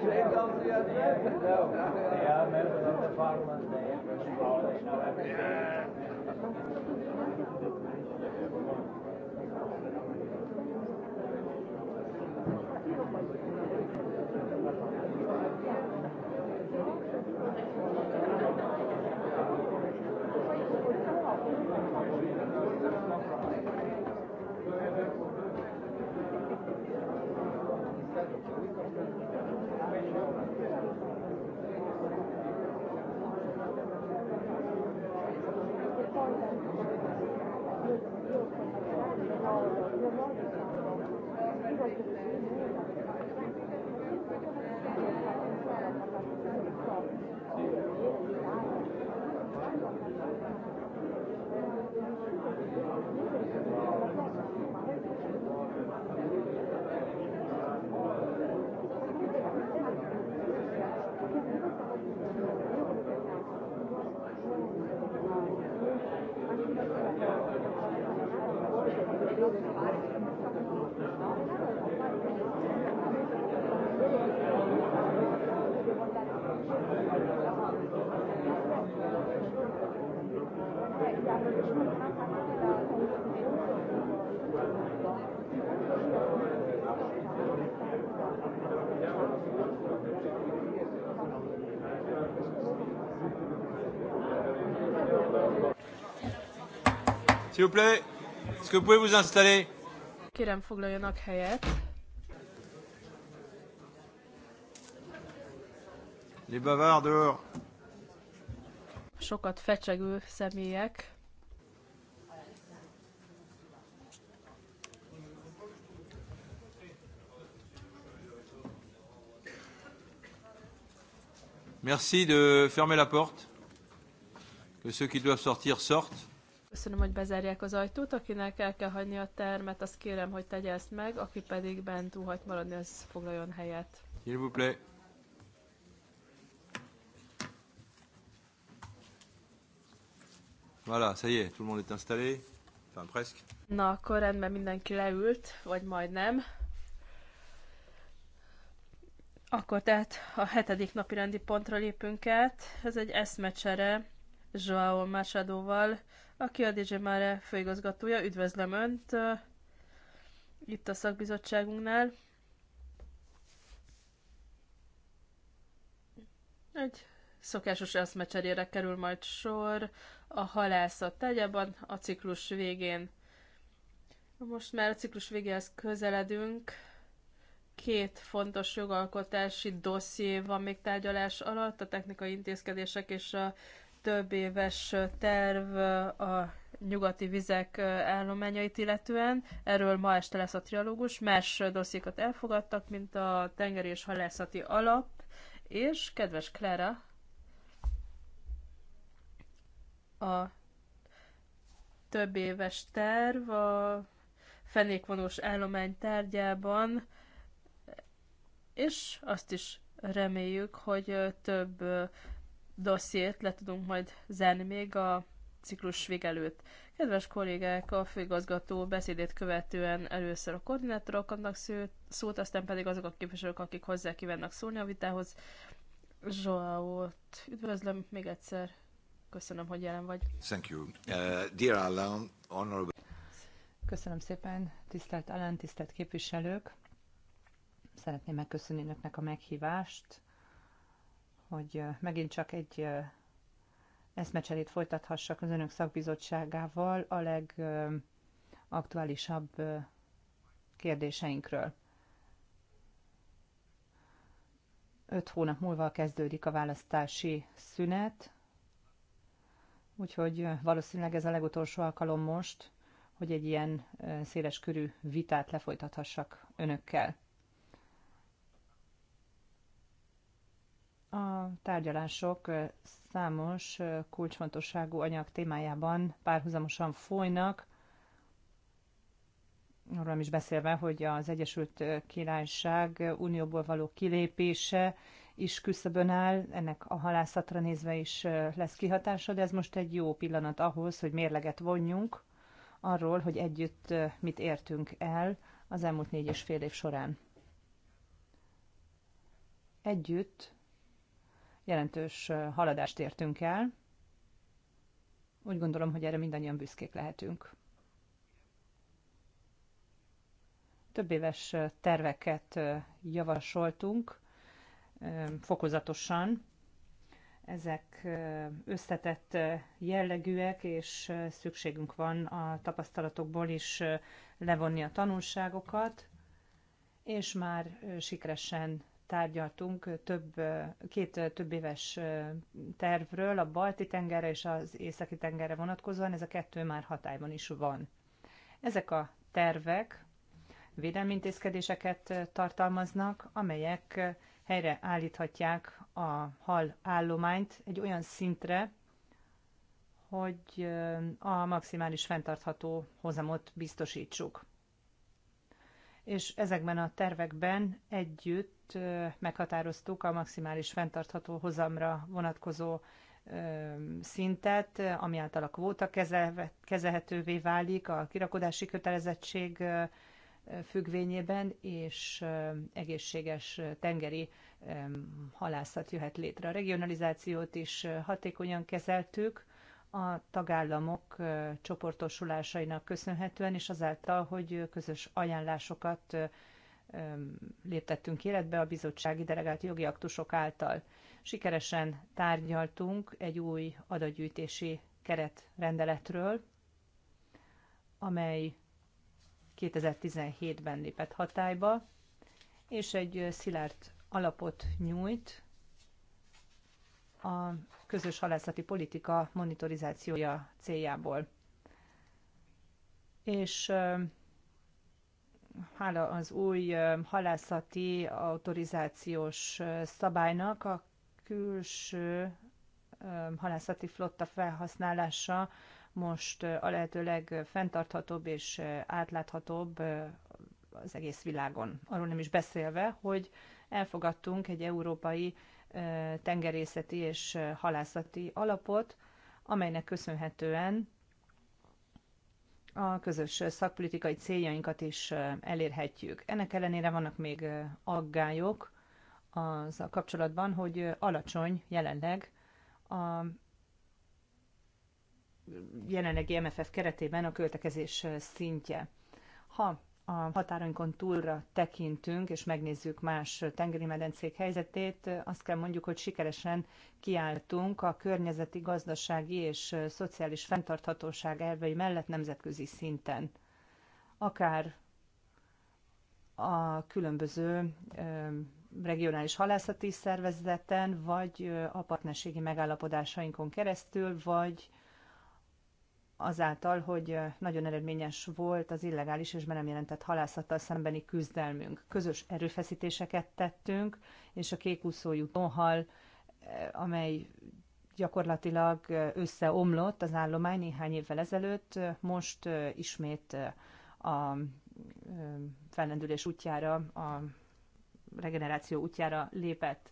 Jay tells me at the end. No, they are members of the parliament. They have they know everything. S'il vous plaît, est-ce que vous pouvez vous installer? Kérem, foglaljanak helyet. Les bavards dehors. Sokat fecsegő személyek. Merci de fermer la porte. Que ceux qui doivent sortir sortent. Köszönöm, hogy bezárják az ajtót. Akinek el kell hagyni a termet, azt kérem, hogy tegye ezt meg. Aki pedig bent túlhat maradni, az foglaljon helyet. Voilà, ça y est, tout le monde est installé. Enfin, presque. Na, akkor rendben mindenki leült, vagy majdnem. Akkor tehát a hetedik napi rendi pontra lépünk át. Ez egy eszmecsere Joao val aki a DJ Mare főigazgatója. Üdvözlöm Önt itt a szakbizottságunknál. Egy szokásos eszmecserére kerül majd sor a halászat tegyában a ciklus végén. Most már a ciklus végéhez közeledünk. Két fontos jogalkotási dosszié van még tárgyalás alatt, a technikai intézkedések és a több éves terv a nyugati vizek állományait illetően. Erről ma este lesz a trialógus. Más dossziékat elfogadtak, mint a tengeri és halászati alap. És kedves Klára, a több éves terv a fenékvonós állomány tárgyában, és azt is reméljük, hogy több dossziét le tudunk majd zárni még a ciklus vég előtt. Kedves kollégák, a főigazgató beszédét követően először a koordinátorok adnak szót, aztán pedig azok a képviselők, akik hozzá kívánnak szólni a vitához. Zsoáot üdvözlöm még egyszer. Köszönöm, hogy jelen vagy. Thank you. Uh, dear Alan, honorable... Köszönöm szépen, tisztelt Alan, tisztelt képviselők. Szeretném megköszönni önöknek a meghívást hogy megint csak egy eszmecserét folytathassak az önök szakbizottságával a legaktuálisabb kérdéseinkről. Öt hónap múlva kezdődik a választási szünet, úgyhogy valószínűleg ez a legutolsó alkalom most, hogy egy ilyen széleskörű vitát lefolytathassak önökkel. A tárgyalások számos kulcsfontosságú anyag témájában párhuzamosan folynak, arról is beszélve, hogy az Egyesült Királyság unióból való kilépése is küszöbön áll, ennek a halászatra nézve is lesz kihatása, de ez most egy jó pillanat ahhoz, hogy mérleget vonjunk arról, hogy együtt mit értünk el az elmúlt négy és fél év során. Együtt Jelentős haladást értünk el. Úgy gondolom, hogy erre mindannyian büszkék lehetünk. Több éves terveket javasoltunk fokozatosan. Ezek összetett jellegűek, és szükségünk van a tapasztalatokból is levonni a tanulságokat, és már sikeresen tárgyaltunk több, két több éves tervről, a balti tengerre és az északi tengerre vonatkozóan, ez a kettő már hatályban is van. Ezek a tervek védelmi intézkedéseket tartalmaznak, amelyek helyre állíthatják a hal állományt egy olyan szintre, hogy a maximális fenntartható hozamot biztosítsuk. És ezekben a tervekben együtt meghatároztuk a maximális fenntartható hozamra vonatkozó szintet, ami által a kvóta kezelhetővé válik a kirakodási kötelezettség függvényében, és egészséges tengeri halászat jöhet létre. A regionalizációt is hatékonyan kezeltük, a tagállamok csoportosulásainak köszönhetően, és azáltal, hogy közös ajánlásokat léptettünk életbe a bizottsági delegált jogi aktusok által. Sikeresen tárgyaltunk egy új adatgyűjtési keretrendeletről, amely 2017-ben lépett hatályba, és egy szilárd alapot nyújt a közös halászati politika monitorizációja céljából. És hála az új halászati autorizációs szabálynak a külső halászati flotta felhasználása most a lehető legfenntarthatóbb és átláthatóbb az egész világon. Arról nem is beszélve, hogy elfogadtunk egy európai tengerészeti és halászati alapot, amelynek köszönhetően a közös szakpolitikai céljainkat is elérhetjük. Ennek ellenére vannak még aggályok az a kapcsolatban, hogy alacsony jelenleg a jelenlegi MFF keretében a költekezés szintje. Ha a határainkon túlra tekintünk, és megnézzük más tengeri medencék helyzetét, azt kell mondjuk, hogy sikeresen kiálltunk a környezeti, gazdasági és szociális fenntarthatóság elvei mellett nemzetközi szinten. Akár a különböző regionális halászati szervezeten, vagy a partnerségi megállapodásainkon keresztül, vagy azáltal, hogy nagyon eredményes volt az illegális és be nem jelentett halászattal szembeni küzdelmünk. Közös erőfeszítéseket tettünk, és a kékúszójú tonhal, amely gyakorlatilag összeomlott az állomány néhány évvel ezelőtt, most ismét a fellendülés útjára, a regeneráció útjára lépett.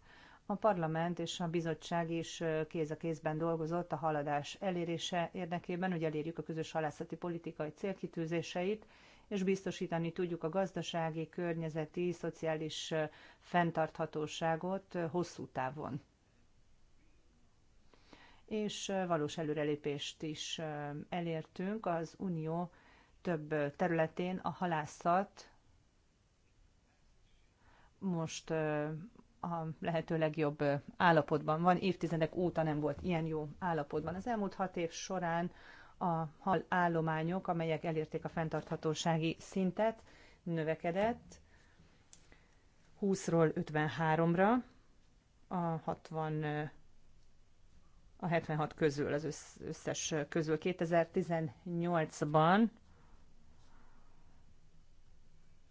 A parlament és a bizottság is kéz a kézben dolgozott a haladás elérése érdekében, hogy elérjük a közös halászati politikai célkitűzéseit, és biztosítani tudjuk a gazdasági, környezeti, szociális fenntarthatóságot hosszú távon. És valós előrelépést is elértünk az Unió több területén a halászat most a lehető legjobb állapotban van. Évtizedek óta nem volt ilyen jó állapotban. Az elmúlt hat év során a hal állományok, amelyek elérték a fenntarthatósági szintet, növekedett 20-ról 53-ra, a 60 a 76 közül, az összes közül 2018-ban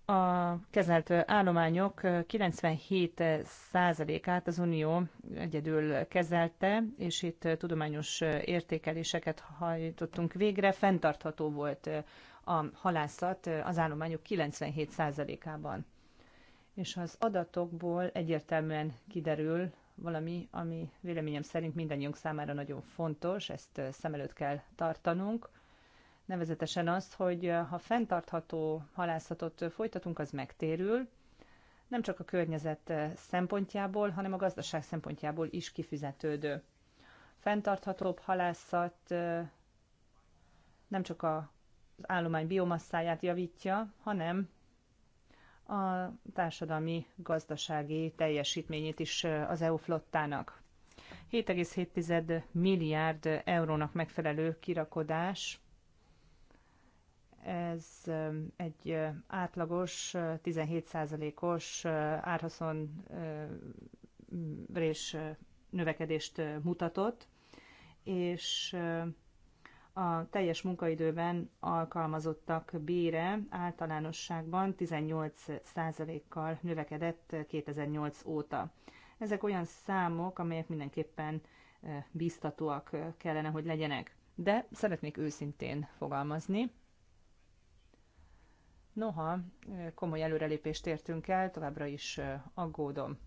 a kezelt állományok 97%-át az Unió egyedül kezelte, és itt tudományos értékeléseket hajtottunk végre. Fenntartható volt a halászat az állományok 97%-ában. És az adatokból egyértelműen kiderül valami, ami véleményem szerint mindannyiunk számára nagyon fontos, ezt szem előtt kell tartanunk nevezetesen azt, hogy eh, ha fenntartható halászatot eh, folytatunk, az megtérül, nem csak a környezet eh, szempontjából, hanem a gazdaság szempontjából is kifizetődő. Fenntarthatóbb halászat nem csak az állomány biomasszáját javítja, hanem a társadalmi gazdasági teljesítményét is az EU flottának. 7,7 milliárd eurónak megfelelő kirakodás ez egy átlagos 17%-os árhaszon rés növekedést mutatott, és a teljes munkaidőben alkalmazottak bére általánosságban 18%-kal növekedett 2008 óta. Ezek olyan számok, amelyek mindenképpen biztatóak kellene, hogy legyenek. De szeretnék őszintén fogalmazni, Noha komoly előrelépést értünk el, továbbra is aggódom.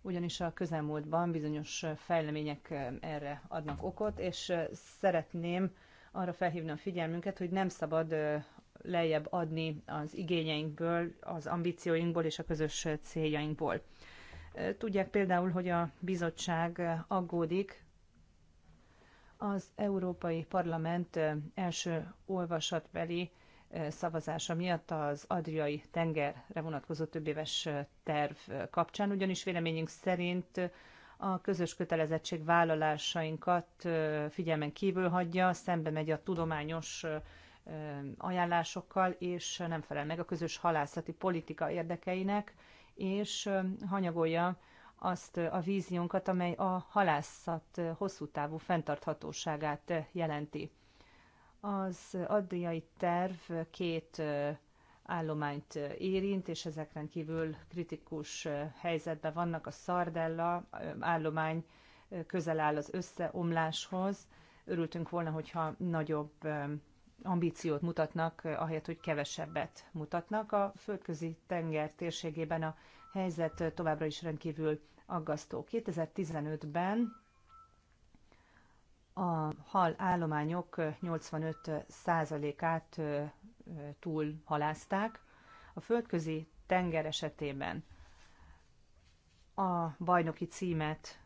Ugyanis a közelmúltban bizonyos fejlemények erre adnak okot, és szeretném arra felhívni a figyelmünket, hogy nem szabad lejjebb adni az igényeinkből, az ambícióinkból és a közös céljainkból. Tudják például, hogy a bizottság aggódik az Európai Parlament első olvasatbeli szavazása miatt az Adriai tengerre vonatkozó többéves terv kapcsán, ugyanis véleményünk szerint a közös kötelezettség vállalásainkat figyelmen kívül hagyja, szembe megy a tudományos ajánlásokkal, és nem felel meg a közös halászati politika érdekeinek, és hanyagolja azt a víziónkat, amely a halászat hosszú távú fenntarthatóságát jelenti. Az addiai terv két állományt érint, és ezek rendkívül kritikus helyzetben vannak. A Szardella állomány közel áll az összeomláshoz. Örültünk volna, hogyha nagyobb ambíciót mutatnak, ahelyett, hogy kevesebbet mutatnak. A földközi tenger térségében a helyzet továbbra is rendkívül aggasztó. 2015-ben a hal állományok 85%-át túl halázták. A földközi tenger esetében a bajnoki címet,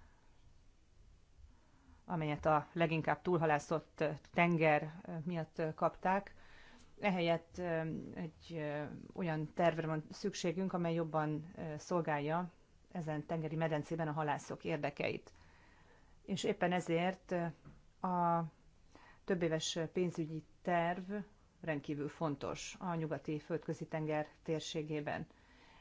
amelyet a leginkább túlhalászott tenger miatt kapták, ehelyett egy olyan tervre van szükségünk, amely jobban szolgálja ezen tengeri medencében a halászok érdekeit. És éppen ezért a többéves pénzügyi terv rendkívül fontos a nyugati földközi tenger térségében.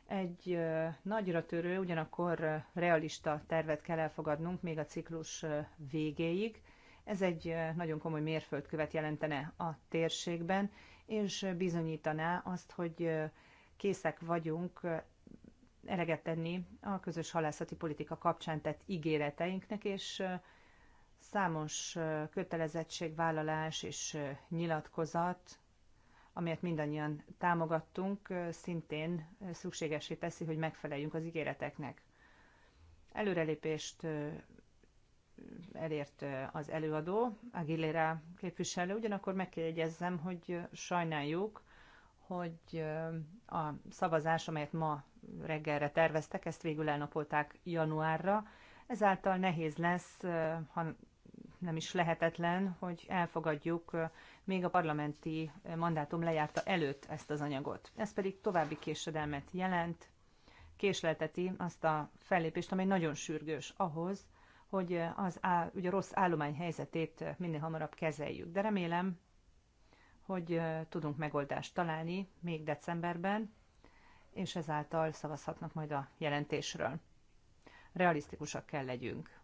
Egy nagyra törő, ugyanakkor realista tervet kell elfogadnunk még a ciklus végéig. Ez egy nagyon komoly mérföldkövet jelentene a térségben, és bizonyítaná azt, hogy készek vagyunk eleget tenni a közös halászati politika kapcsán tett ígéreteinknek, és Számos kötelezettségvállalás és nyilatkozat, amelyet mindannyian támogattunk, szintén szükségesé teszi, hogy megfeleljünk az ígéreteknek. Előrelépést elért az előadó, Aguilera képviselő, ugyanakkor megjegyezzem, hogy sajnáljuk, hogy a szavazás, amelyet ma reggelre terveztek, ezt végül elnapolták januárra, ezáltal nehéz lesz, ha nem is lehetetlen, hogy elfogadjuk még a parlamenti mandátum lejárta előtt ezt az anyagot. Ez pedig további késedelmet jelent, késlelteti azt a fellépést, amely nagyon sürgős ahhoz, hogy az á, ugye rossz állomány helyzetét minél hamarabb kezeljük. De remélem, hogy tudunk megoldást találni még decemberben, és ezáltal szavazhatnak majd a jelentésről. Realisztikusak kell legyünk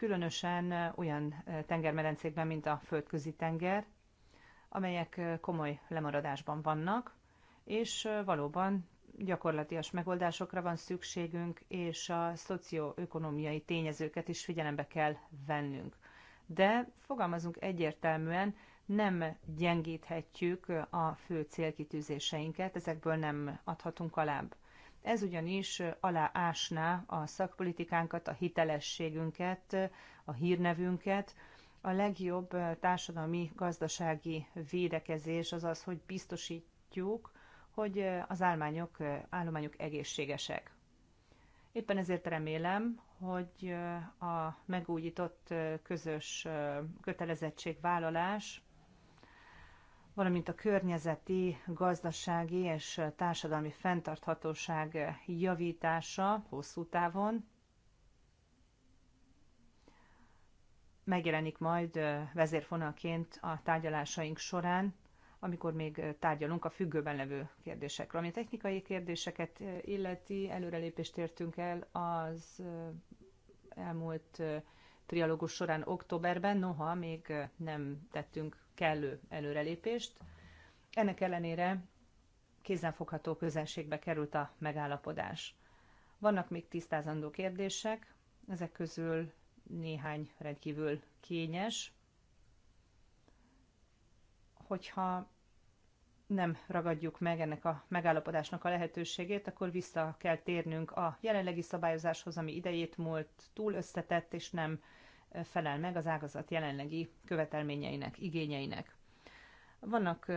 különösen olyan tengermedencékben, mint a földközi tenger, amelyek komoly lemaradásban vannak, és valóban gyakorlatias megoldásokra van szükségünk, és a szocioökonomiai tényezőket is figyelembe kell vennünk. De fogalmazunk egyértelműen, nem gyengíthetjük a fő célkitűzéseinket, ezekből nem adhatunk alább. Ez ugyanis aláásná a szakpolitikánkat, a hitelességünket, a hírnevünket. A legjobb társadalmi gazdasági védekezés az az, hogy biztosítjuk, hogy az állományok, állományok egészségesek. Éppen ezért remélem, hogy a megújított közös kötelezettségvállalás valamint a környezeti, gazdasági és társadalmi fenntarthatóság javítása hosszú távon megjelenik majd vezérfonalként a tárgyalásaink során, amikor még tárgyalunk a függőben levő kérdésekről. Ami technikai kérdéseket illeti, előrelépést értünk el az elmúlt trialógus során októberben, noha még nem tettünk kellő előrelépést. Ennek ellenére kézzelfogható közelségbe került a megállapodás. Vannak még tisztázandó kérdések, ezek közül néhány rendkívül kényes. Hogyha nem ragadjuk meg ennek a megállapodásnak a lehetőségét, akkor vissza kell térnünk a jelenlegi szabályozáshoz, ami idejét múlt, túl összetett és nem felel meg az ágazat jelenlegi követelményeinek, igényeinek. Vannak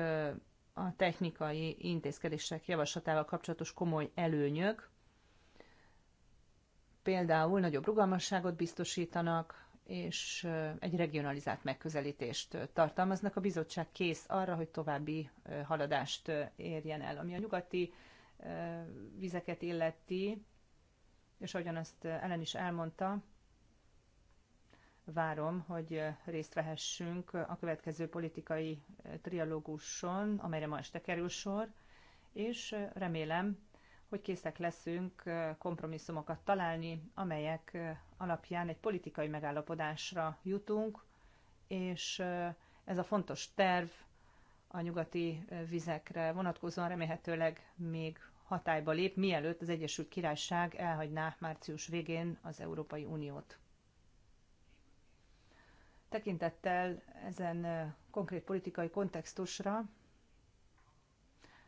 a technikai intézkedések javaslatával kapcsolatos komoly előnyök, például nagyobb rugalmasságot biztosítanak, és egy regionalizált megközelítést tartalmaznak. A bizottság kész arra, hogy további haladást érjen el. Ami a nyugati vizeket illeti, és ahogyan azt Ellen is elmondta, várom, hogy részt vehessünk a következő politikai trialóguson, amelyre ma este kerül sor, és remélem, hogy készek leszünk kompromisszumokat találni, amelyek alapján egy politikai megállapodásra jutunk, és ez a fontos terv a nyugati vizekre vonatkozóan remélhetőleg még hatályba lép, mielőtt az Egyesült Királyság elhagyná március végén az Európai Uniót. Tekintettel ezen konkrét politikai kontextusra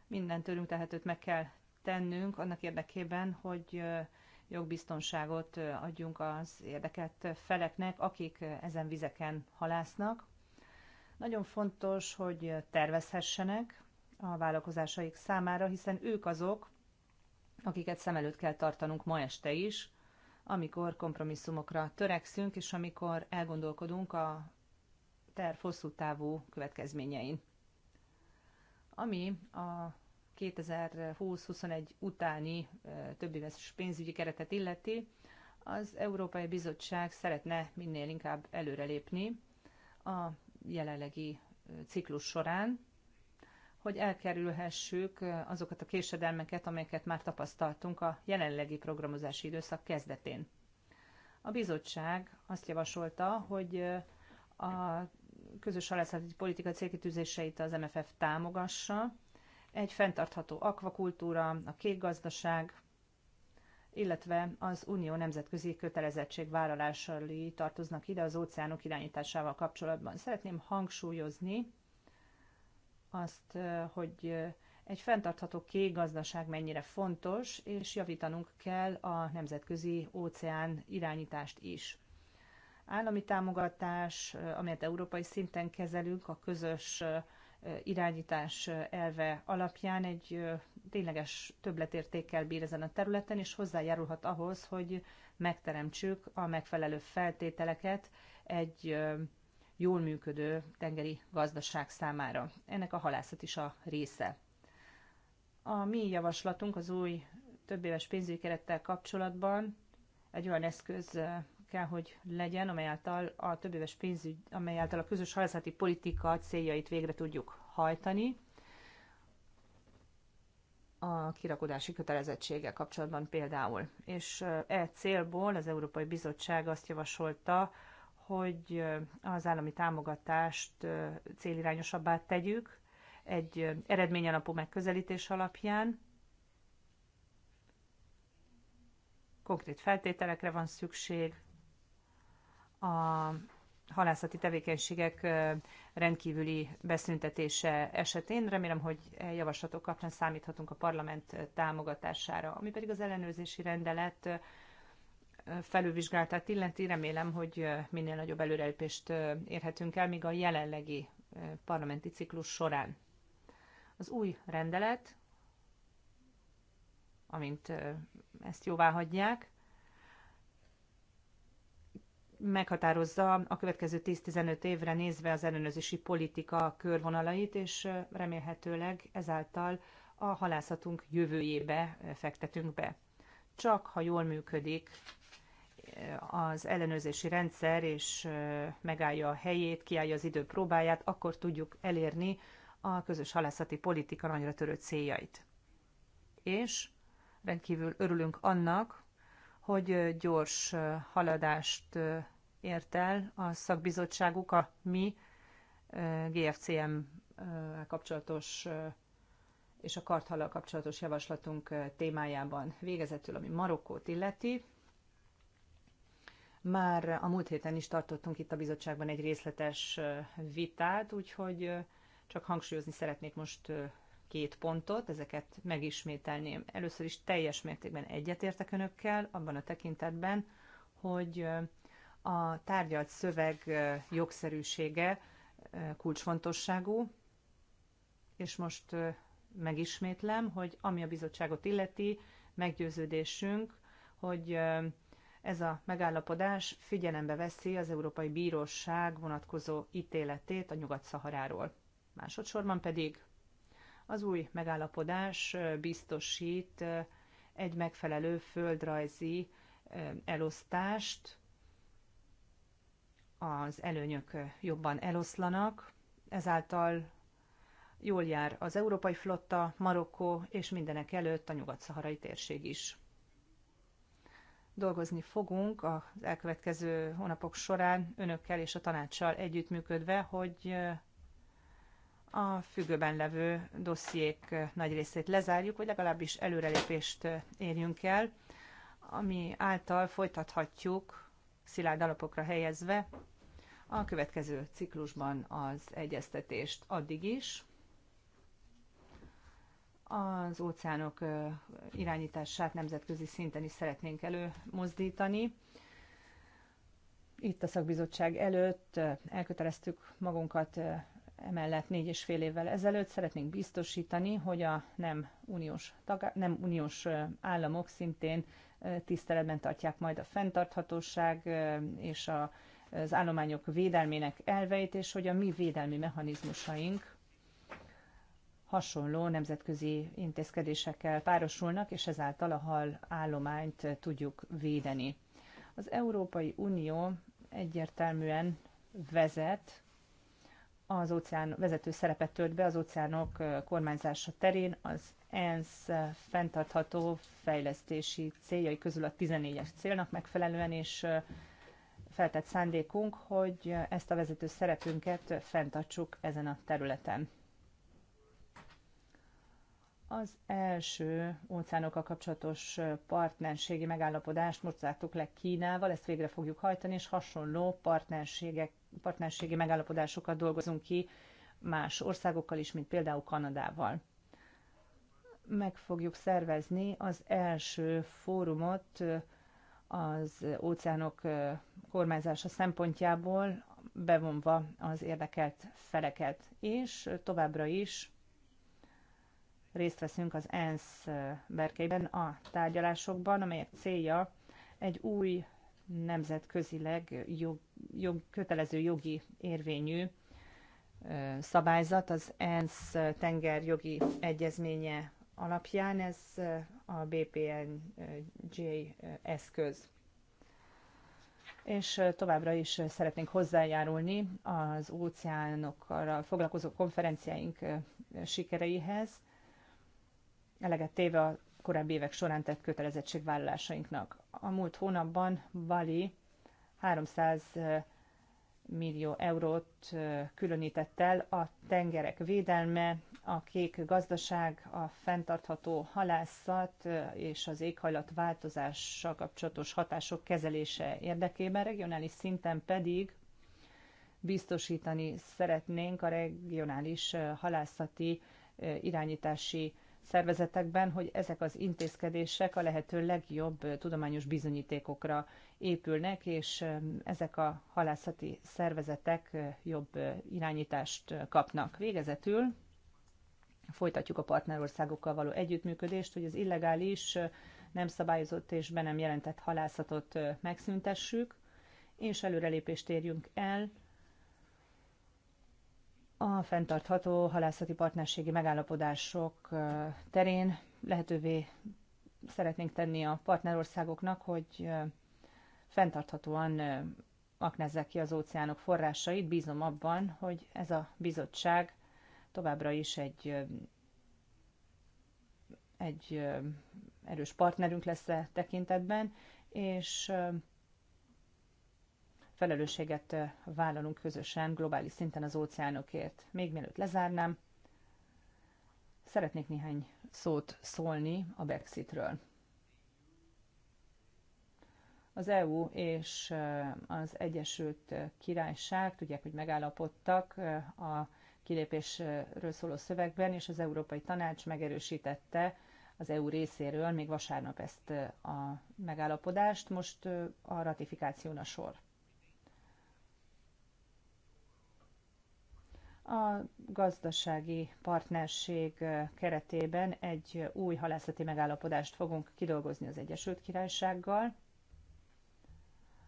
minden tőlünk tehetőt meg kell tennünk annak érdekében, hogy jogbiztonságot adjunk az érdekelt feleknek, akik ezen vizeken halásznak. Nagyon fontos, hogy tervezhessenek a vállalkozásaik számára, hiszen ők azok, akiket szem előtt kell tartanunk ma este is, amikor kompromisszumokra törekszünk, és amikor elgondolkodunk a terv hosszú távú következményein. Ami a 2020-21 utáni többéves pénzügyi keretet illeti, az Európai Bizottság szeretne minél inkább előrelépni a jelenlegi ciklus során, hogy elkerülhessük azokat a késedelmeket, amelyeket már tapasztaltunk a jelenlegi programozási időszak kezdetén. A bizottság azt javasolta, hogy a közös halászati politika célkitűzéseit az MFF támogassa, egy fenntartható akvakultúra, a kék gazdaság, illetve az unió nemzetközi vállalásai tartoznak ide az óceánok irányításával kapcsolatban. Szeretném hangsúlyozni, azt, hogy egy fenntartható kék gazdaság mennyire fontos, és javítanunk kell a nemzetközi óceán irányítást is. Állami támogatás, amelyet európai szinten kezelünk, a közös irányítás elve alapján egy tényleges többletértékkel bír ezen a területen, és hozzájárulhat ahhoz, hogy megteremtsük a megfelelő feltételeket egy jól működő tengeri gazdaság számára. Ennek a halászat is a része. A mi javaslatunk az új többéves pénzügyi kerettel kapcsolatban egy olyan eszköz kell, hogy legyen, amely által a többéves pénzügy, amely által a közös halászati politika céljait végre tudjuk hajtani. A kirakodási kötelezettséggel kapcsolatban például. És e célból az Európai Bizottság azt javasolta, hogy az állami támogatást célirányosabbá tegyük egy eredményalapú megközelítés alapján. Konkrét feltételekre van szükség, a halászati tevékenységek rendkívüli beszüntetése esetén. Remélem, hogy e javaslatok kapcsán számíthatunk a parlament támogatására. Ami pedig az ellenőrzési rendelet felülvizsgálatát illeti, remélem, hogy minél nagyobb előrelépést érhetünk el, még a jelenlegi parlamenti ciklus során. Az új rendelet, amint ezt jóvá hagyják, meghatározza a következő 10-15 évre nézve az ellenőrzési politika körvonalait, és remélhetőleg ezáltal a halászatunk jövőjébe fektetünk be csak ha jól működik az ellenőrzési rendszer, és megállja a helyét, kiállja az idő próbáját, akkor tudjuk elérni a közös halászati politika nagyra törő céljait. És rendkívül örülünk annak, hogy gyors haladást ért el a szakbizottságuk a mi GFCM kapcsolatos és a karthallal kapcsolatos javaslatunk témájában végezetül, ami Marokkót illeti. Már a múlt héten is tartottunk itt a bizottságban egy részletes vitát, úgyhogy csak hangsúlyozni szeretnék most két pontot, ezeket megismételném. Először is teljes mértékben egyetértek önökkel abban a tekintetben, hogy a tárgyalt szöveg jogszerűsége kulcsfontosságú, és most megismétlem, hogy ami a bizottságot illeti, meggyőződésünk, hogy ez a megállapodás figyelembe veszi az Európai Bíróság vonatkozó ítéletét a Nyugat-Szaharáról. Másodszorban pedig az új megállapodás biztosít egy megfelelő földrajzi elosztást, az előnyök jobban eloszlanak, ezáltal jól jár az európai flotta, Marokkó és mindenek előtt a nyugat-szaharai térség is. Dolgozni fogunk az elkövetkező hónapok során önökkel és a tanácssal együttműködve, hogy eh, a függőben levő dossziék eh, nagy részét lezárjuk, vagy legalábbis előrelépést eh, érjünk el, ami által folytathatjuk szilárd alapokra helyezve a következő ciklusban az egyeztetést addig is az óceánok irányítását nemzetközi szinten is szeretnénk előmozdítani. Itt a szakbizottság előtt elköteleztük magunkat emellett négy és fél évvel ezelőtt szeretnénk biztosítani, hogy a nem uniós, tag, nem uniós államok szintén tiszteletben tartják majd a fenntarthatóság és a, az állományok védelmének elveit, és hogy a mi védelmi mechanizmusaink hasonló nemzetközi intézkedésekkel párosulnak, és ezáltal a hal állományt tudjuk védeni. Az Európai Unió egyértelműen vezet, az óceán vezető szerepet tölt be az óceánok kormányzása terén, az ENSZ fenntartható fejlesztési céljai közül a 14-es célnak megfelelően, és feltett szándékunk, hogy ezt a vezető szerepünket fenntartsuk ezen a területen. Az első óceánokkal kapcsolatos partnerségi megállapodást most zártuk le Kínával, ezt végre fogjuk hajtani, és hasonló partnerségek, partnerségi megállapodásokat dolgozunk ki más országokkal is, mint például Kanadával. Meg fogjuk szervezni az első fórumot az óceánok kormányzása szempontjából, bevonva az érdekelt feleket, és továbbra is részt veszünk az ENSZ berkeiben a tárgyalásokban, amelyek célja egy új nemzetközileg jog, jog, kötelező jogi érvényű szabályzat az ENSZ tengerjogi egyezménye alapján, ez a BPNJ eszköz. És továbbra is szeretnénk hozzájárulni az óceánokkal foglalkozó konferenciáink sikereihez, eleget téve a korábbi évek során tett kötelezettségvállalásainknak. A múlt hónapban Bali 300 millió eurót különített el a tengerek védelme, a kék gazdaság, a fenntartható halászat és az éghajlatváltozással kapcsolatos hatások kezelése érdekében, regionális szinten pedig biztosítani szeretnénk a regionális halászati irányítási szervezetekben, hogy ezek az intézkedések a lehető legjobb tudományos bizonyítékokra épülnek, és ezek a halászati szervezetek jobb irányítást kapnak. Végezetül folytatjuk a partnerországokkal való együttműködést, hogy az illegális, nem szabályozott és be nem jelentett halászatot megszüntessük, és előrelépést érjünk el a fenntartható halászati partnerségi megállapodások terén lehetővé szeretnénk tenni a partnerországoknak, hogy fenntarthatóan aknezzek ki az óceánok forrásait. Bízom abban, hogy ez a bizottság továbbra is egy, egy erős partnerünk lesz a e tekintetben, és felelősséget vállalunk közösen globális szinten az óceánokért. Még mielőtt lezárnám, szeretnék néhány szót szólni a Brexitről. Az EU és az Egyesült Királyság, tudják, hogy megállapodtak a kilépésről szóló szövegben, és az Európai Tanács megerősítette az EU részéről még vasárnap ezt a megállapodást. Most a ratifikáción a sor. a gazdasági partnerség keretében egy új halászati megállapodást fogunk kidolgozni az Egyesült Királysággal.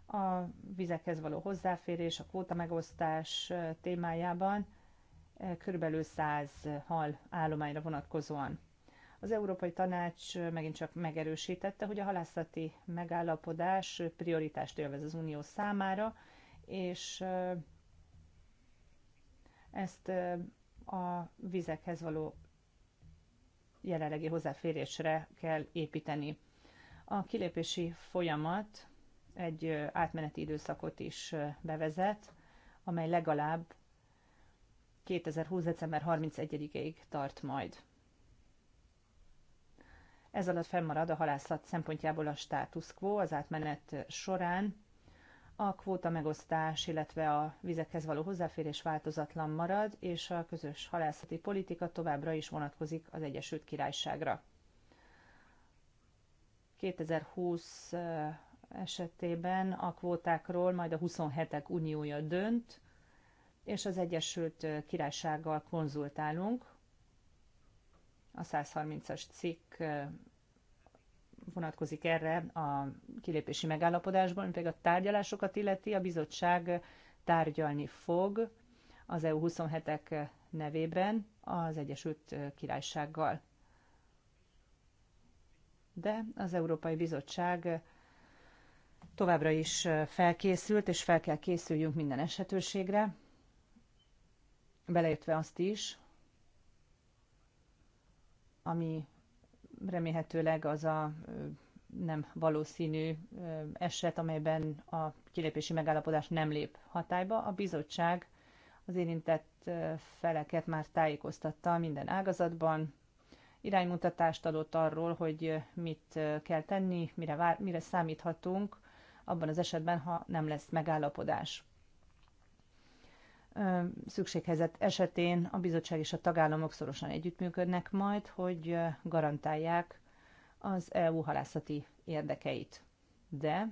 A vizekhez való hozzáférés, a kóta megosztás témájában eh, körülbelül 100 hal állományra vonatkozóan. Az Európai Tanács megint csak megerősítette, hogy a halászati megállapodás prioritást élvez az Unió számára, és eh, ezt a vizekhez való jelenlegi hozzáférésre kell építeni. A kilépési folyamat egy átmeneti időszakot is bevezet, amely legalább 2020. december 31-ig tart majd. Ez alatt fennmarad a halászat szempontjából a status quo az átmenet során, a kvóta megosztás, illetve a vizekhez való hozzáférés változatlan marad, és a közös halászati politika továbbra is vonatkozik az Egyesült Királyságra. 2020 esetében a kvótákról majd a 27-ek uniója dönt, és az Egyesült Királysággal konzultálunk. A 130-as cikk vonatkozik erre a kilépési megállapodásból, mint például a tárgyalásokat illeti, a bizottság tárgyalni fog az EU 27-ek nevében az Egyesült Királysággal. De az Európai Bizottság továbbra is felkészült, és fel kell készüljünk minden esetőségre, beleértve azt is, ami remélhetőleg az a nem valószínű eset, amelyben a kilépési megállapodás nem lép hatályba. A bizottság az érintett feleket már tájékoztatta minden ágazatban, iránymutatást adott arról, hogy mit kell tenni, mire, vár, mire számíthatunk abban az esetben, ha nem lesz megállapodás szükséghelyzet esetén a bizottság és a tagállamok szorosan együttműködnek majd, hogy garantálják az EU halászati érdekeit. De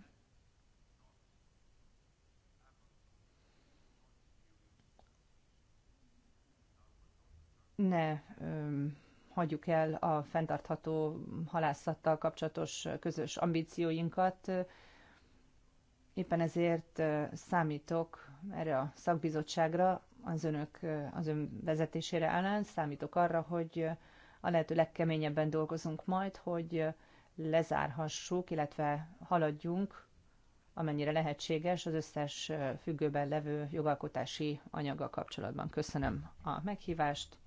ne öm, hagyjuk el a fenntartható halászattal kapcsolatos közös ambícióinkat. Éppen ezért számítok erre a szakbizottságra, az önök, az ön vezetésére ellen, számítok arra, hogy a lehető legkeményebben dolgozunk majd, hogy lezárhassuk, illetve haladjunk, amennyire lehetséges, az összes függőben levő jogalkotási anyaggal kapcsolatban. Köszönöm a meghívást,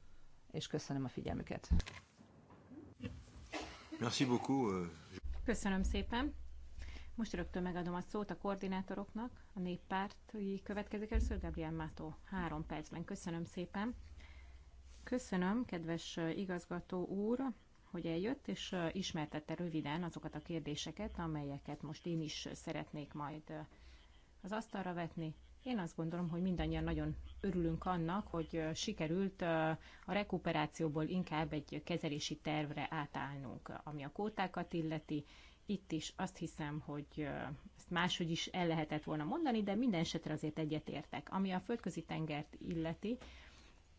és köszönöm a figyelmüket. Euh, köszönöm szépen. Most rögtön megadom a szót a koordinátoroknak, a néppárt következik először, Gabriel Mátó, három percben. Köszönöm szépen. Köszönöm, kedves igazgató úr, hogy eljött, és ismertette röviden azokat a kérdéseket, amelyeket most én is szeretnék majd az asztalra vetni. Én azt gondolom, hogy mindannyian nagyon örülünk annak, hogy sikerült a rekuperációból inkább egy kezelési tervre átállnunk, ami a kótákat illeti, itt is azt hiszem, hogy ezt máshogy is el lehetett volna mondani, de minden esetre azért egyetértek. Ami a földközi tengert illeti,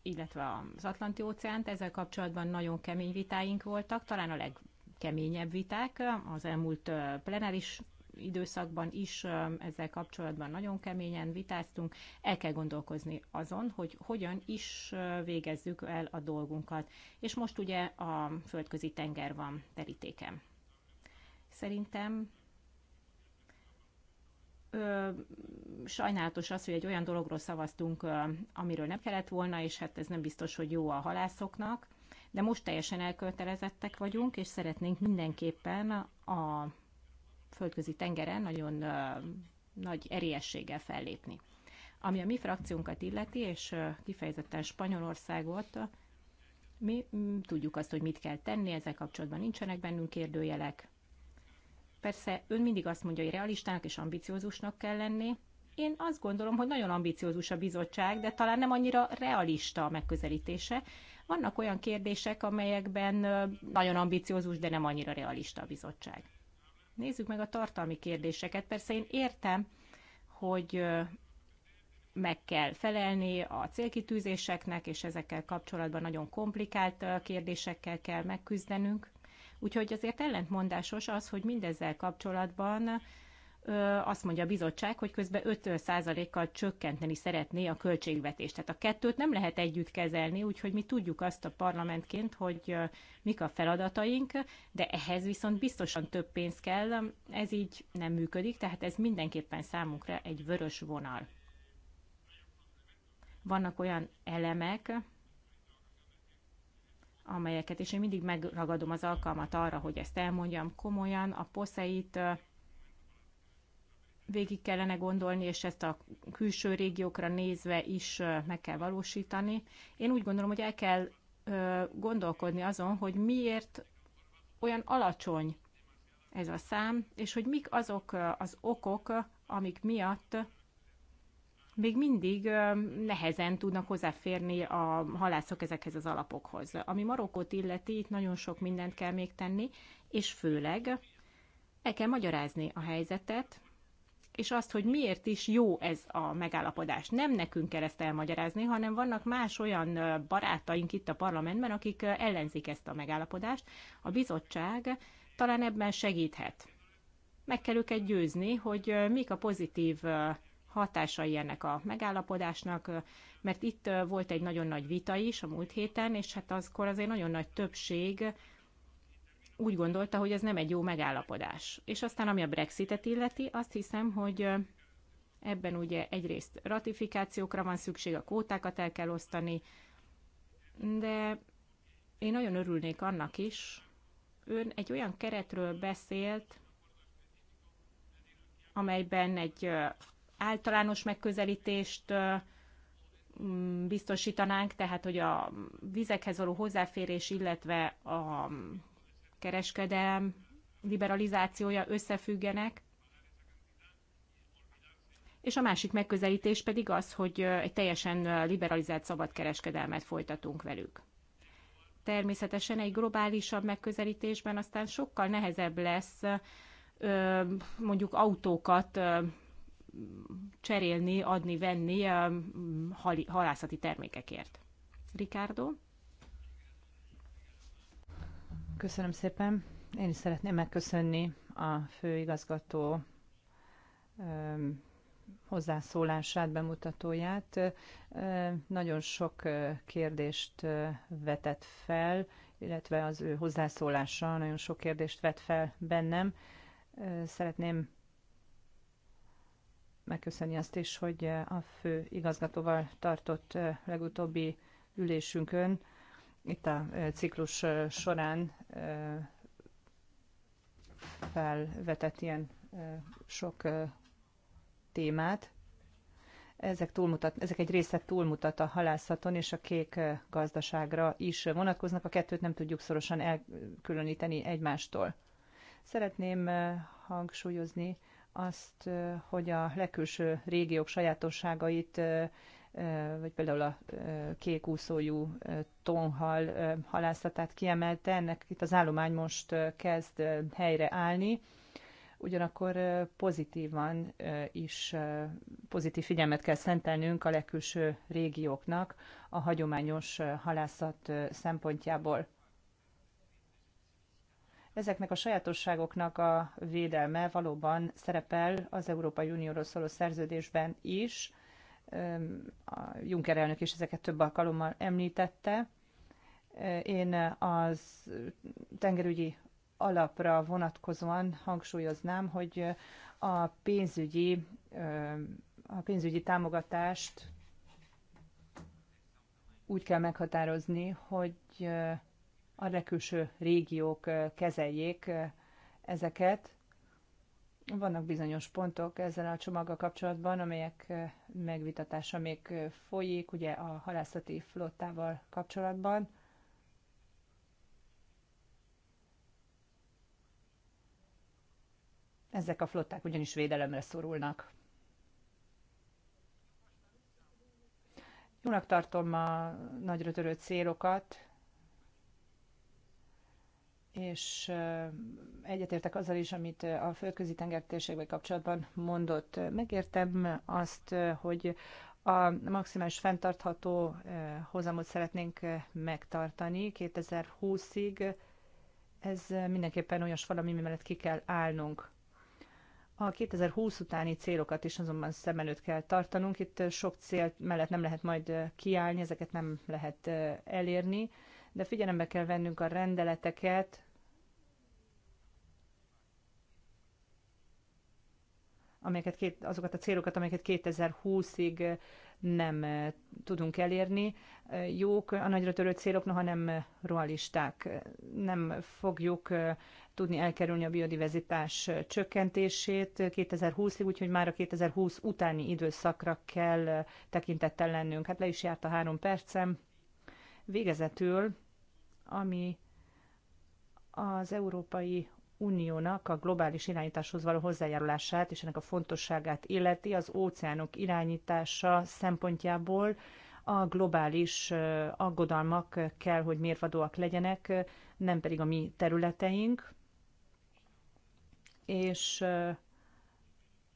illetve az Atlanti óceánt, ezzel kapcsolatban nagyon kemény vitáink voltak, talán a legkeményebb viták az elmúlt plenáris időszakban is ezzel kapcsolatban nagyon keményen vitáztunk. El kell gondolkozni azon, hogy hogyan is végezzük el a dolgunkat. És most ugye a földközi tenger van terítéken. Szerintem ö, sajnálatos az, hogy egy olyan dologról szavaztunk, ö, amiről nem kellett volna, és hát ez nem biztos, hogy jó a halászoknak, de most teljesen elkötelezettek vagyunk, és szeretnénk mindenképpen a földközi tengeren nagyon ö, nagy erélyességgel fellépni. Ami a mi frakciónkat illeti, és ö, kifejezetten Spanyolországot, mi tudjuk azt, hogy mit kell tenni, ezzel kapcsolatban nincsenek bennünk kérdőjelek, Persze ön mindig azt mondja, hogy realistának és ambiciózusnak kell lenni. Én azt gondolom, hogy nagyon ambiciózus a bizottság, de talán nem annyira realista a megközelítése. Vannak olyan kérdések, amelyekben nagyon ambiciózus, de nem annyira realista a bizottság. Nézzük meg a tartalmi kérdéseket. Persze én értem, hogy meg kell felelni a célkitűzéseknek, és ezekkel kapcsolatban nagyon komplikált kérdésekkel kell megküzdenünk. Úgyhogy azért ellentmondásos az, hogy mindezzel kapcsolatban azt mondja a bizottság, hogy közben 5%-kal csökkenteni szeretné a költségvetést. Tehát a kettőt nem lehet együtt kezelni, úgyhogy mi tudjuk azt a parlamentként, hogy mik a feladataink, de ehhez viszont biztosan több pénz kell, ez így nem működik, tehát ez mindenképpen számunkra egy vörös vonal. Vannak olyan elemek, amelyeket, és én mindig megragadom az alkalmat arra, hogy ezt elmondjam komolyan, a poszeit végig kellene gondolni, és ezt a külső régiókra nézve is meg kell valósítani. Én úgy gondolom, hogy el kell gondolkodni azon, hogy miért olyan alacsony ez a szám, és hogy mik azok az okok, amik miatt még mindig nehezen tudnak hozzáférni a halászok ezekhez az alapokhoz. Ami Marokkot illeti, itt nagyon sok mindent kell még tenni, és főleg el kell magyarázni a helyzetet, és azt, hogy miért is jó ez a megállapodás. Nem nekünk kell ezt elmagyarázni, hanem vannak más olyan barátaink itt a parlamentben, akik ellenzik ezt a megállapodást. A bizottság talán ebben segíthet. Meg kell őket győzni, hogy mik a pozitív hatásai ennek a megállapodásnak, mert itt volt egy nagyon nagy vita is a múlt héten, és hát azkor azért nagyon nagy többség úgy gondolta, hogy ez nem egy jó megállapodás. És aztán ami a Brexitet illeti, azt hiszem, hogy ebben ugye egyrészt ratifikációkra van szükség, a kvótákat el kell osztani, de én nagyon örülnék annak is, ön egy olyan keretről beszélt, amelyben egy általános megközelítést mm, biztosítanánk, tehát hogy a vizekhez való hozzáférés, illetve a kereskedelem liberalizációja összefüggenek. És a másik megközelítés pedig az, hogy egy teljesen liberalizált szabadkereskedelmet folytatunk velük. Természetesen egy globálisabb megközelítésben aztán sokkal nehezebb lesz mondjuk autókat cserélni, adni, venni halászati termékekért. Ricardo? Köszönöm szépen. Én is szeretném megköszönni a főigazgató hozzászólását, bemutatóját. Nagyon sok kérdést vetett fel, illetve az ő hozzászólása nagyon sok kérdést vet fel bennem. Szeretném megköszönni azt is, hogy eh, a fő igazgatóval tartott eh, legutóbbi ülésünkön, itt a eh, ciklus során felvetett ilyen sok témát. Ezek, túlmutat, ezek egy része túlmutat a halászaton és a kék gazdaságra is vonatkoznak, a kettőt nem tudjuk szorosan elkülöníteni egymástól. Szeretném hangsúlyozni, azt, hogy a legkülső régiók sajátosságait, vagy például a kék úszójú tonhal halászatát kiemelte, ennek itt az állomány most kezd helyreállni, ugyanakkor pozitívan is pozitív figyelmet kell szentelnünk a legkülső régióknak a hagyományos halászat szempontjából. Ezeknek a sajátosságoknak a védelme valóban szerepel az Európai Unióról szóló szerződésben is. A Juncker elnök is ezeket több alkalommal említette. Én az tengerügyi alapra vonatkozóan hangsúlyoznám, hogy a pénzügyi, a pénzügyi támogatást úgy kell meghatározni, hogy a legkülső régiók kezeljék ezeket. Vannak bizonyos pontok ezzel a csomaggal kapcsolatban, amelyek megvitatása még folyik, ugye a halászati flottával kapcsolatban. Ezek a flották ugyanis védelemre szorulnak. Jónak tartom a nagyra törő célokat, és egyetértek azzal is, amit a földközi tengertérségvel kapcsolatban mondott. Megértem azt, hogy a maximális fenntartható hozamot szeretnénk megtartani 2020-ig. Ez mindenképpen olyas valami, mellett ki kell állnunk. A 2020 utáni célokat is azonban szem előtt kell tartanunk. Itt sok cél mellett nem lehet majd kiállni, ezeket nem lehet elérni de figyelembe kell vennünk a rendeleteket, amelyeket két, azokat a célokat, amelyeket 2020-ig nem eh, tudunk elérni. Eh, jók a nagyra törő célok, noha nem eh, realisták. Nem fogjuk tudni elkerülni a biodiverzitás csökkentését 2020-ig, úgyhogy már a 2020 utáni időszakra kell tekintettel lennünk. Hát le is járt a három percem. Végezetül ami az Európai Uniónak a globális irányításhoz való hozzájárulását és ennek a fontosságát illeti az óceánok irányítása szempontjából a globális aggodalmak kell, hogy mérvadóak legyenek, nem pedig a mi területeink. És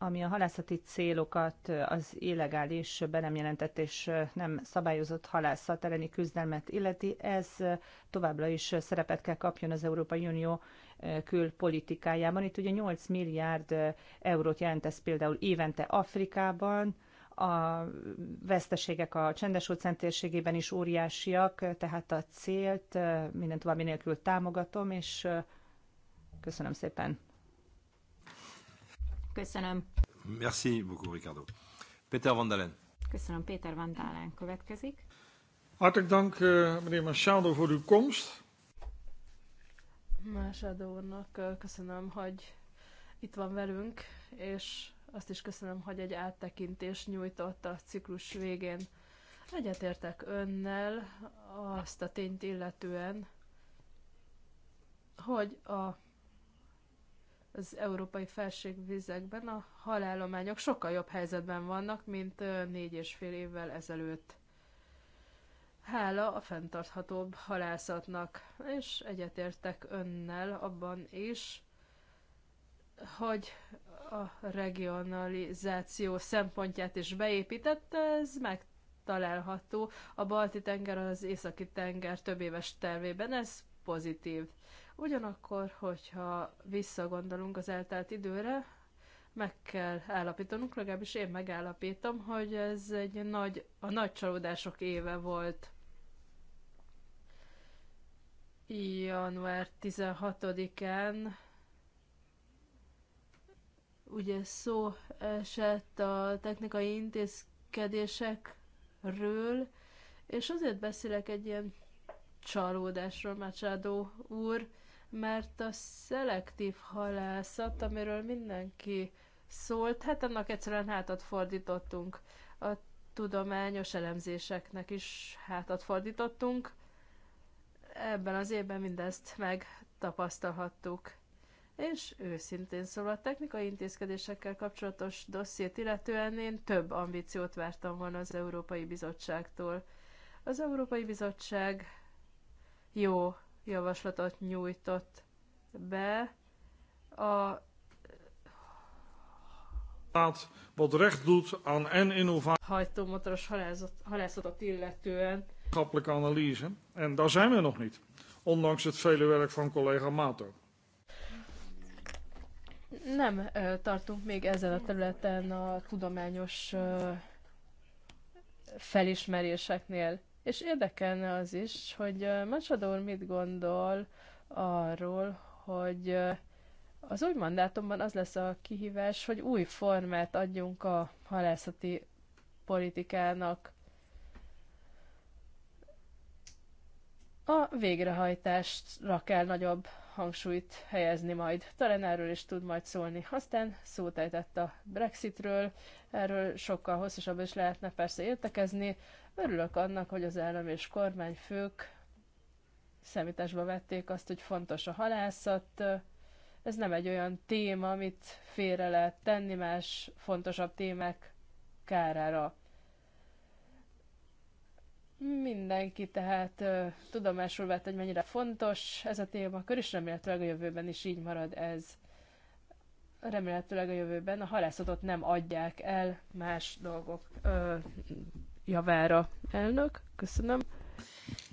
ami a halászati célokat, az illegális, be nem jelentett és nem szabályozott halászat elleni küzdelmet illeti, ez továbbra is szerepet kell kapjon az Európai Unió eh, külpolitikájában. Itt ugye 8 milliárd eh, eurót jelent ez például évente Afrikában, a veszteségek a csendes óceán térségében is óriásiak, tehát a célt eh, minden további nélkül támogatom, és köszönöm szépen. Köszönöm. Merci beaucoup, Ricardo. Peter van Dalen. Köszönöm, Péter van Dalen következik. Hartelijk dank, eh, meneer Machado, voor uw komst. Machado úrnak eh, köszönöm, hogy itt van velünk, és azt is köszönöm, hogy egy áttekintés nyújtott a ciklus végén. Egyetértek önnel azt a tényt illetően, hogy a az európai felségvizekben a halállományok sokkal jobb helyzetben vannak, mint négy és fél évvel ezelőtt. Hála a fenntarthatóbb halászatnak, és egyetértek önnel abban is, hogy a regionalizáció szempontját is beépített, ez megtalálható a Balti tenger, az Északi tenger több éves tervében, ez pozitív. Ugyanakkor, hogyha visszagondolunk az eltelt időre, meg kell állapítanunk, legalábbis én megállapítom, hogy ez egy nagy, a nagy csalódások éve volt. Január 16-án ugye szó esett a technikai intézkedésekről, és azért beszélek egy ilyen csalódásról, Mácsádó úr, mert a szelektív halászat, amiről mindenki szólt, hát annak egyszerűen hátat fordítottunk. A tudományos elemzéseknek is hátat fordítottunk. Ebben az évben mindezt megtapasztalhattuk. És őszintén szólva a technikai intézkedésekkel kapcsolatos dossziét illetően én több ambíciót vártam volna az Európai Bizottságtól. Az Európai Bizottság jó javaslatot nyújtott be. A wat recht doet aan en innovatie. Hajtómotoros halászatot illetően. Maatschappelijke analyse. En daar zijn we nog niet. Ondanks het vele werk van collega Mato. Nem ö, eh, tartunk még ezen a területen a tudományos ö, eh, felismeréseknél és érdekelne az is, hogy Macsador mit gondol arról, hogy az új mandátumban az lesz a kihívás, hogy új formát adjunk a halászati politikának. A végrehajtásra kell nagyobb hangsúlyt helyezni majd. Talán erről is tud majd szólni. Aztán szót ejtett a Brexitről, erről sokkal hosszasabb is lehetne persze értekezni. Örülök annak, hogy az állam és kormányfők számításba vették azt, hogy fontos a halászat. Ez nem egy olyan téma, amit félre lehet tenni más fontosabb témák kárára. Mindenki tehát tudomásul vett, hogy mennyire fontos ez a téma, akkor is remélhetőleg a jövőben is így marad ez. Remélhetőleg a jövőben a halászatot nem adják el más dolgok ö, javára. Elnök, köszönöm.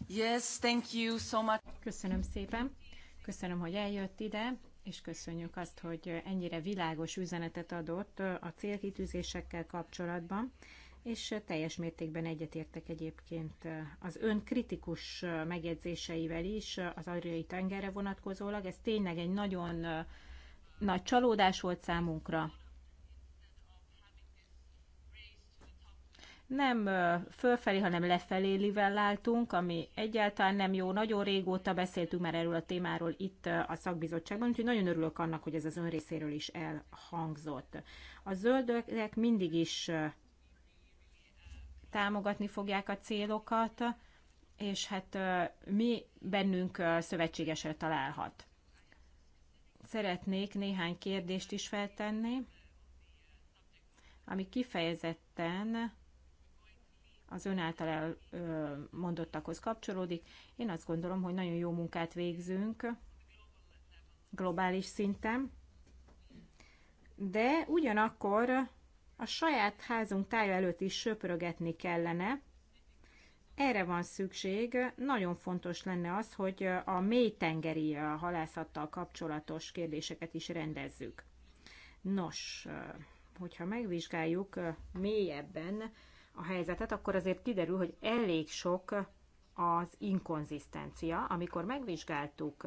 Yes, thank you so much. Köszönöm szépen. Köszönöm, hogy eljött ide, és köszönjük azt, hogy ennyire világos üzenetet adott a célkitűzésekkel kapcsolatban, és teljes mértékben egyetértek egyébként az ön kritikus megjegyzéseivel is az Adriai tengerre vonatkozólag. Ez tényleg egy nagyon nagy csalódás volt számunkra, nem fölfelé, hanem lefelé livelláltunk, ami egyáltalán nem jó. Nagyon régóta beszéltünk már erről a témáról itt a szakbizottságban, úgyhogy nagyon örülök annak, hogy ez az ön részéről is elhangzott. A zöldek mindig is támogatni fogják a célokat, és hát mi bennünk szövetségesre találhat. Szeretnék néhány kérdést is feltenni, ami kifejezetten az ön által elmondottakhoz kapcsolódik. Én azt gondolom, hogy nagyon jó munkát végzünk globális szinten, de ugyanakkor a saját házunk tája előtt is söprögetni kellene. Erre van szükség. Nagyon fontos lenne az, hogy a mélytengeri halászattal kapcsolatos kérdéseket is rendezzük. Nos, hogyha megvizsgáljuk mélyebben a helyzetet, akkor azért kiderül, hogy elég sok az inkonzisztencia. Amikor megvizsgáltuk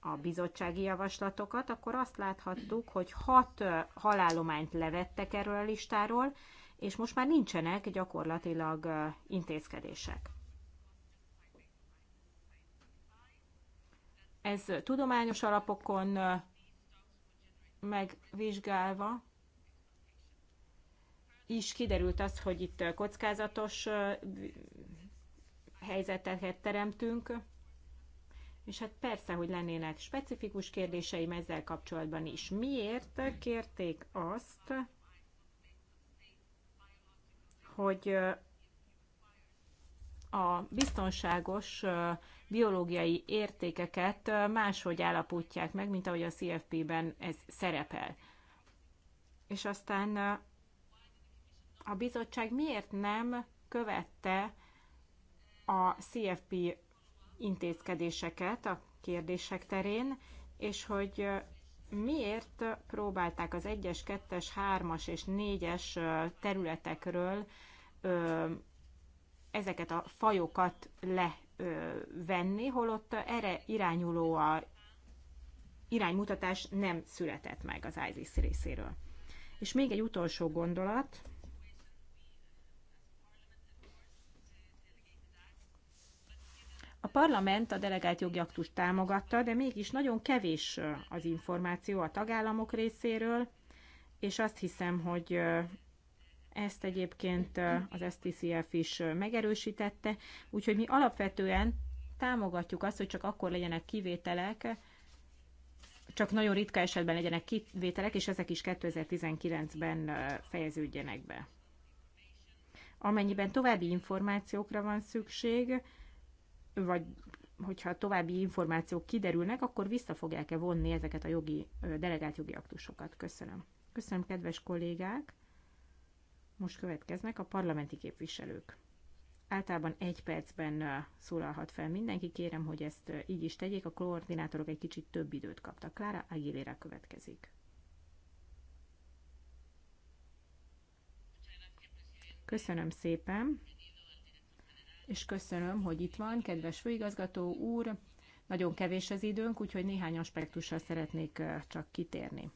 a bizottsági javaslatokat, akkor azt láthattuk, hogy hat halálományt levettek erről a listáról, és most már nincsenek gyakorlatilag intézkedések. Ez tudományos alapokon megvizsgálva is kiderült az, hogy itt kockázatos helyzeteket teremtünk, és hát persze, hogy lennének specifikus kérdéseim ezzel kapcsolatban is. Miért kérték azt, hogy a biztonságos biológiai értékeket máshogy állapítják meg, mint ahogy a CFP-ben ez szerepel. És aztán a bizottság miért nem követte a CFP intézkedéseket a kérdések terén, és hogy miért próbálták az 1-es, 2-es, 3-as és 4-es területekről ezeket a fajokat levenni, holott erre irányuló a iránymutatás nem született meg az ISIS részéről. És még egy utolsó gondolat, A parlament a delegált jogi támogatta, de mégis nagyon kevés az információ a tagállamok részéről, és azt hiszem, hogy ezt egyébként az STCF is megerősítette, úgyhogy mi alapvetően támogatjuk azt, hogy csak akkor legyenek kivételek, csak nagyon ritka esetben legyenek kivételek, és ezek is 2019-ben fejeződjenek be. Amennyiben további információkra van szükség, vagy hogyha további információk kiderülnek, akkor vissza fogják-e vonni ezeket a jogi, delegált jogi aktusokat. Köszönöm. Köszönöm, kedves kollégák! Most következnek a parlamenti képviselők. Általában egy percben szólalhat fel mindenki. Kérem, hogy ezt így is tegyék. A koordinátorok egy kicsit több időt kaptak. Klára Aguilera következik. Köszönöm szépen és köszönöm, hogy itt van, kedves főigazgató úr. Nagyon kevés az időnk, úgyhogy néhány aspektussal szeretnék csak kitérni.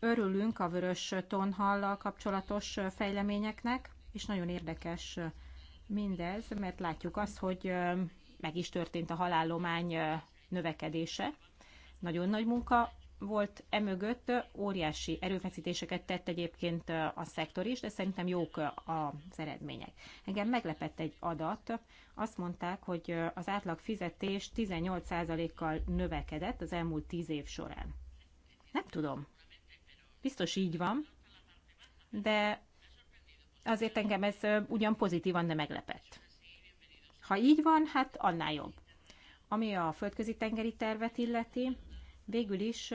Örülünk a vörös tonhallal kapcsolatos fejleményeknek, és nagyon érdekes mindez, mert látjuk azt, hogy meg is történt a halállomány növekedése. Nagyon nagy munka volt emögött, óriási erőfeszítéseket tett egyébként a szektor is, de szerintem jók az eredmények. Engem meglepett egy adat, azt mondták, hogy az átlag fizetés 18%-kal növekedett az elmúlt 10 év során. Nem tudom. Biztos így van, de azért engem ez ugyan pozitívan, de meglepett. Ha így van, hát annál jobb. Ami a földközi tengeri tervet illeti, Végül is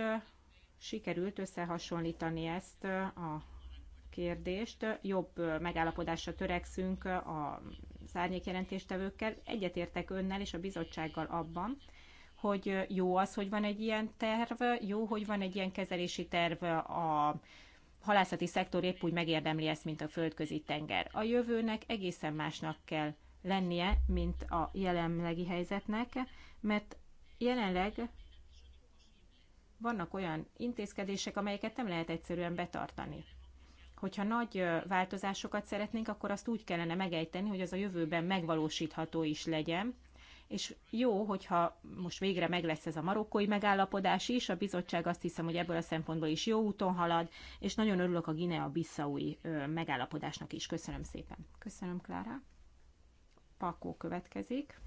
sikerült összehasonlítani ezt a kérdést. Jobb megállapodásra törekszünk a szárnyékjelentéstevőkkel. Egyetértek önnel és a bizottsággal abban, hogy jó az, hogy van egy ilyen terv, jó, hogy van egy ilyen kezelési terv a halászati szektor épp úgy megérdemli ezt, mint a földközi tenger. A jövőnek egészen másnak kell lennie, mint a jelenlegi helyzetnek, mert jelenleg vannak olyan intézkedések, amelyeket nem lehet egyszerűen betartani. Hogyha nagy változásokat szeretnénk, akkor azt úgy kellene megejteni, hogy az a jövőben megvalósítható is legyen, és jó, hogyha most végre meg lesz ez a marokkói megállapodás is, a bizottság azt hiszem, hogy ebből a szempontból is jó úton halad, és nagyon örülök a Guinea-Bissaui megállapodásnak is. Köszönöm szépen. Köszönöm, Klára. Pakó következik.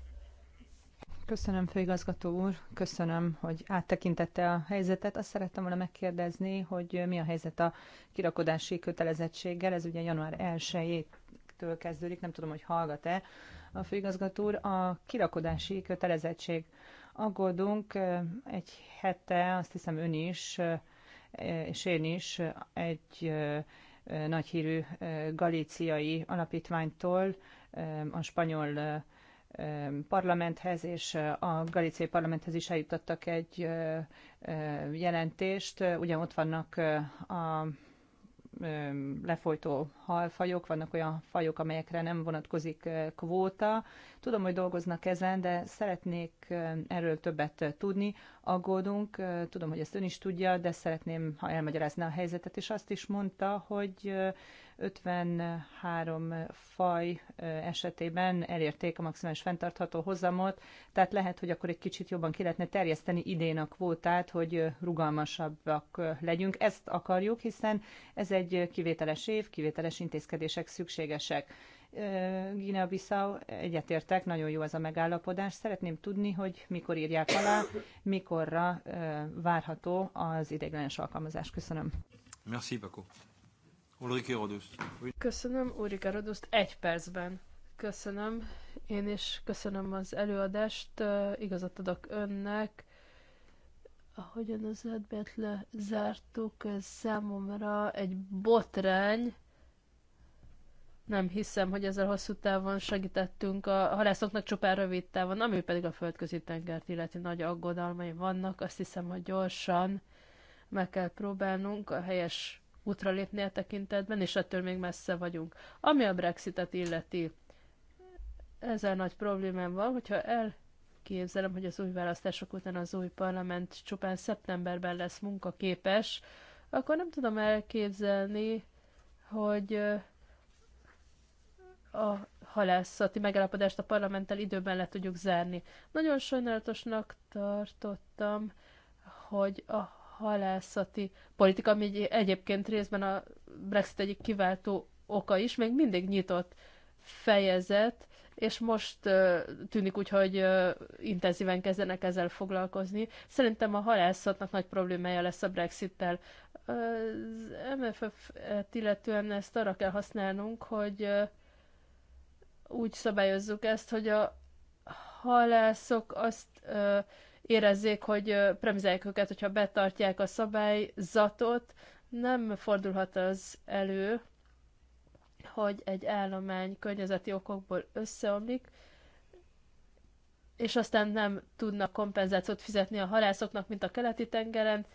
Köszönöm, főigazgató úr, köszönöm, hogy áttekintette a helyzetet. Azt szerettem volna megkérdezni, hogy mi a helyzet a kirakodási kötelezettséggel. Ez ugye január 1-től kezdődik, nem tudom, hogy hallgat-e a főigazgató úr. A kirakodási kötelezettség aggódunk eh, egy hete, azt hiszem ön is, eh, és én is egy eh, nagyhírű galíciai alapítványtól, a spanyol parlamenthez és a galiciai parlamenthez is eljutottak egy jelentést. Ugye ott vannak a lefolytó halfajok, vannak olyan fajok, amelyekre nem vonatkozik kvóta. Tudom, hogy dolgoznak ezen, de szeretnék erről többet tudni. Aggódunk, tudom, hogy ezt ön is tudja, de szeretném, ha elmagyarázná a helyzetet, és azt is mondta, hogy 53 faj esetében elérték a maximális fenntartható hozamot, tehát lehet, hogy akkor egy kicsit jobban ki lehetne terjeszteni idén a kvótát, hogy rugalmasabbak legyünk. Ezt akarjuk, hiszen ez egy kivételes év, kivételes intézkedések szükségesek. Gina bissau egyetértek, nagyon jó ez a megállapodás. Szeretném tudni, hogy mikor írják alá, mikorra várható az ideiglenes alkalmazás. Köszönöm. Merci, Paco. Ulrike Rodust. Köszönöm, Ulrike Rodust, egy percben. Köszönöm, én is köszönöm az előadást, igazat adok önnek. Ahogyan az ötbet lezártuk, ez számomra egy botrány, nem hiszem, hogy ezzel hosszú távon segítettünk a halászoknak csupán rövid távon, ami pedig a földközi tengert illeti nagy aggodalmai vannak. Azt hiszem, hogy gyorsan meg kell próbálnunk a helyes útra lépni a tekintetben, és ettől még messze vagyunk. Ami a Brexitet illeti, ezzel nagy problémám van, hogyha elképzelem, hogy az új választások után az új parlament csupán szeptemberben lesz munkaképes, akkor nem tudom elképzelni, hogy a halászati megállapodást a parlamenttel időben le tudjuk zárni. Nagyon sajnálatosnak tartottam, hogy a halászati politika, ami egyébként részben a Brexit egyik kiváltó oka is, még mindig nyitott fejezet, és most tűnik úgy, hogy intenzíven kezdenek ezzel foglalkozni. Szerintem a halászatnak nagy problémája lesz a Brexit-tel. Az MFF-et illetően ezt arra kell használnunk, hogy úgy szabályozzuk ezt, hogy a halászok azt érezzék, hogy premizálják őket, hogyha betartják a szabályzatot, nem fordulhat az elő, hogy egy állomány környezeti okokból összeomlik, és aztán nem tudnak kompenzációt fizetni a halászoknak, mint a keleti tengeren,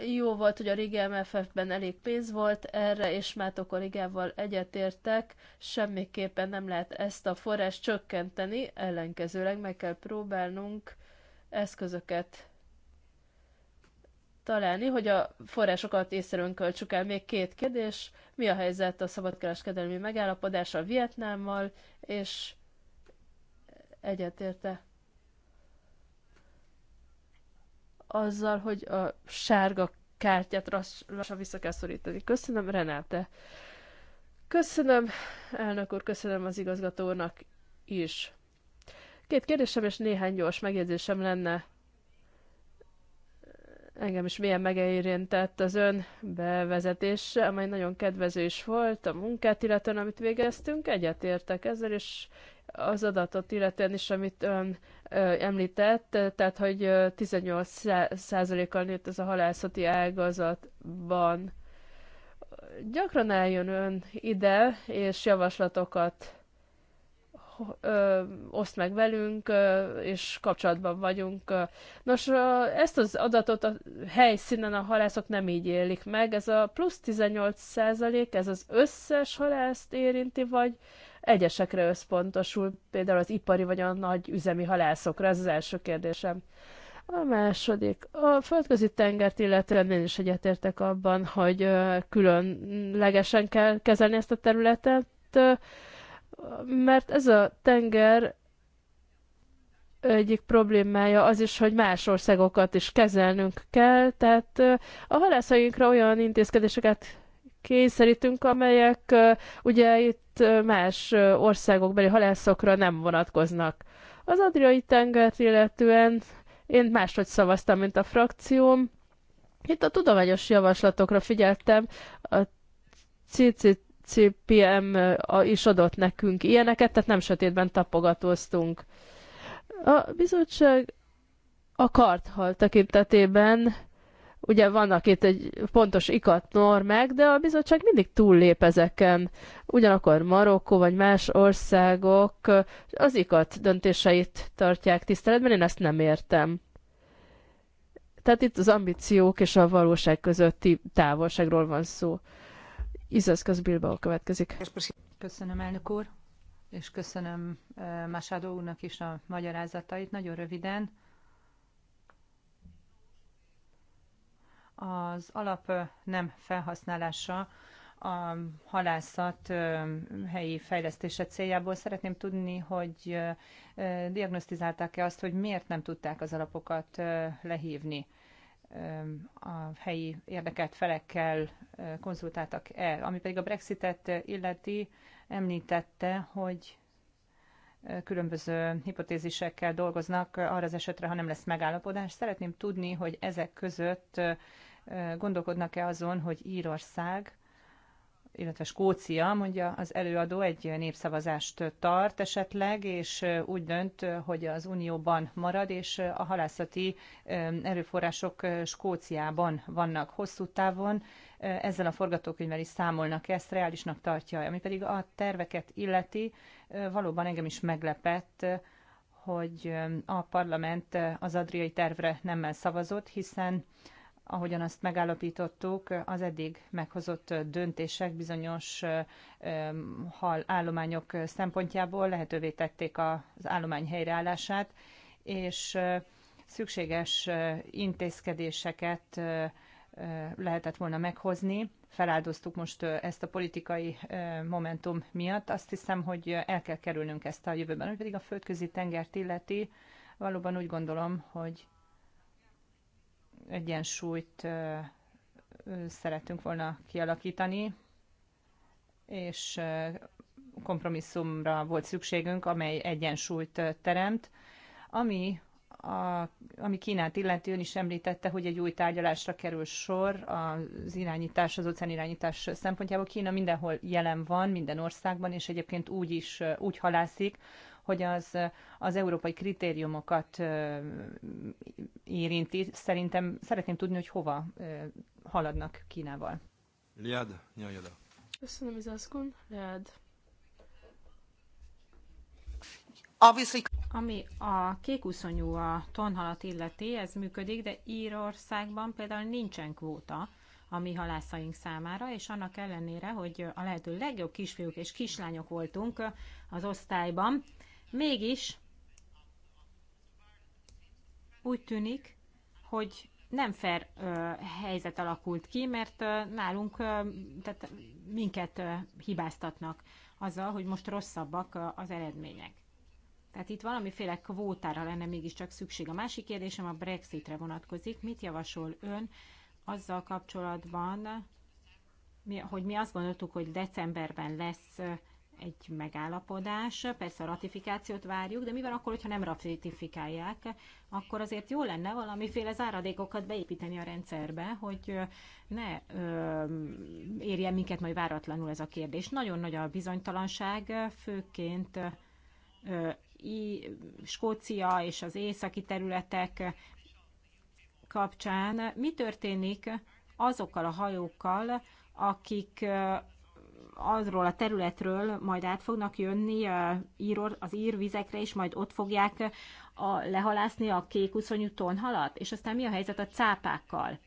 jó volt, hogy a régi MFF-ben elég pénz volt erre, és Mátó kollégával egyetértek, semmiképpen nem lehet ezt a forrást csökkenteni, ellenkezőleg meg kell próbálnunk eszközöket találni, hogy a forrásokat észre költsük el. Még két kérdés, mi a helyzet a szabadkereskedelmi megállapodással Vietnámmal, és egyetérte azzal, hogy a sárga kártyát lassan vissza kell szorítani. Köszönöm, Renáte. Köszönöm, elnök úr, köszönöm az igazgatónak is. Két kérdésem és néhány gyors megjegyzésem lenne. Engem is milyen megérintett az ön bevezetése, amely nagyon kedvező is volt a munkát, illetően amit végeztünk. Egyetértek ezzel, és az adatot illetően is, amit ön említett, tehát hogy 18%-kal nőtt ez a halászati ágazatban. Gyakran eljön ön ide, és javaslatokat ö, oszt meg velünk, ö, és kapcsolatban vagyunk. Nos, ezt az adatot a helyszínen a halászok nem így élik meg. Ez a plusz 18 százalék, ez az összes halászt érinti, vagy egyesekre összpontosul, például az ipari vagy a nagy üzemi halászokra, ez az első kérdésem. A második, a földközi tengert illetően én is egyetértek abban, hogy különlegesen kell kezelni ezt a területet, mert ez a tenger egyik problémája az is, hogy más országokat is kezelnünk kell, tehát a halászainkra olyan intézkedéseket kényszerítünk, amelyek ugye itt más országokbeli halászokra nem vonatkoznak. Az Adriai tengert illetően én máshogy szavaztam, mint a frakcióm. Itt a tudományos javaslatokra figyeltem, a CCCPM is adott nekünk ilyeneket, tehát nem sötétben tapogatóztunk. A bizottság a karthal tekintetében Ugye vannak itt egy pontos ikat normák, de a bizottság mindig túllép ezeken. Ugyanakkor Marokkó vagy más országok az ikat döntéseit tartják tiszteletben, én ezt nem értem. Tehát itt az ambíciók és a valóság közötti távolságról van szó. Izaszköz Bilbao következik. Köszönöm, elnök úr, és köszönöm eh, Másádó úrnak is a magyarázatait. Nagyon röviden, az alap nem felhasználása a halászat helyi fejlesztése céljából. Szeretném tudni, hogy diagnosztizálták-e azt, hogy miért nem tudták az alapokat lehívni a helyi érdekelt felekkel konzultáltak el. Ami pedig a Brexitet illeti, említette, hogy különböző hipotézisekkel dolgoznak arra az esetre, ha nem lesz megállapodás. Szeretném tudni, hogy ezek között gondolkodnak-e azon, hogy Írország, illetve Skócia, mondja az előadó, egy népszavazást tart esetleg, és úgy dönt, hogy az Unióban marad, és a halászati erőforrások Skóciában vannak hosszú távon. Ezzel a forgatókönyvvel is számolnak, ezt reálisnak tartja. Ami pedig a terveket illeti, valóban engem is meglepett, hogy a parlament az adriai tervre nemmel szavazott, hiszen ahogyan azt megállapítottuk, az eddig meghozott döntések bizonyos hal állományok szempontjából lehetővé tették az állomány helyreállását, és szükséges intézkedéseket lehetett volna meghozni. Feláldoztuk most ezt a politikai momentum miatt. Azt hiszem, hogy el kell kerülnünk ezt a jövőben. Hogy pedig a földközi tengert illeti, valóban úgy gondolom, hogy egyensúlyt szerettünk volna kialakítani, és kompromisszumra volt szükségünk, amely egyensúlyt teremt, ami a, ami Kínát illeti, ön is említette, hogy egy új tárgyalásra kerül sor az irányítás, az óceán irányítás szempontjából. Kína mindenhol jelen van, minden országban, és egyébként úgy is úgy halászik, hogy az, az európai kritériumokat érinti. Szerintem szeretném tudni, hogy hova haladnak Kínával. Liad, nyajada. Köszönöm, Izaszkun. Liad. Obviously... Ami a kékuszonyú a tonhalat illeti, ez működik, de Írországban például nincsen kvóta a mi halászaink számára, és annak ellenére, hogy a lehető legjobb kisfiúk és kislányok voltunk az osztályban, Mégis úgy tűnik, hogy nem fair ö, helyzet alakult ki, mert ö, nálunk, ö, tehát minket ö, hibáztatnak azzal, hogy most rosszabbak ö, az eredmények. Tehát itt valamiféle kvótára lenne mégiscsak szükség. A másik kérdésem a Brexitre vonatkozik. Mit javasol ön azzal kapcsolatban, mi, hogy mi azt gondoltuk, hogy decemberben lesz egy megállapodás, persze a ratifikációt várjuk, de mi van akkor, hogyha nem ratifikálják, akkor azért jó lenne valamiféle záradékokat beépíteni a rendszerbe, hogy ne ö, érjen minket majd váratlanul ez a kérdés. Nagyon nagy a bizonytalanság, főként ö, I, Skócia és az északi területek kapcsán. Mi történik azokkal a hajókkal, akik azról a területről majd át fognak jönni az ír és majd ott fogják a, lehalászni a kék uszonyú tonhalat? És aztán mi a helyzet a cápákkal?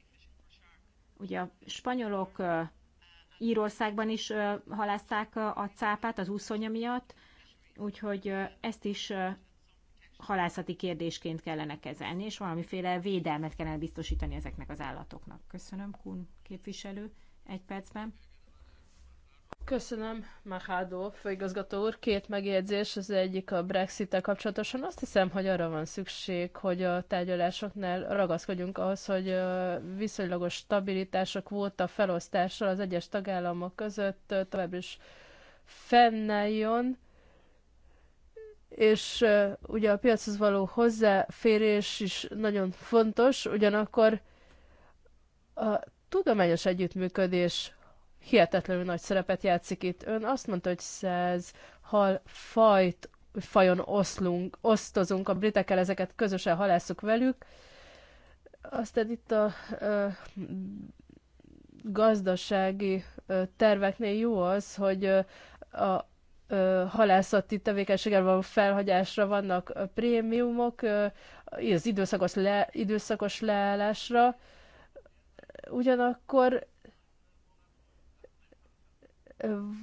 Ugye a spanyolok Írországban is halázták a cápát az úszonya miatt, úgyhogy ezt is halászati kérdésként kellene kezelni, és valamiféle védelmet kellene biztosítani ezeknek az állatoknak. Köszönöm, Kun képviselő, egy percben. Köszönöm, Mahádó főigazgató úr. Két megjegyzés, az egyik a brexit kapcsolatosan. Azt hiszem, hogy arra van szükség, hogy a tárgyalásoknál ragaszkodjunk ahhoz, hogy viszonylagos volt a felosztással az egyes tagállamok között tovább is fennálljon és ugye a piachoz való hozzáférés is nagyon fontos, ugyanakkor a tudományos együttműködés hihetetlenül nagy szerepet játszik itt. Ön azt mondta, hogy száz hal fajt, fajon oszlunk, osztozunk a britekkel, ezeket közösen halászuk velük. Aztán itt a ö, gazdasági ö, terveknél jó az, hogy ö, a ö, halászati tevékenységgel való felhagyásra vannak prémiumok, ö, az időszakos, le, időszakos leállásra, ugyanakkor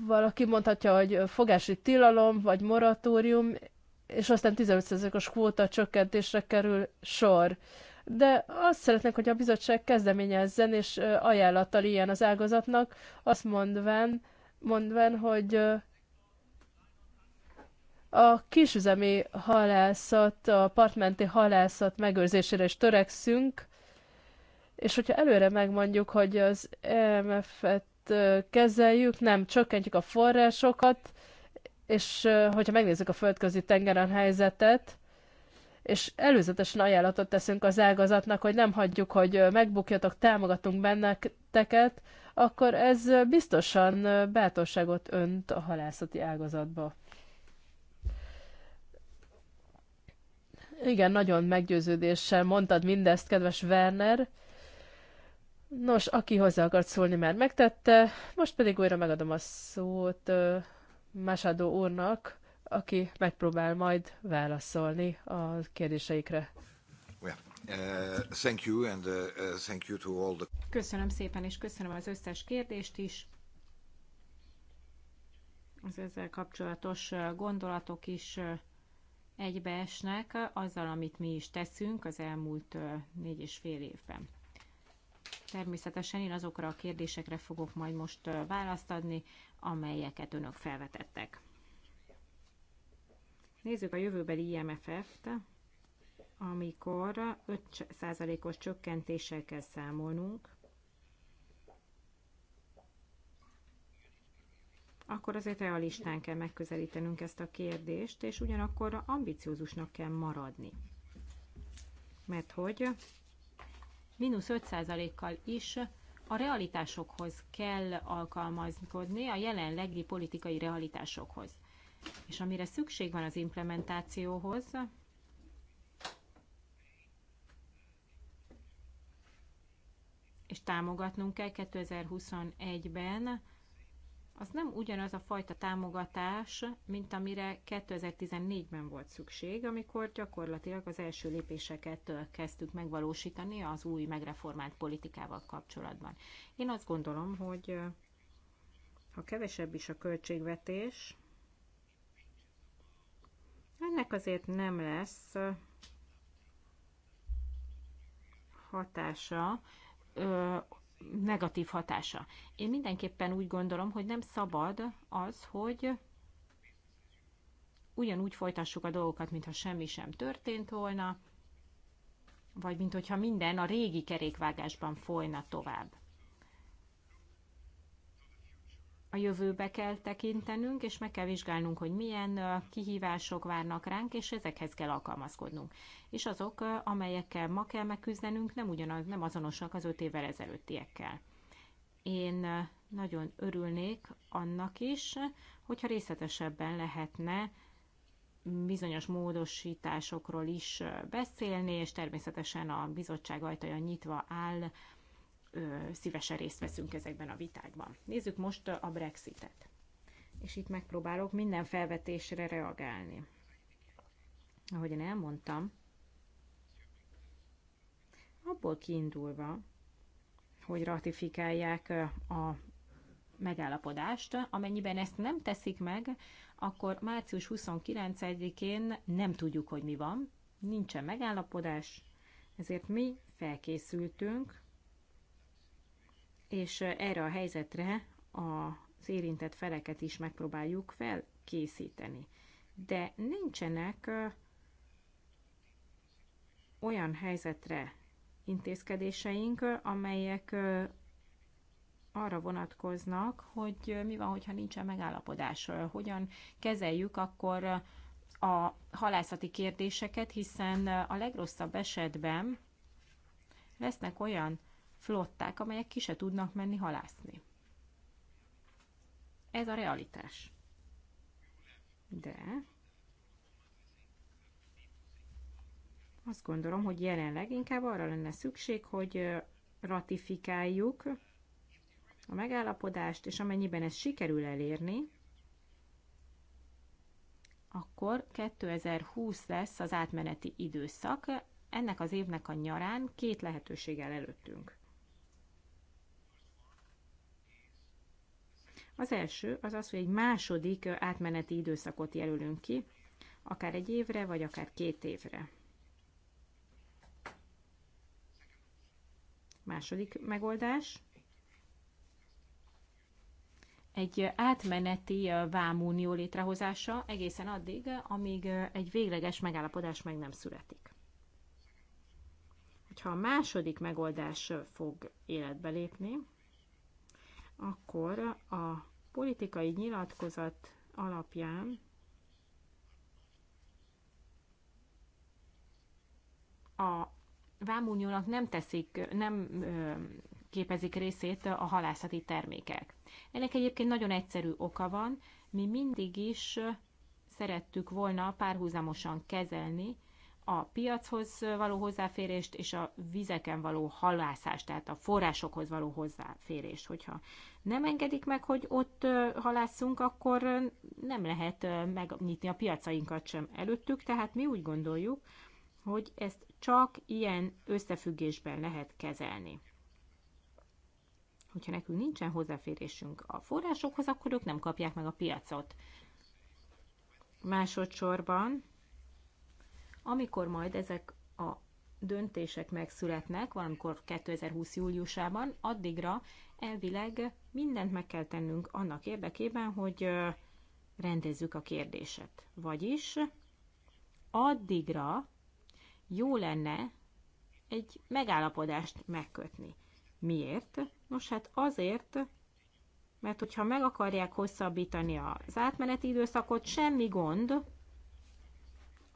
valaki mondhatja, hogy fogási tilalom, vagy moratórium, és aztán 15%-os kvóta csökkentésre kerül sor. De azt szeretnék, hogy a bizottság kezdeményezzen, és ajánlattal ilyen az ágazatnak, azt mondván, mondván hogy a kisüzemi halászat, a partmenti halászat megőrzésére is törekszünk, és hogyha előre megmondjuk, hogy az EMF-et kezeljük, nem csökkentjük a forrásokat, és hogyha megnézzük a földközi tengeren helyzetet, és előzetesen ajánlatot teszünk az ágazatnak, hogy nem hagyjuk, hogy megbukjatok, támogatunk benneteket, akkor ez biztosan bátorságot önt a halászati ágazatba. Igen, nagyon meggyőződéssel mondtad mindezt, kedves Werner. Nos, aki hozzá akart szólni, már megtette. Most pedig újra megadom a szót Másádó úrnak, aki megpróbál majd válaszolni a kérdéseikre. Köszönöm szépen, és köszönöm az összes kérdést is. Az ezzel kapcsolatos gondolatok is egybeesnek azzal, amit mi is teszünk az elmúlt négy és fél évben. Természetesen én azokra a kérdésekre fogok majd most választ adni, amelyeket önök felvetettek. Nézzük a jövőbeli IMFF-t, amikor 5%-os csökkentéssel kell számolnunk. Akkor azért realistán kell megközelítenünk ezt a kérdést, és ugyanakkor ambiciózusnak kell maradni. Mert hogy mínusz 5%-kal is a realitásokhoz kell alkalmazkodni, a jelenlegi politikai realitásokhoz. És amire szükség van az implementációhoz, és támogatnunk kell 2021-ben az nem ugyanaz a fajta támogatás, mint amire 2014-ben volt szükség, amikor gyakorlatilag az első lépéseket kezdtük megvalósítani az új megreformált politikával kapcsolatban. Én azt gondolom, hogy ha kevesebb is a költségvetés, ennek azért nem lesz hatása negatív hatása. Én mindenképpen úgy gondolom, hogy nem szabad az, hogy ugyanúgy folytassuk a dolgokat, mintha semmi sem történt volna, vagy mintha minden a régi kerékvágásban folyna tovább. a jövőbe kell tekintenünk, és meg kell vizsgálnunk, hogy milyen kihívások várnak ránk, és ezekhez kell alkalmazkodnunk. És azok, amelyekkel ma kell megküzdenünk, nem, ugyanaz, nem azonosak az öt évvel ezelőttiekkel. Én nagyon örülnék annak is, hogyha részletesebben lehetne bizonyos módosításokról is beszélni, és természetesen a bizottság ajtaja nyitva áll szívesen részt veszünk ezekben a vitákban. Nézzük most a Brexitet. És itt megpróbálok minden felvetésre reagálni. Ahogyan elmondtam, abból kiindulva, hogy ratifikálják a megállapodást. Amennyiben ezt nem teszik meg, akkor március 29-én nem tudjuk, hogy mi van. Nincsen megállapodás, ezért mi felkészültünk és erre a helyzetre az érintett feleket is megpróbáljuk felkészíteni. De nincsenek olyan helyzetre intézkedéseink, amelyek arra vonatkoznak, hogy mi van, hogyha nincsen megállapodás, hogyan kezeljük akkor a halászati kérdéseket, hiszen a legrosszabb esetben lesznek olyan flották, amelyek ki se tudnak menni halászni. Ez a realitás. De azt gondolom, hogy jelenleg inkább arra lenne szükség, hogy ratifikáljuk a megállapodást, és amennyiben ez sikerül elérni, akkor 2020 lesz az átmeneti időszak. Ennek az évnek a nyarán két lehetőség el előttünk. Az első az az, hogy egy második átmeneti időszakot jelölünk ki, akár egy évre, vagy akár két évre. Második megoldás. Egy átmeneti vámunió létrehozása egészen addig, amíg egy végleges megállapodás meg nem születik. Ha a második megoldás fog életbe lépni, akkor a politikai nyilatkozat alapján a vámúniónak nem teszik, nem képezik részét a halászati termékek. Ennek egyébként nagyon egyszerű oka van, mi mindig is szerettük volna párhuzamosan kezelni a piachoz való hozzáférést és a vizeken való halászást, tehát a forrásokhoz való hozzáférést. Hogyha nem engedik meg, hogy ott halászunk, akkor nem lehet megnyitni a piacainkat sem előttük, tehát mi úgy gondoljuk, hogy ezt csak ilyen összefüggésben lehet kezelni. Hogyha nekünk nincsen hozzáférésünk a forrásokhoz, akkor ők nem kapják meg a piacot. Másodszorban amikor majd ezek a döntések megszületnek, valamikor 2020 júliusában, addigra elvileg mindent meg kell tennünk annak érdekében, hogy rendezzük a kérdéset. Vagyis addigra jó lenne egy megállapodást megkötni. Miért? Nos, hát azért, mert hogyha meg akarják hosszabbítani az átmeneti időszakot, semmi gond,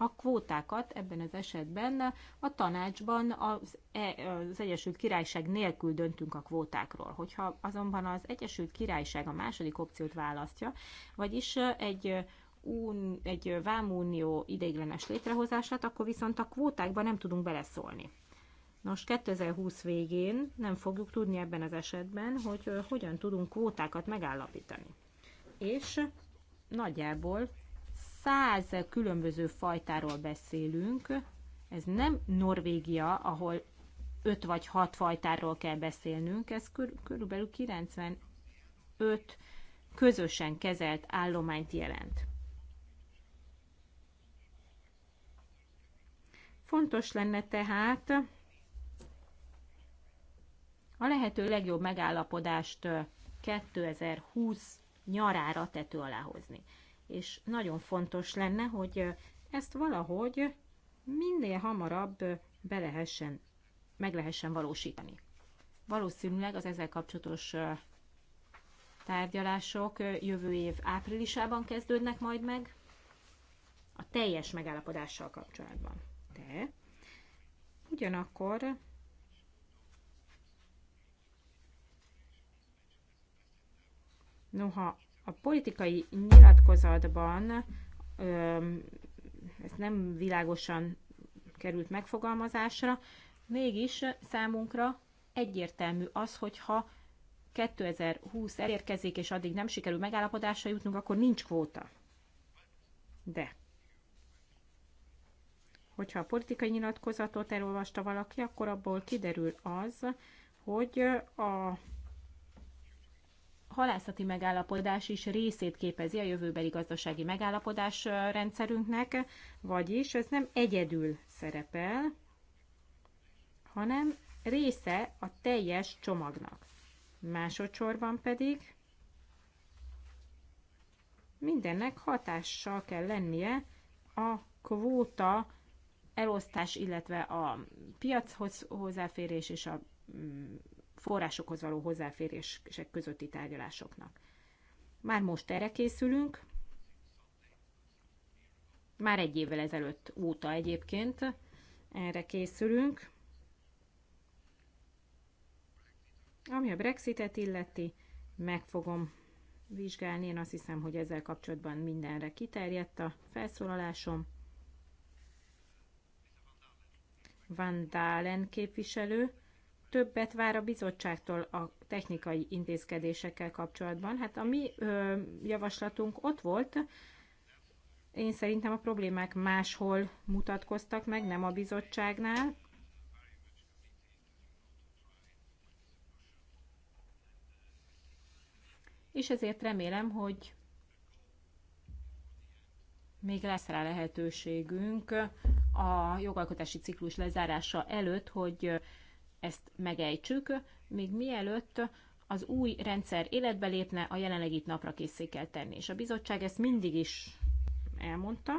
a kvótákat ebben az esetben a tanácsban az, e, az Egyesült Királyság nélkül döntünk a kvótákról. Hogyha azonban az Egyesült Királyság a második opciót választja, vagyis egy un, egy vámunió ideiglenes létrehozását, akkor viszont a kvótákban nem tudunk beleszólni. Nos, 2020 végén nem fogjuk tudni ebben az esetben, hogy hogyan tudunk kvótákat megállapítani. És nagyjából száz különböző fajtáról beszélünk. Ez nem Norvégia, ahol öt vagy hat fajtáról kell beszélnünk, ez kör, körülbelül 95 közösen kezelt állományt jelent. Fontos lenne tehát a lehető legjobb megállapodást 2020 nyarára tető alá hozni és nagyon fontos lenne, hogy ezt valahogy minél hamarabb be lehessen, meg lehessen valósítani. Valószínűleg az ezzel kapcsolatos tárgyalások jövő év áprilisában kezdődnek majd meg a teljes megállapodással kapcsolatban. De ugyanakkor noha a politikai nyilatkozatban ez nem világosan került megfogalmazásra, mégis számunkra egyértelmű az, hogyha 2020 elérkezik, és addig nem sikerül megállapodásra jutnunk, akkor nincs kvóta. De hogyha a politikai nyilatkozatot elolvasta valaki, akkor abból kiderül az, hogy a halászati megállapodás is részét képezi a jövőbeli gazdasági megállapodás rendszerünknek, vagyis ez nem egyedül szerepel, hanem része a teljes csomagnak. Másodszorban pedig mindennek hatással kell lennie a kvóta elosztás, illetve a piachoz hozzáférés és a mm, forrásokhoz való hozzáférések közötti tárgyalásoknak. Már most erre készülünk, már egy évvel ezelőtt óta egyébként erre készülünk. Ami a Brexitet illeti, meg fogom vizsgálni. Én azt hiszem, hogy ezzel kapcsolatban mindenre kiterjedt a felszólalásom. Van Dálen képviselő többet vár a bizottságtól a technikai intézkedésekkel kapcsolatban. Hát a mi ö, javaslatunk ott volt, én szerintem a problémák máshol mutatkoztak meg, nem a bizottságnál. És ezért remélem, hogy még lesz rá lehetőségünk a jogalkotási ciklus lezárása előtt, hogy ezt megejtsük, még mielőtt az új rendszer életbe lépne, a jelenlegit napra készé kell tenni. És a bizottság ezt mindig is elmondta,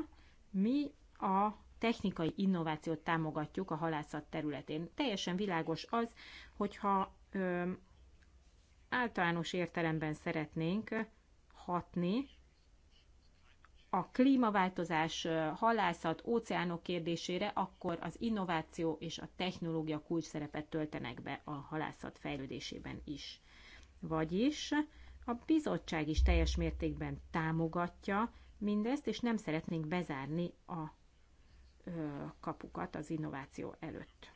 mi a technikai innovációt támogatjuk a halászat területén. Teljesen világos az, hogyha ö, általános értelemben szeretnénk hatni a klímaváltozás, halászat, óceánok kérdésére, akkor az innováció és a technológia kulcs szerepet töltenek be a halászat fejlődésében is. Vagyis a bizottság is teljes mértékben támogatja mindezt, és nem szeretnénk bezárni a ö, kapukat az innováció előtt.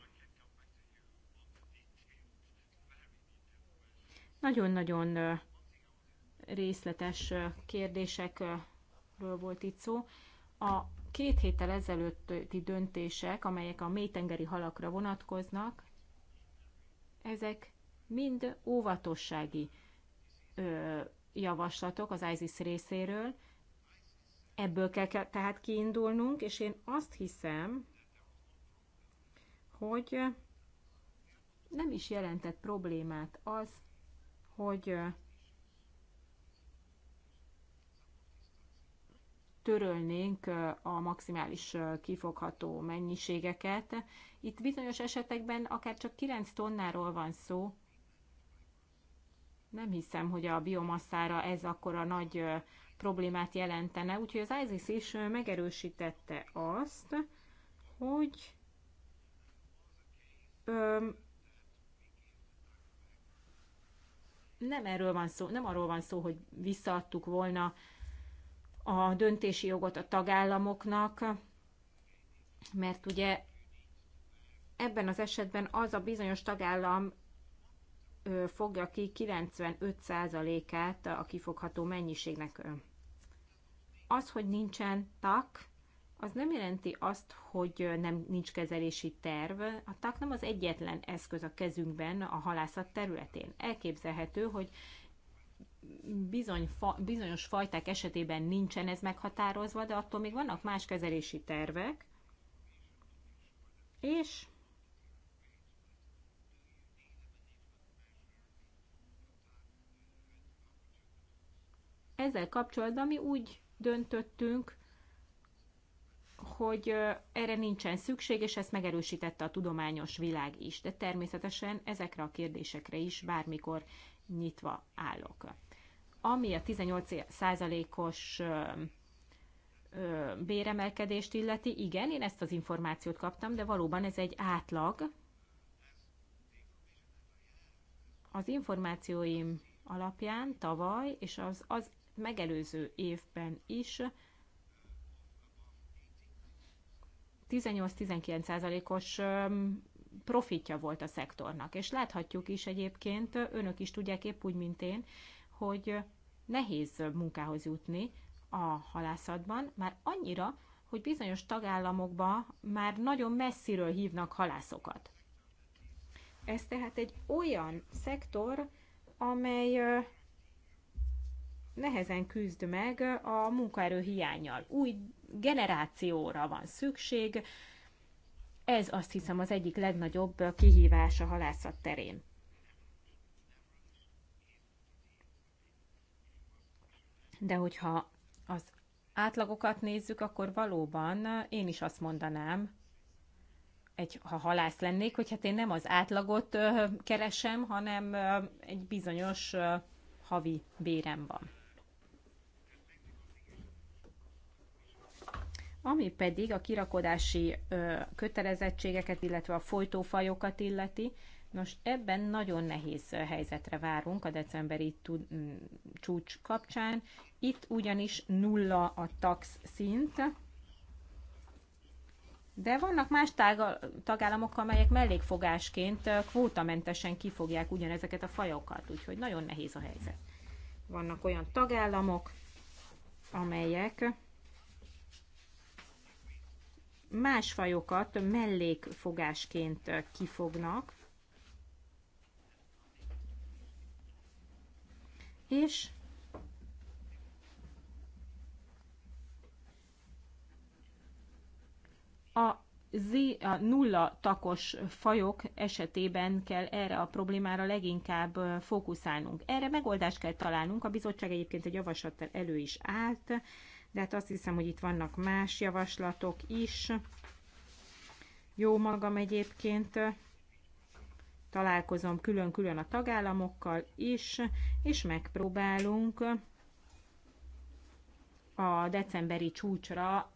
Nagyon-nagyon részletes kérdések ről volt itt szó. A két héttel ezelőtti döntések, amelyek a mélytengeri halakra vonatkoznak, ezek mind óvatossági ö, javaslatok az ISIS részéről. Ebből kell tehát kiindulnunk, és én azt hiszem, hogy nem is jelentett problémát az, hogy törölnénk a maximális kifogható mennyiségeket. Itt bizonyos esetekben akár csak 9 tonnáról van szó. Nem hiszem, hogy a biomasszára ez akkora nagy problémát jelentene. Úgyhogy az ISIS is megerősítette azt, hogy öm, nem erről van szó, nem arról van szó, hogy visszaadtuk volna a döntési jogot a tagállamoknak, mert ugye ebben az esetben az a bizonyos tagállam fogja ki 95%-át a kifogható mennyiségnek. Az, hogy nincsen tak, az nem jelenti azt, hogy nem nincs kezelési terv. A tak nem az egyetlen eszköz a kezünkben a halászat területén. Elképzelhető, hogy bizony fa, bizonyos fajták esetében nincsen ez meghatározva, de attól még vannak más kezelési tervek, és ezzel kapcsolatban mi úgy döntöttünk, hogy erre nincsen szükség, és ezt megerősítette a tudományos világ is. De természetesen ezekre a kérdésekre is bármikor nyitva állok. Ami a 18%-os béremelkedést illeti, igen, én ezt az információt kaptam, de valóban ez egy átlag. Az információim alapján tavaly és az, az megelőző évben is 18-19%-os profitja volt a szektornak. És láthatjuk is egyébként, önök is tudják épp úgy, mint én, hogy nehéz munkához jutni a halászatban, már annyira, hogy bizonyos tagállamokban már nagyon messziről hívnak halászokat. Ez tehát egy olyan szektor, amely nehezen küzd meg a munkaerő hiányjal. Új generációra van szükség, ez azt hiszem az egyik legnagyobb kihívás a halászat terén. de hogyha az átlagokat nézzük, akkor valóban eh, én is azt mondanám, egy, ha halász lennék, hogy hát én nem az átlagot ö, eh, keresem, hanem ö, eh, egy bizonyos ö, havi bérem van. Ami pedig a kirakodási ö, kötelezettségeket, illetve a folytófajokat illeti, Nos, ebben nagyon nehéz helyzetre várunk a decemberi csúcs kapcsán. Itt ugyanis nulla a tax szint, de vannak más tagállamok, amelyek mellékfogásként kvótamentesen kifogják ugyanezeket a fajokat, úgyhogy nagyon nehéz a helyzet. Vannak olyan tagállamok, amelyek más fajokat mellékfogásként kifognak, és a Z, a nulla takos fajok esetében kell erre a problémára leginkább fókuszálnunk. Erre megoldást kell találnunk, a bizottság egyébként egy javaslattal elő is állt, de hát azt hiszem, hogy itt vannak más javaslatok is. Jó magam egyébként találkozom külön-külön a tagállamokkal is, és megpróbálunk a decemberi csúcsra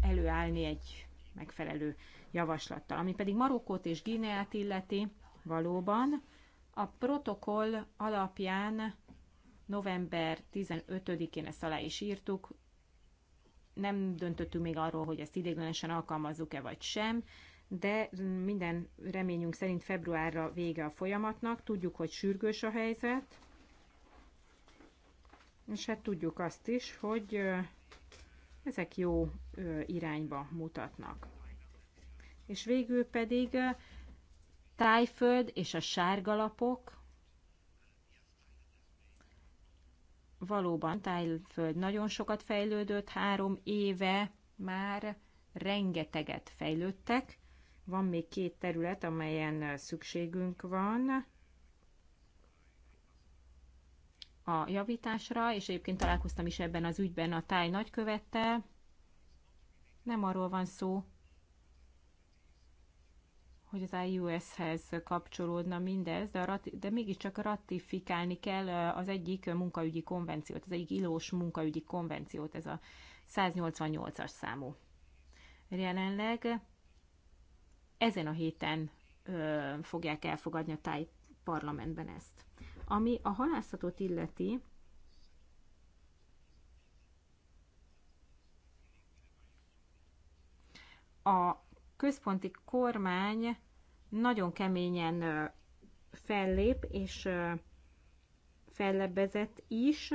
előállni egy megfelelő javaslattal. Ami pedig Marokkót és Gineát illeti, valóban a protokoll alapján november 15-én ezt alá is írtuk, nem döntöttünk még arról, hogy ezt idéglenesen alkalmazzuk-e vagy sem, de minden reményünk szerint februárra vége a folyamatnak. Tudjuk, hogy sürgős a helyzet, és hát tudjuk azt is, hogy ezek jó irányba mutatnak. És végül pedig tájföld és a sárgalapok. Valóban tájföld nagyon sokat fejlődött, három éve már rengeteget fejlődtek, van még két terület, amelyen szükségünk van a javításra, és egyébként találkoztam is ebben az ügyben a táj nagykövettel. Nem arról van szó, hogy az IUS-hez kapcsolódna mindez, de, a de mégiscsak ratifikálni kell az egyik munkaügyi konvenciót, az egyik ilós munkaügyi konvenciót, ez a 188-as számú. Jelenleg ezen a héten ö, fogják elfogadni a táj parlamentben ezt. Ami a halászatot illeti, a központi kormány nagyon keményen fellép, és fellebbezett is,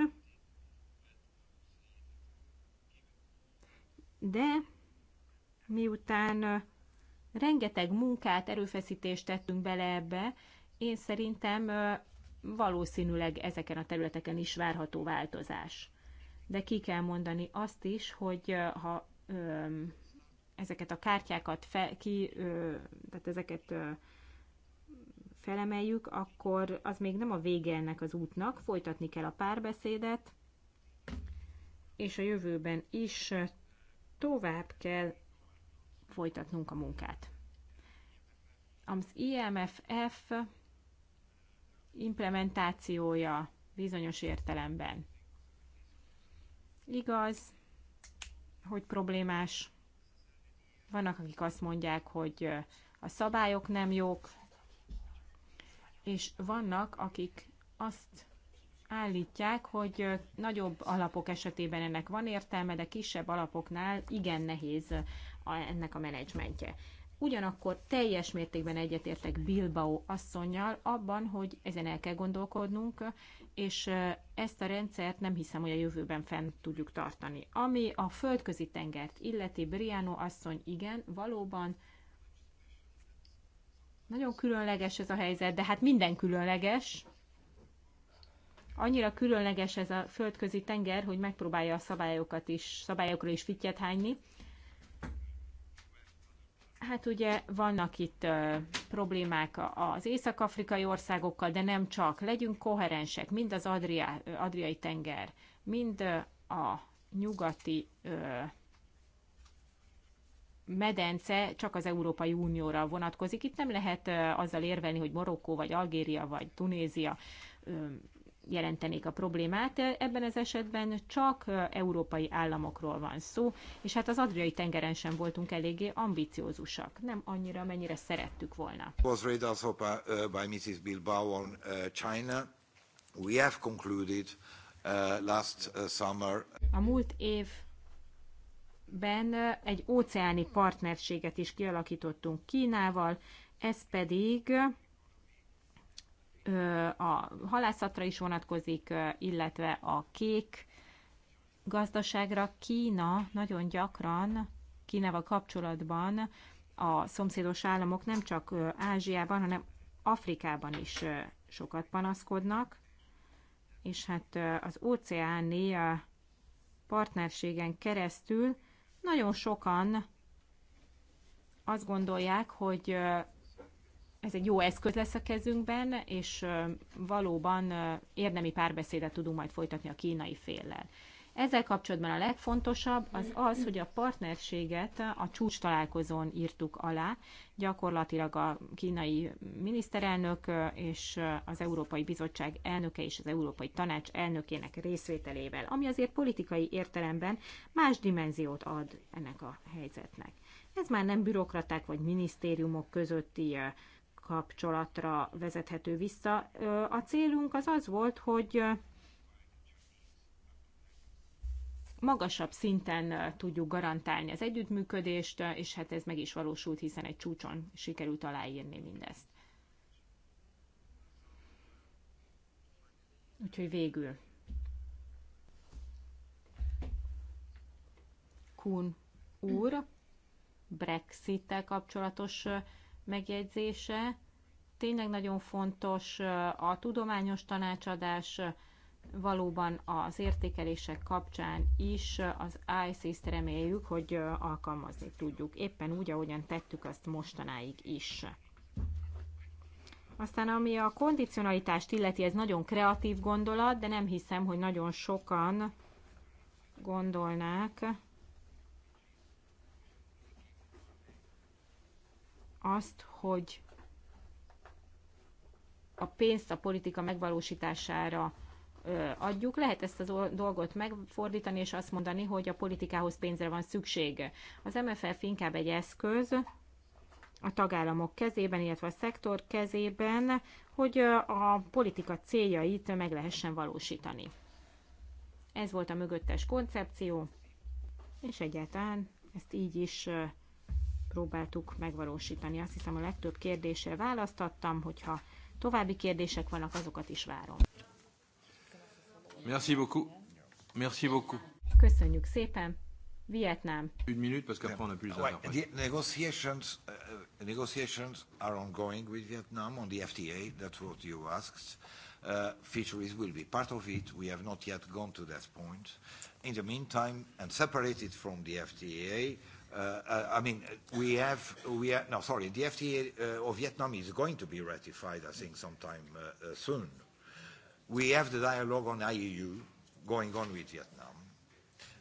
de miután Rengeteg munkát, erőfeszítést tettünk bele ebbe. Én szerintem valószínűleg ezeken a területeken is várható változás. De ki kell mondani azt is, hogy ha ezeket a kártyákat fe, ki, tehát ezeket felemeljük, akkor az még nem a vége ennek az útnak, folytatni kell a párbeszédet, és a jövőben is tovább kell folytatnunk a munkát. Az IMFF implementációja bizonyos értelemben igaz, hogy problémás. Vannak, akik azt mondják, hogy a szabályok nem jók, és vannak, akik azt állítják, hogy nagyobb alapok esetében ennek van értelme, de kisebb alapoknál igen nehéz a, ennek a menedzsmentje. Ugyanakkor teljes mértékben egyetértek Bilbao asszonynal abban, hogy ezen el kell gondolkodnunk, és ezt a rendszert nem hiszem, hogy a jövőben fenn tudjuk tartani. Ami a földközi tengert illeti, Briano asszony, igen, valóban nagyon különleges ez a helyzet, de hát minden különleges. Annyira különleges ez a földközi tenger, hogy megpróbálja a szabályokat is, szabályokra is fittyet hányni. Hát ugye vannak itt ö, problémák az észak-afrikai országokkal, de nem csak. Legyünk koherensek, mind az Adriá, Adriai tenger, mind a nyugati ö, medence csak az Európai Unióra vonatkozik. Itt nem lehet ö, azzal érvelni, hogy Marokkó, vagy Algéria, vagy Tunézia ö, jelentenék a problémát. Ebben az esetben csak európai államokról van szó, és hát az Adriai tengeren sem voltunk eléggé ambiciózusak, nem annyira, mennyire szerettük volna. Uh, by Mrs. Uh, China. We have concluded uh, last summer. A múlt évben egy óceáni partnerséget is kialakítottunk Kínával, ez pedig a halászatra is vonatkozik, illetve a kék gazdaságra. Kína nagyon gyakran, Kínával kapcsolatban a szomszédos államok nem csak Ázsiában, hanem Afrikában is sokat panaszkodnak, és hát az óceáni partnerségen keresztül nagyon sokan azt gondolják, hogy ez egy jó eszköz lesz a kezünkben, és valóban érdemi párbeszédet tudunk majd folytatni a kínai féllel. Ezzel kapcsolatban a legfontosabb az az, hogy a partnerséget a csúcs találkozón írtuk alá. Gyakorlatilag a kínai miniszterelnök és az Európai Bizottság elnöke és az Európai Tanács elnökének részvételével, ami azért politikai értelemben más dimenziót ad ennek a helyzetnek. Ez már nem bürokraták vagy minisztériumok közötti kapcsolatra vezethető vissza. A célunk az az volt, hogy magasabb szinten tudjuk garantálni az együttműködést, és hát ez meg is valósult, hiszen egy csúcson sikerült aláírni mindezt. Úgyhogy végül. Kun úr Brexit-tel kapcsolatos megjegyzése. Tényleg nagyon fontos a tudományos tanácsadás, valóban az értékelések kapcsán is az ics t reméljük, hogy alkalmazni tudjuk, éppen úgy, ahogyan tettük azt mostanáig is. Aztán ami a kondicionalitást illeti, ez nagyon kreatív gondolat, de nem hiszem, hogy nagyon sokan gondolnák azt, hogy a pénzt a politika megvalósítására adjuk. Lehet ezt a dolgot megfordítani, és azt mondani, hogy a politikához pénzre van szüksége. Az MFF inkább egy eszköz a tagállamok kezében, illetve a szektor kezében, hogy a politika céljait meg lehessen valósítani. Ez volt a mögöttes koncepció, és egyáltalán ezt így is próbáltuk megvalósítani. Azt hiszem a legtöbb kérdésre választattam, hogyha további kérdések vannak, azokat is várom. Merci beaucoup. Merci beaucoup. Köszönjük szépen. Vietnám. Une minute, parce qu'après on a plus de ouais, the negotiations, uh, negotiations are ongoing with Vietnam on the FTA, that's what you asked. Uh, fisheries will be part of it. We have not yet gone to that point. In the meantime, and separated from the FTA, Uh, uh, I mean, we have, we have, no, sorry, the FTA uh, of Vietnam is going to be ratified, I think, sometime uh, uh, soon. We have the dialogue on IEU going on with Vietnam.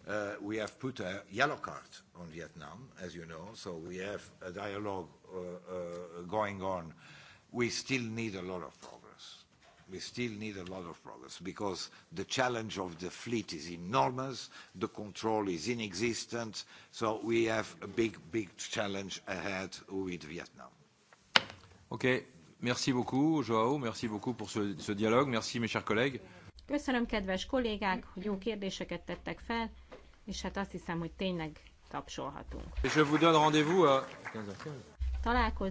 Uh, we have put a yellow card on Vietnam, as you know, so we have a dialogue uh, uh, going on. We still need a lot of progress we still need a lot of progress because the challenge of the fleet is enormous, the control is inexistent, so we have a big, big challenge ahead with Vietnam. Okay. Merci beaucoup, Joao, merci beaucoup pour ce, ce dialogue, merci mes chers collègues. Köszönöm, kedves kollégák, hogy jó kérdéseket tettek fel, és hát azt hiszem, hogy tényleg tapsolhatunk. És je vous donne rendez-vous à 15